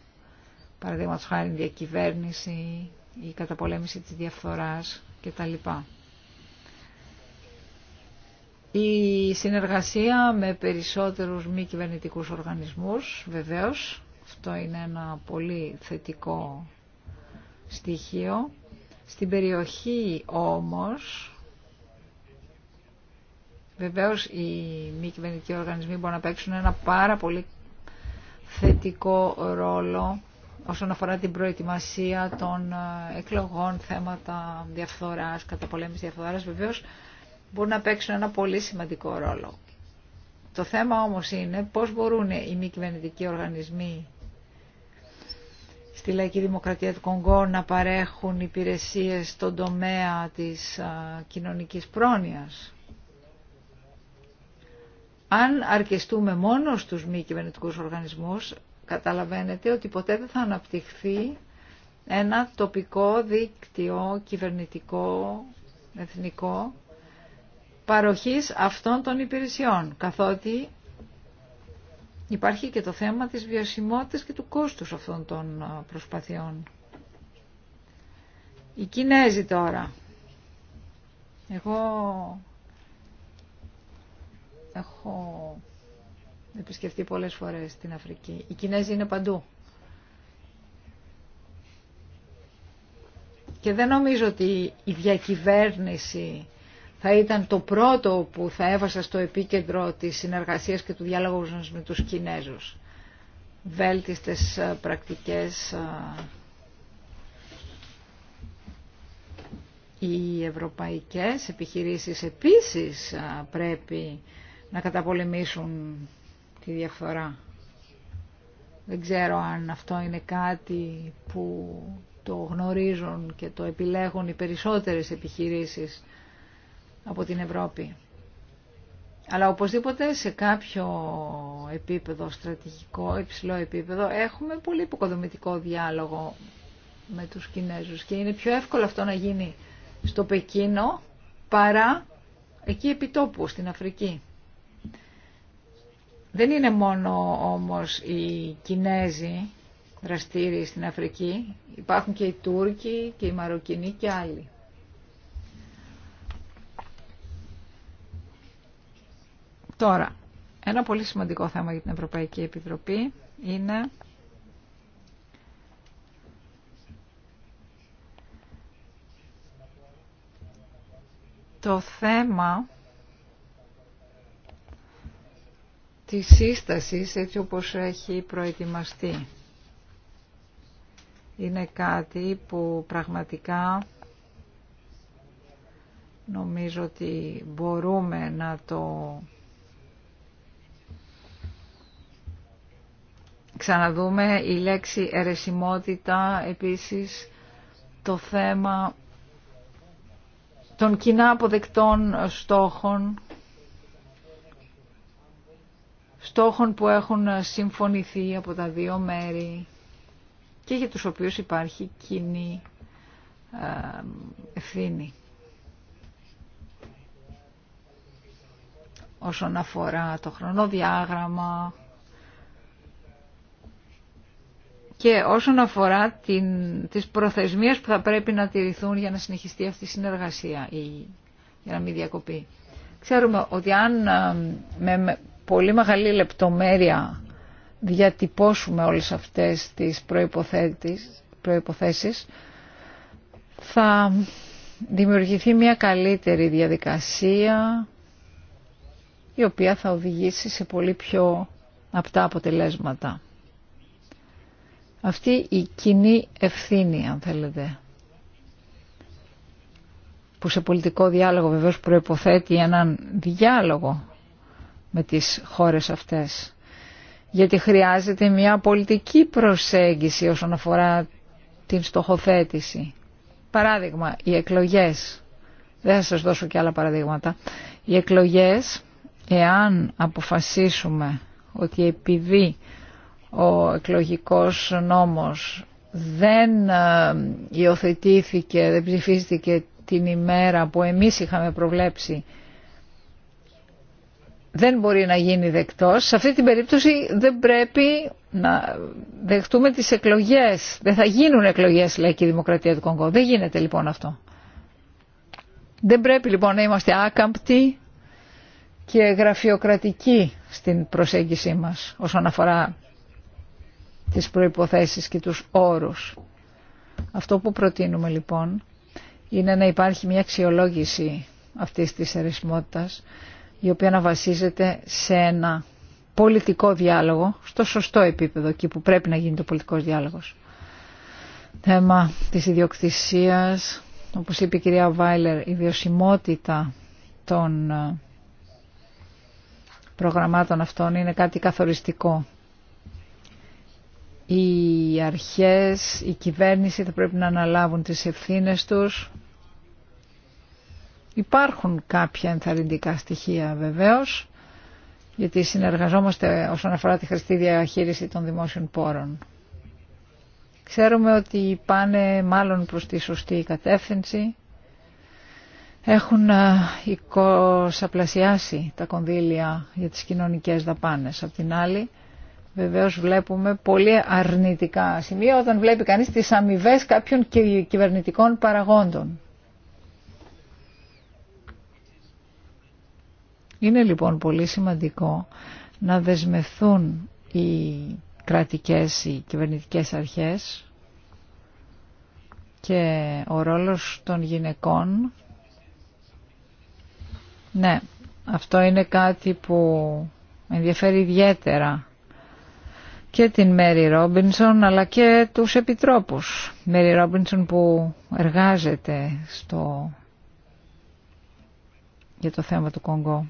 Παραδείγματος χάρη διακυβέρνηση, η καταπολέμηση της διαφθοράς κτλ. Η συνεργασία με περισσότερους μη κυβερνητικού οργανισμούς, βεβαίως, αυτό είναι ένα πολύ θετικό στοιχείο. Στην περιοχή όμως, βεβαίως οι μη κυβερνητικοί οργανισμοί μπορούν να παίξουν ένα πάρα πολύ θετικό ρόλο όσον αφορά την προετοιμασία των ε, εκλογών, θέματα διαφθοράς, καταπολέμησης διαφθοράς, βεβαίως μπορούν να παίξουν ένα πολύ σημαντικό ρόλο. Το θέμα όμως είναι πώς μπορούν οι μη κυβερνητικοί οργανισμοί στη Λαϊκή Δημοκρατία του Κονγκό να παρέχουν υπηρεσίες στον τομέα της κοινωνικής πρόνοιας. Αν αρκεστούμε μόνο στους μη κυβερνητικού οργανισμούς, καταλαβαίνετε ότι ποτέ δεν θα αναπτυχθεί ένα τοπικό δίκτυο κυβερνητικό, εθνικό, παροχής αυτών των υπηρεσιών, καθότι υπάρχει και το θέμα της βιωσιμότητας και του κόστους αυτών των ε, προσπαθειών. Οι Κινέζοι τώρα. Εγώ έχω επισκεφτεί πολλές φορές την Αφρική. Οι Κινέζοι είναι παντού. Και δεν νομίζω ότι η διακυβέρνηση θα ήταν το πρώτο που θα έβασα στο επίκεντρο της συνεργασίας και του διάλογου μας με τους Κινέζους. Βέλτιστες ε, πρακτικές ε, οι ευρωπαϊκές επιχειρήσεις επίσης ε, πρέπει να καταπολεμήσουν τη διαφορά. Δεν ξέρω αν αυτό είναι κάτι που το γνωρίζουν και το επιλέγουν οι περισσότερες επιχειρήσεις από την Ευρώπη. Αλλά οπωσδήποτε σε κάποιο επίπεδο, στρατηγικό, υψηλό επίπεδο, έχουμε πολύ υποκοδομητικό διάλογο με τους Κινέζους και είναι πιο εύκολο αυτό να γίνει στο Πεκίνο παρά εκεί επιτόπου στην Αφρική. Δεν είναι μόνο όμως οι Κινέζοι δραστήριοι στην Αφρική, υπάρχουν και οι Τούρκοι και οι Μαροκινοί και άλλοι. Τώρα, ένα πολύ σημαντικό θέμα για την Ευρωπαϊκή Επιτροπή είναι το θέμα τη σύσταση έτσι όπως έχει προετοιμαστεί. Είναι κάτι που πραγματικά νομίζω ότι μπορούμε να το ξαναδούμε η λέξη «ερεσιμότητα» επίσης το θέμα των κοινά αποδεκτών στόχων στόχων που έχουν συμφωνηθεί από τα δύο μέρη και για τους οποίους υπάρχει κοινή ε, ευθύνη. Όσον αφορά το χρονοδιάγραμμα, και όσον αφορά την, τις προθεσμίες που θα πρέπει να τηρηθούν για να συνεχιστεί αυτή η συνεργασία ή για να μην διακοπεί. Ξέρουμε ότι αν ε, με πολύ μεγάλη λεπτομέρεια διατυπώσουμε όλες αυτές τις προϋποθέσεις θα δημιουργηθεί μια καλύτερη διαδικασία η οποία θα οδηγήσει σε πολύ πιο απτά αποτελέσματα αυτή η κοινή ευθύνη αν θέλετε που σε πολιτικό διάλογο βεβαίως προϋποθέτει έναν διάλογο με τις χώρες αυτές γιατί χρειάζεται μια πολιτική προσέγγιση όσον αφορά την στοχοθέτηση. Παράδειγμα, οι εκλογές. Δεν θα σας δώσω και άλλα παραδείγματα. Οι εκλογές, εάν αποφασίσουμε ότι επειδή ο εκλογικός νόμος δεν ε, υιοθετήθηκε, δεν ψηφίστηκε την ημέρα που εμείς είχαμε προβλέψει δεν μπορεί να γίνει δεκτός. Σε αυτή την περίπτωση δεν πρέπει να δεχτούμε τις εκλογές. Δεν θα γίνουν εκλογές, λέει και η Δημοκρατία του Κονγκό. Δεν γίνεται λοιπόν αυτό. Δεν πρέπει λοιπόν να είμαστε άκαμπτοι και γραφειοκρατικοί στην προσέγγιση μας όσον αφορά τις προϋποθέσεις και τους όρους. Αυτό που προτείνουμε λοιπόν είναι να υπάρχει μια αξιολόγηση αυτής της αρισμότητας η οποία να βασίζεται σε ένα πολιτικό διάλογο στο σωστό επίπεδο εκεί που πρέπει να γίνει το πολιτικός διάλογος. Θέμα της ιδιοκτησίας, όπως είπε η κυρία Βάιλερ, η βιωσιμότητα των ε, προγραμμάτων αυτών είναι κάτι καθοριστικό οι αρχές, η κυβέρνηση θα πρέπει να αναλάβουν τις ευθύνες τους. Υπάρχουν κάποια ενθαρρυντικά στοιχεία βεβαίως, γιατί συνεργαζόμαστε όσον αφορά τη χρηστή διαχείριση των δημόσιων πόρων. Ξέρουμε ότι πάνε μάλλον προς τη σωστή κατεύθυνση. Έχουν ε, εικοσαπλασιάσει τα κονδύλια για τις κοινωνικές δαπάνες. Απ' την άλλη, Βεβαίως βλέπουμε πολύ αρνητικά σημεία όταν βλέπει κανείς τις αμοιβέ κάποιων κυβερνητικών παραγόντων. Είναι λοιπόν πολύ σημαντικό να δεσμευθούν οι κρατικές, οι κυβερνητικές αρχές και ο ρόλος των γυναικών. Ναι, αυτό είναι κάτι που ενδιαφέρει ιδιαίτερα και την Μέρι Ρόμπινσον αλλά και τους επιτρόπους. Μέρι Ρόμπινσον που εργάζεται στο... για το θέμα του Κονγκό.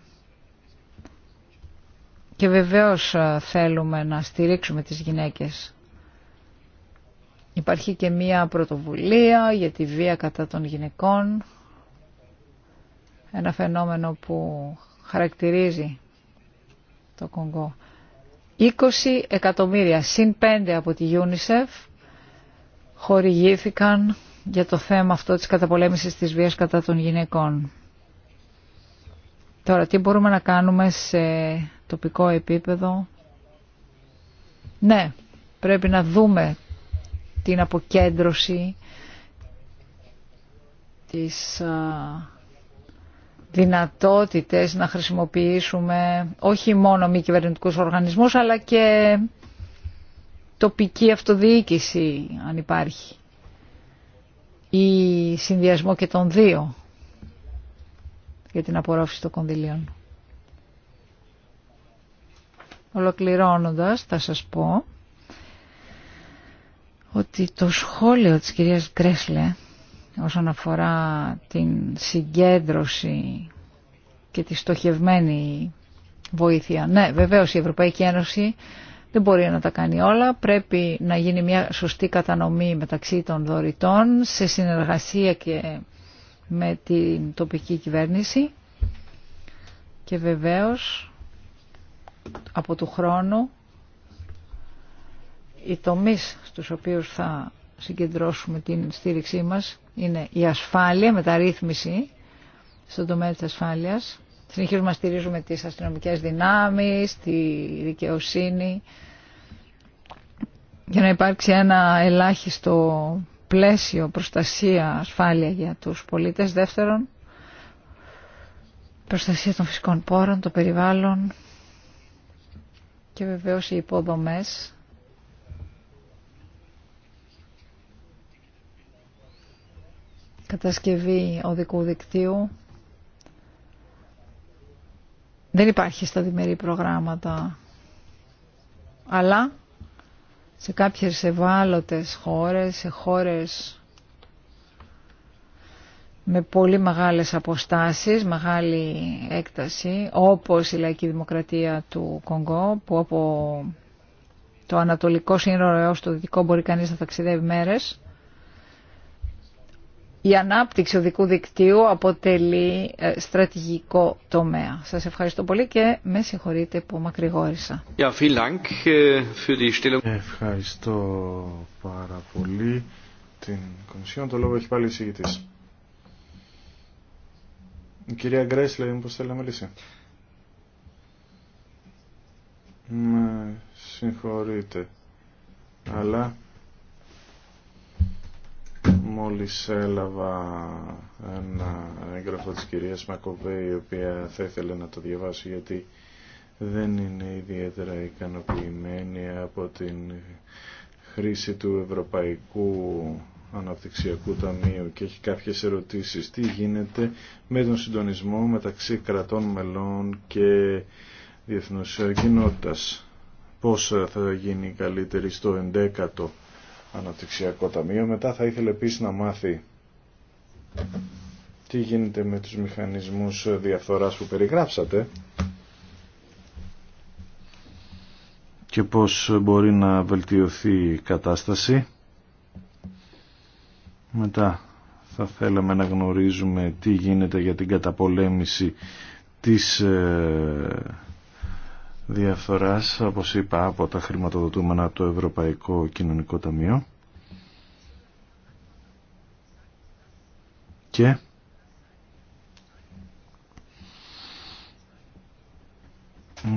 Και βεβαίως θέλουμε να στηρίξουμε τις γυναίκες. Υπάρχει και μία πρωτοβουλία για τη βία κατά των γυναικών. Ένα φαινόμενο που χαρακτηρίζει το Κονγκό. 20 εκατομμύρια συν 5 από τη UNICEF χορηγήθηκαν για το θέμα αυτό της καταπολέμησης της βίας κατά των γυναικών. Τώρα τι μπορούμε να κάνουμε σε τοπικό επίπεδο. Ναι, πρέπει να δούμε την αποκέντρωση της δυνατότητες να χρησιμοποιήσουμε όχι μόνο μη κυβερνητικού οργανισμούς αλλά και τοπική αυτοδιοίκηση αν υπάρχει ή συνδυασμό και των δύο για την απορρόφηση των κονδυλίων. Ολοκληρώνοντας θα σας πω ότι το σχόλιο της κυρίας Γκρέσλε όσον αφορά την συγκέντρωση και τη στοχευμένη βοήθεια. Ναι, βεβαίως η Ευρωπαϊκή Ένωση δεν μπορεί να τα κάνει όλα. Πρέπει να γίνει μια σωστή κατανομή μεταξύ των δωρητών σε συνεργασία και με την τοπική κυβέρνηση. Και βεβαίως από του χρόνου οι τομείς στους οποίους θα συγκεντρώσουμε την στήριξή μας είναι η ασφάλεια, μεταρρύθμιση στον τομέα της ασφάλειας. Συνεχίζουμε να στηρίζουμε τις αστυνομικές δυνάμεις, τη δικαιοσύνη για να υπάρξει ένα ελάχιστο πλαίσιο προστασία ασφάλεια για τους πολίτες. Δεύτερον, προστασία των φυσικών πόρων, των περιβάλλων και βεβαίως οι υποδομές κατασκευή οδικού δικτύου. Δεν υπάρχει στα διμερή προγράμματα, αλλά σε κάποιες ευάλωτες χώρες, σε χώρες με πολύ μεγάλες αποστάσεις, μεγάλη έκταση, όπως η Λαϊκή Δημοκρατία του Κονγκό, που από το ανατολικό σύνορο έως το δυτικό μπορεί κανείς να ταξιδεύει μέρες η ανάπτυξη οδικού δικτύου αποτελεί ε, στρατηγικό τομέα. Σας ευχαριστώ πολύ και με συγχωρείτε που μακρηγόρησα. Ε, ευχαριστώ πάρα πολύ την Κομισιόν. Το λόγο έχει πάλι η συγητής. Η κυρία Γκρέσλε, μήπως θέλει να μιλήσει. Με συγχωρείτε. Αλλά Μόλις έλαβα ένα έγγραφο της κυρίας Μακοβέ η οποία θα ήθελε να το διαβάσει γιατί δεν είναι ιδιαίτερα ικανοποιημένη από την χρήση του Ευρωπαϊκού Αναπτυξιακού Ταμείου και έχει κάποιες ερωτήσεις. Τι γίνεται με τον συντονισμό μεταξύ κρατών μελών και διεθνούς κοινότητας. Πώς θα γίνει καλύτερη στο 11ο Αναπτυξιακό Ταμείο. Μετά θα ήθελε επίσης να μάθει τι γίνεται με τους μηχανισμούς διαφθοράς που περιγράψατε και πώς μπορεί να βελτιωθεί η κατάσταση. Μετά θα θέλαμε να γνωρίζουμε τι γίνεται για την καταπολέμηση της ε, διαφθοράς, όπως είπα, από τα χρηματοδοτούμενα από το Ευρωπαϊκό Κοινωνικό Ταμείο και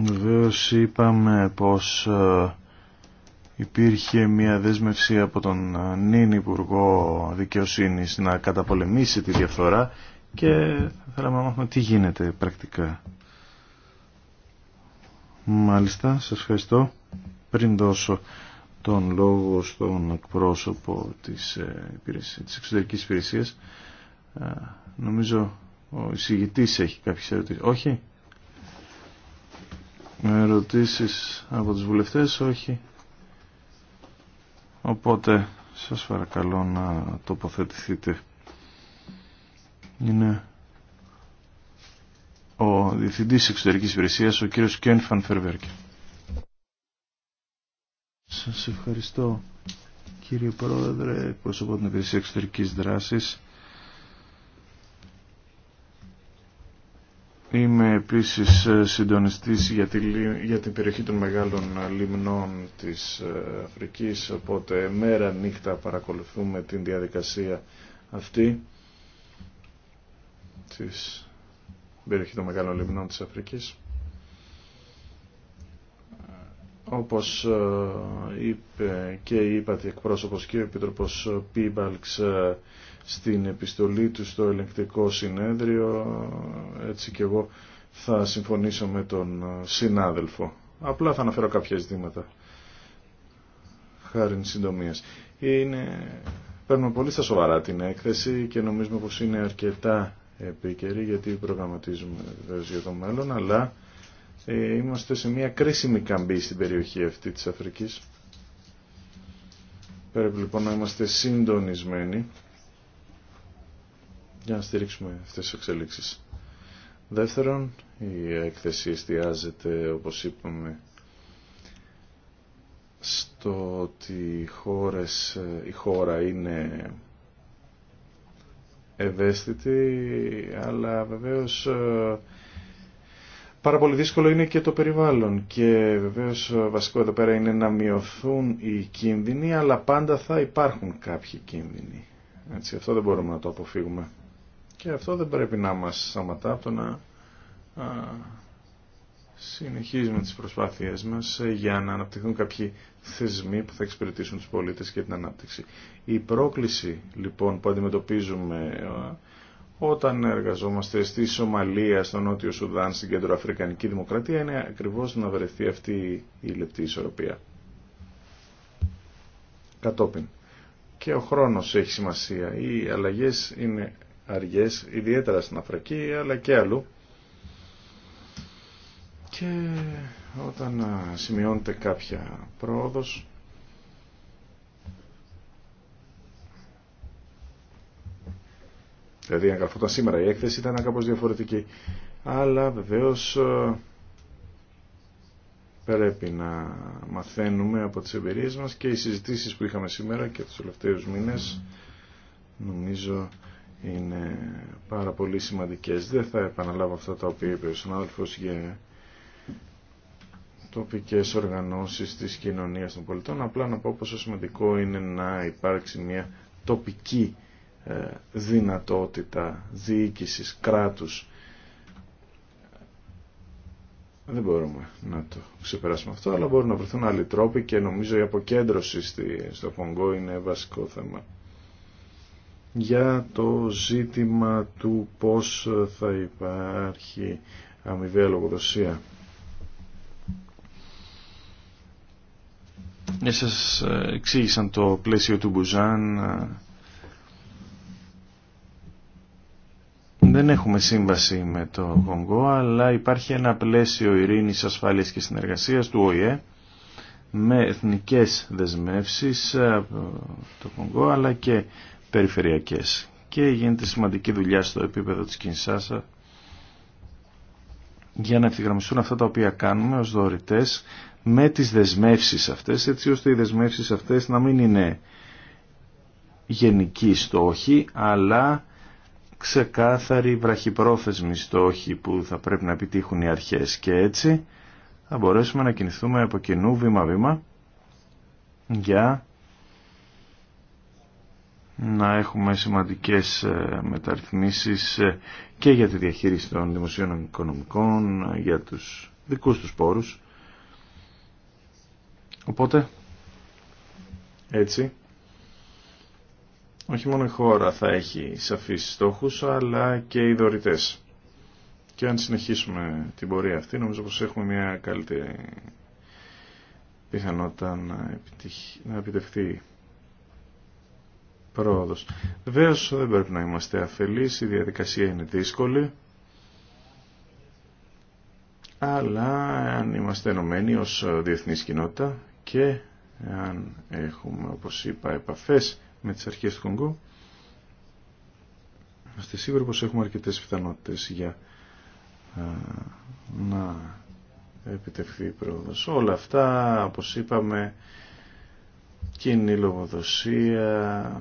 βεβαίω είπαμε πως ε, υπήρχε μια δέσμευση από τον ε, νυν Υπουργό Δικαιοσύνης να καταπολεμήσει τη διαφθορά και θέλαμε να μάθουμε τι γίνεται πρακτικά. Μάλιστα, σας ευχαριστώ. Πριν δώσω τον λόγο στον εκπρόσωπο της, ε, υπηρεσίας, της εξωτερικής υπηρεσίας, ε, νομίζω ο εισηγητής έχει κάποιες ερωτήσεις. Όχι. Με ερωτήσεις από τους βουλευτές, όχι. Οπότε σας παρακαλώ να τοποθετηθείτε. Είναι ο Διευθυντής Εξωτερικής Υπηρεσίας, ο κύριος Κένφαν Φερβέρκε. Σας ευχαριστώ κύριε Πρόεδρε, πρόσωπο την Υπηρεσία Εξωτερικής Δράσης. Είμαι επίσης ε, συντονιστής για, για την περιοχή των μεγάλων ε, λιμνών της ε, Αφρικής, οπότε μέρα νύχτα παρακολουθούμε την διαδικασία αυτή περιοχή των Μεγάλων Λιμνών της Αφρικής. Όπως ε, είπε και η ύπατη εκπρόσωπος και ο Επίτροπος Πίμπαλξ ε, στην επιστολή του στο ελεγκτικό συνέδριο, έτσι και εγώ θα συμφωνήσω με τον ε, συνάδελφο. Απλά θα αναφέρω κάποια ζητήματα χάρη συντομίας. Είναι... Παίρνουμε πολύ στα σοβαρά την έκθεση και νομίζουμε πως είναι αρκετά επίκαιρη γιατί προγραμματίζουμε βεβαίω για το μέλλον αλλά ε, είμαστε σε μια κρίσιμη καμπή στην περιοχή αυτή της Αφρικής πρέπει λοιπόν να είμαστε συντονισμένοι για να στηρίξουμε αυτές τις εξελίξεις δεύτερον η έκθεση εστιάζεται όπως είπαμε στο ότι ε, η χώρα είναι ευαίσθητη, αλλά βεβαίως ε, πάρα πολύ δύσκολο είναι και το περιβάλλον και βεβαίως ε, βασικό εδώ πέρα είναι να μειωθούν οι κίνδυνοι, αλλά πάντα θα υπάρχουν κάποιοι κίνδυνοι. Έτσι, αυτό δεν μπορούμε να το αποφύγουμε. Και αυτό δεν πρέπει να μας σταματά από το να Συνεχίζουμε τις προσπάθειές μας ε, για να αναπτυχθούν κάποιοι θεσμοί που θα εξυπηρετήσουν τους πολίτες και την ανάπτυξη. Η πρόκληση λοιπόν που αντιμετωπίζουμε ε, όταν εργαζόμαστε στη Σομαλία, στο Νότιο Σουδάν, στην Κέντρο Αφρικανική Δημοκρατία είναι ακριβώς να βρεθεί αυτή η λεπτή ισορροπία. Κατόπιν. Και ο χρόνος έχει σημασία. Οι αλλαγές είναι αργές, ιδιαίτερα στην Αφρική αλλά και αλλού και όταν σημειώνεται κάποια πρόοδος δηλαδή αν καρφόταν σήμερα η έκθεση ήταν κάπως διαφορετική αλλά βεβαίως πρέπει να μαθαίνουμε από τις εμπειρίες μας και οι συζητήσεις που είχαμε σήμερα και τους τελευταίους μήνες νομίζω είναι πάρα πολύ σημαντικές. Δεν θα επαναλάβω αυτά τα οποία είπε ο συνάδελφος για τοπικές οργανώσεις της κοινωνίας των πολιτών. Απλά να πω πόσο σημαντικό είναι να υπάρξει μια τοπική ε, δυνατότητα διοίκησης, κράτους. Δεν μπορούμε να το ξεπεράσουμε αυτό, αλλά μπορούν να βρεθούν άλλοι τρόποι και νομίζω η αποκέντρωση στο Κονγκό είναι βασικό θέμα. Για το ζήτημα του πώς θα υπάρχει αμοιβαία λογοδοσία. Ναι, σας ε, εξήγησαν το πλαίσιο του Μπουζάν. Ε. Δεν έχουμε σύμβαση με το Κονγκό, αλλά υπάρχει ένα πλαίσιο ειρήνης, ασφάλειας και συνεργασίας του ΟΗΕ με εθνικές δεσμεύσεις το Κονγκό, αλλά και περιφερειακές. Και γίνεται σημαντική δουλειά στο επίπεδο της Κινσάσα για να ευθυγραμμιστούν αυτά τα οποία κάνουμε ως δωρητές με τις δεσμεύσεις αυτές, έτσι ώστε οι δεσμεύσεις αυτές να μην είναι γενικοί στόχοι, αλλά ξεκάθαροι βραχυπρόθεσμοι στόχοι που θα πρέπει να επιτύχουν οι αρχές και έτσι θα μπορέσουμε να κινηθούμε από κοινού βήμα-βήμα για να έχουμε σημαντικές ε, μεταρρυθμίσεις ε, και για τη διαχείριση των δημοσίων οικονομικών, ε, για τους δικούς τους πόρους Οπότε, έτσι, όχι μόνο η χώρα θα έχει σαφείς στόχους, αλλά και οι δωρητές. Και αν συνεχίσουμε την πορεία αυτή, νομίζω πως έχουμε μια καλύτερη πιθανότητα να, να επιτευχθεί πρόοδος. Βεβαίω δεν πρέπει να είμαστε αφελείς, η διαδικασία είναι δύσκολη, αλλά αν είμαστε ενωμένοι ως διεθνής κοινότητα, και αν έχουμε όπως είπα επαφές με τις αρχές του Κονγκό είμαστε σίγουροι πως έχουμε αρκετές πιθανότητες για α, να επιτευχθεί η πρόοδος. Όλα αυτά όπως είπαμε κοινή λογοδοσία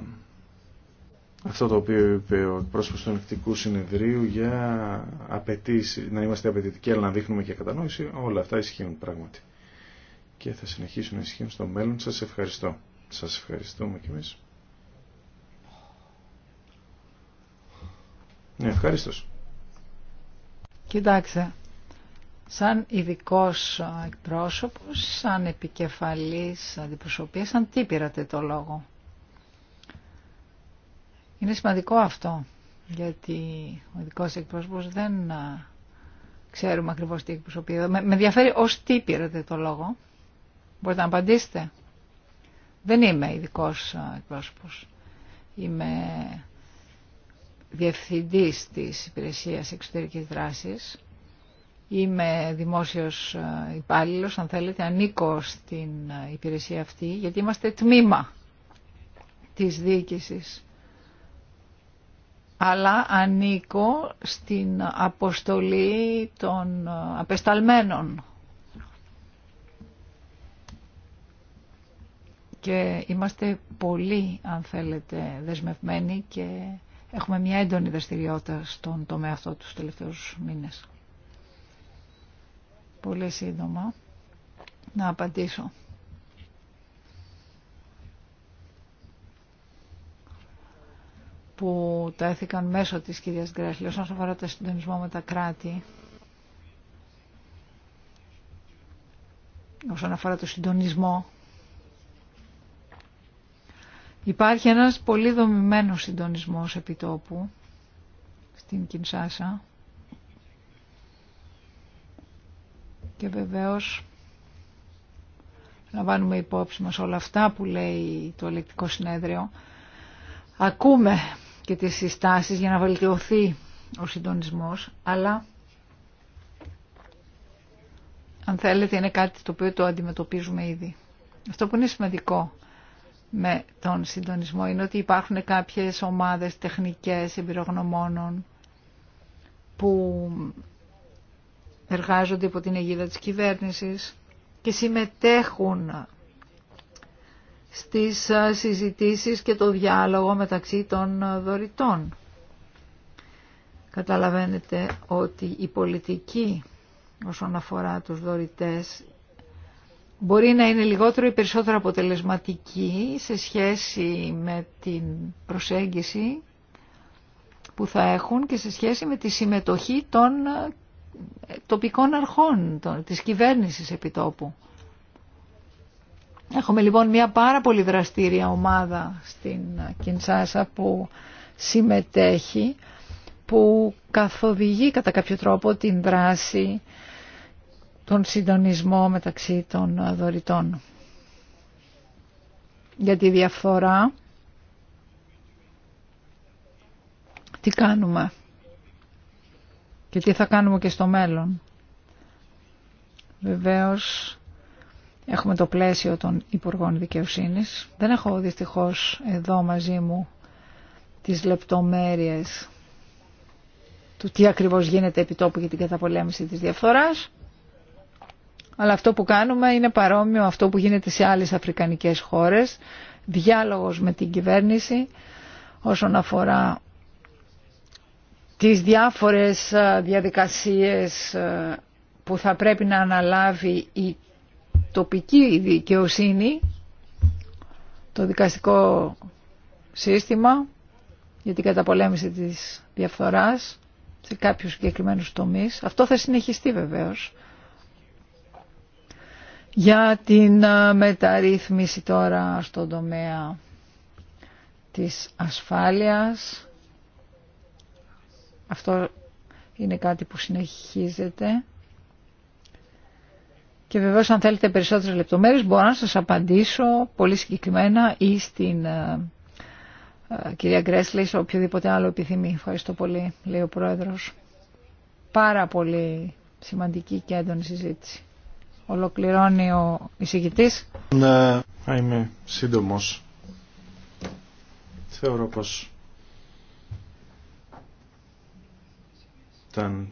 αυτό το οποίο είπε ο πρόσωπος του εκτικού Συνεδρίου για να είμαστε απαιτητικοί αλλά να δείχνουμε και κατανόηση όλα αυτά ισχύουν πράγματι και θα συνεχίσουν να ισχύουν στο μέλλον. Σας ευχαριστώ. Σας ευχαριστούμε κι εμείς. Ναι, Κοιτάξτε, σαν ειδικό εκπρόσωπος, σαν επικεφαλής αντιπροσωπείας, σαν τι πήρατε το λόγο. Είναι σημαντικό αυτό, γιατί ο ειδικό εκπρόσωπος δεν ξέρουμε ακριβώς τι εκπροσωπεί. Με ενδιαφέρει ως τι πήρατε το λόγο. Μπορείτε να απαντήσετε. Δεν είμαι ειδικό ε, εκπρόσωπο. Είμαι διευθυντή της Υπηρεσία Εξωτερική δράση. Είμαι δημόσιος ε, υπάλληλο, αν θέλετε, ανήκω στην ε, υπηρεσία αυτή, γιατί είμαστε τμήμα της διοίκηση. Αλλά ανήκω στην αποστολή των απεσταλμένων και είμαστε πολύ, αν θέλετε, δεσμευμένοι και έχουμε μια έντονη δραστηριότητα στον τομέα αυτό τους τελευταίους μήνες. Πολύ σύντομα να απαντήσω. που τα έθηκαν μέσω της κυρίας Γκρέσλη όσον αφορά το συντονισμό με τα κράτη όσον αφορά το συντονισμό Υπάρχει ένας πολύ δομημένος συντονισμός επιτόπου στην Κινσάσα και βεβαίως λαμβάνουμε υπόψη μας όλα αυτά που λέει το ελεκτικό συνέδριο. Ακούμε και τις συστάσεις για να βελτιωθεί ο συντονισμός, αλλά αν θέλετε είναι κάτι το οποίο το αντιμετωπίζουμε ήδη. Αυτό που είναι σημαντικό με τον συντονισμό είναι ότι υπάρχουν κάποιες ομάδες τεχνικές εμπειρογνωμόνων που εργάζονται υπό την αιγίδα της κυβέρνησης και συμμετέχουν στις συζητήσεις και το διάλογο μεταξύ των δωρητών. Καταλαβαίνετε ότι η πολιτική όσον αφορά τους δωρητές μπορεί να είναι λιγότερο ή περισσότερο αποτελεσματική σε σχέση με την προσέγγιση που θα έχουν και σε σχέση με τη συμμετοχή των ε, τοπικών αρχών, της κυβέρνησης επιτόπου. Έχουμε λοιπόν μια πάρα πολύ δραστήρια ομάδα στην ε, Κινσάσα που συμμετέχει, που καθοδηγεί κατά κάποιο τρόπο την δράση τον συντονισμό μεταξύ των δωρητών. Για τη διαφορά, τι κάνουμε και τι θα κάνουμε και στο μέλλον. Βεβαίως, έχουμε το πλαίσιο των Υπουργών Δικαιοσύνης. Δεν έχω δυστυχώς εδώ μαζί μου τις λεπτομέρειες του τι ακριβώς γίνεται επί για την καταπολέμηση της διαφθοράς αλλά αυτό που κάνουμε είναι παρόμοιο αυτό που γίνεται σε άλλες αφρικανικές χώρες, διάλογος με την κυβέρνηση όσον αφορά τις διάφορες ε, διαδικασίες ε, που θα πρέπει να αναλάβει η τοπική δικαιοσύνη, το δικαστικό σύστημα για την καταπολέμηση της διαφθοράς σε κάποιους συγκεκριμένους τομείς. Αυτό θα συνεχιστεί βεβαίως για την μεταρρύθμιση τώρα στον τομέα της ασφάλειας. Αυτό είναι κάτι που συνεχίζεται. Και βεβαίως αν θέλετε περισσότερες λεπτομέρειες μπορώ να σας απαντήσω πολύ συγκεκριμένα ή στην κυρία Γκρέσλη σε οποιοδήποτε άλλο επιθυμεί. Ευχαριστώ πολύ, λέει ο Πρόεδρος. Πάρα πολύ σημαντική και έντονη συζήτηση. Ολοκληρώνει ο εισηγητής. Να είμαι σύντομος. Θεωρώ πως ήταν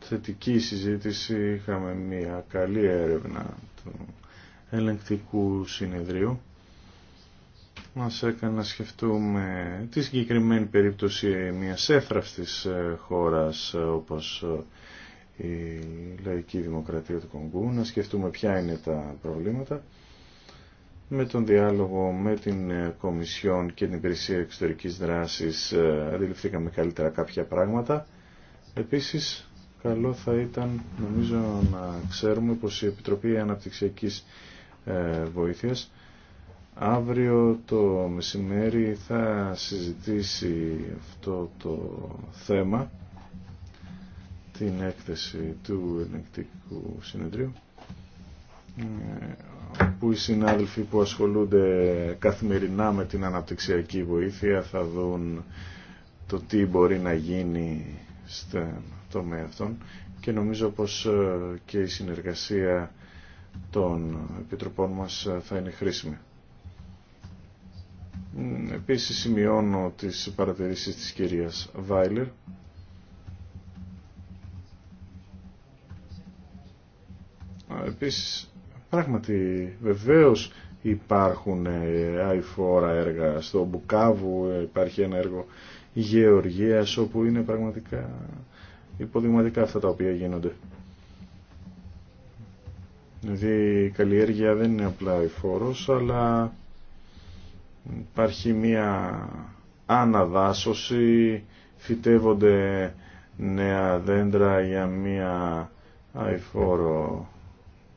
θετική συζήτηση. Είχαμε μια καλή έρευνα του ελεγκτικού συνεδρίου. Μας έκανε να σκεφτούμε τη συγκεκριμένη περίπτωση μιας έφραυστης ε, χώρας ε, όπως ε, η λαϊκή δημοκρατία του Κονγκού, να σκεφτούμε ποια είναι τα προβλήματα με τον διάλογο με την ε, Κομισιόν και την Υπηρεσία Εξωτερικής Δράσης ε, αντιληφθήκαμε καλύτερα κάποια πράγματα. Επίσης, καλό θα ήταν νομίζω να ξέρουμε πως η Επιτροπή Αναπτυξιακής ε, Βοήθειας αύριο το μεσημέρι θα συζητήσει αυτό το θέμα την έκθεση του ενεκτικού συνεδρίου ε, που οι συνάδελφοι που ασχολούνται καθημερινά με την αναπτυξιακή βοήθεια θα δουν το τι μπορεί να γίνει στον τομέα αυτών και νομίζω πως ε, και η συνεργασία των επιτροπών μας ε, θα είναι χρήσιμη. Επίσης σημειώνω τις παρατηρήσεις της κυρίας Βάιλερ Επίσης, πράγματι, βεβαίως υπάρχουν ε, αηφόρα έργα. Στο Μπουκάβου ε, υπάρχει ένα έργο γεωργίας όπου είναι πραγματικά υποδειγματικά αυτά τα οποία γίνονται. Δηλαδή η καλλιέργεια δεν είναι απλά η αλλά υπάρχει μία αναδάσωση, φυτεύονται νέα δέντρα για μία αϊφόρο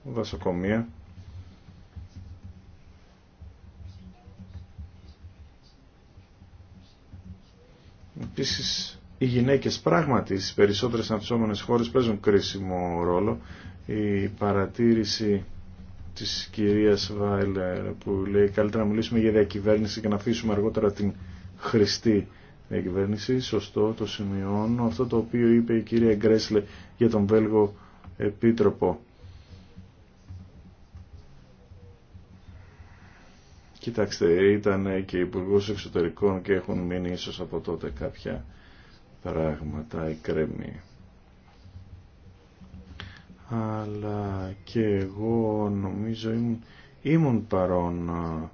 δασοκομεία. Επίσης, οι γυναίκες πράγματι στις περισσότερες αναπτυσσόμενες χώρες παίζουν κρίσιμο ρόλο. Η παρατήρηση της κυρίας Βάιλερ που λέει καλύτερα να μιλήσουμε για διακυβέρνηση και να αφήσουμε αργότερα την χρηστή διακυβέρνηση. Σωστό, το σημειώνω. Αυτό το οποίο είπε η κυρία Γκρέσλε για τον Βέλγο Επίτροπο Κοιτάξτε, ήταν και υπουργό εξωτερικών και έχουν μείνει ίσως από τότε κάποια πράγματα Εκρεμή, Αλλά και εγώ νομίζω ήμουν, ήμουν παρόν ε,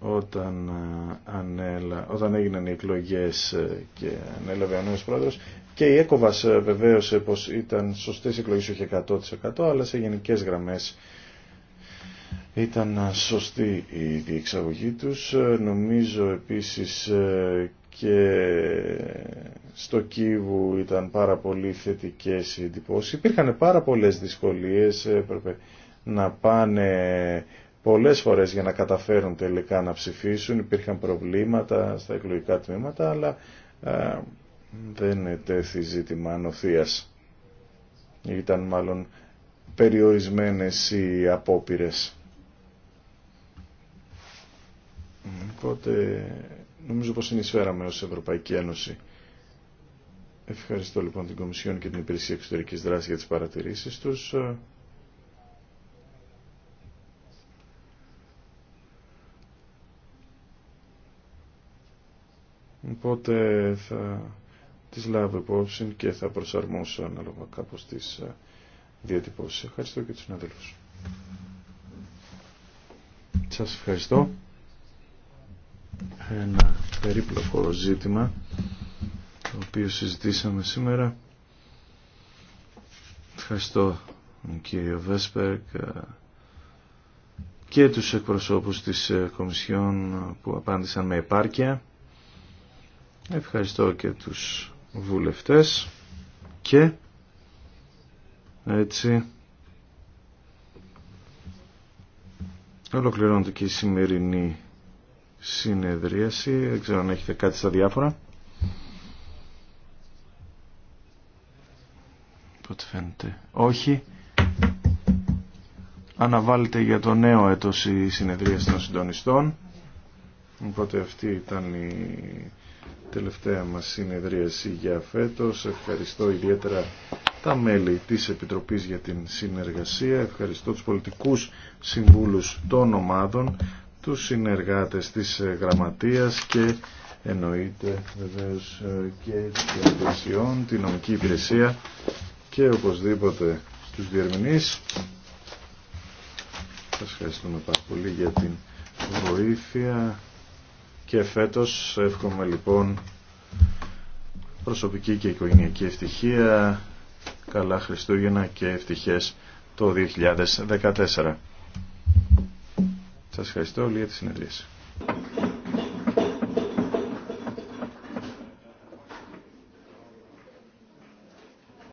όταν, ε, ανέλα, όταν έγιναν οι εκλογές ε, και ανέλαβε ο νέος πρόεδρος και η ΕΚΟΒΑΣ βεβαίωσε πως ήταν σωστές εκλογές όχι 100% αλλά σε γενικές γραμμές ήταν ε, σωστή η διεξαγωγή τους. Ε, νομίζω επίσης ε, και στο Κίβου ήταν πάρα πολύ θετικές οι εντυπώσεις. Υπήρχαν πάρα πολλές δυσκολίες, έπρεπε να πάνε πολλές φορές για να καταφέρουν τελικά να ψηφίσουν. Υπήρχαν προβλήματα στα εκλογικά τμήματα, αλλά α, δεν τέθη ζήτημα ανοθείας. Ήταν μάλλον περιορισμένες οι απόπειρες. Οπότε νομίζω πως συνεισφέραμε ως Ευρωπαϊκή Ένωση. Ευχαριστώ λοιπόν την Κομισιόν και την Υπηρεσία Εξωτερικής Δράσης για τις παρατηρήσεις τους. Οπότε θα τις λάβω υπόψη και θα προσαρμόσω ανάλογα κάπως τις ε, διατυπώσεις. Ευχαριστώ και τους συναδέλφους. Σας ευχαριστώ ένα περίπλοκο ζήτημα το οποίο συζητήσαμε σήμερα. Ευχαριστώ τον κύριο Βέσπερκ ε, και τους εκπροσώπους της ε, Κομισιόν ε, που απάντησαν με επάρκεια. Ευχαριστώ και τους βουλευτές και έτσι ολοκληρώνεται και η σημερινή συνεδρίαση. Δεν ξέρω αν έχετε κάτι στα διάφορα. Πότε φαίνεται. Όχι. Αναβάλλεται για το νέο έτος η συνεδρίαση των συντονιστών. Οπότε αυτή ήταν η τελευταία μας συνεδρίαση για φέτος. Ευχαριστώ ιδιαίτερα τα μέλη της Επιτροπής για την συνεργασία. Ευχαριστώ τους πολιτικούς συμβούλους των ομάδων τους συνεργάτες της ε, Γραμματείας και εννοείται βεβαίως ε, και των υπηρεσιών, την νομική υπηρεσία και οπωσδήποτε στους διερμηνείς. Σας ευχαριστούμε πάρα πολύ για την βοήθεια και φέτος εύχομαι λοιπόν προσωπική και οικογενειακή ευτυχία, καλά Χριστούγεννα και ευτυχές το 2014. Σας ευχαριστώ για τη συνεδρίαση.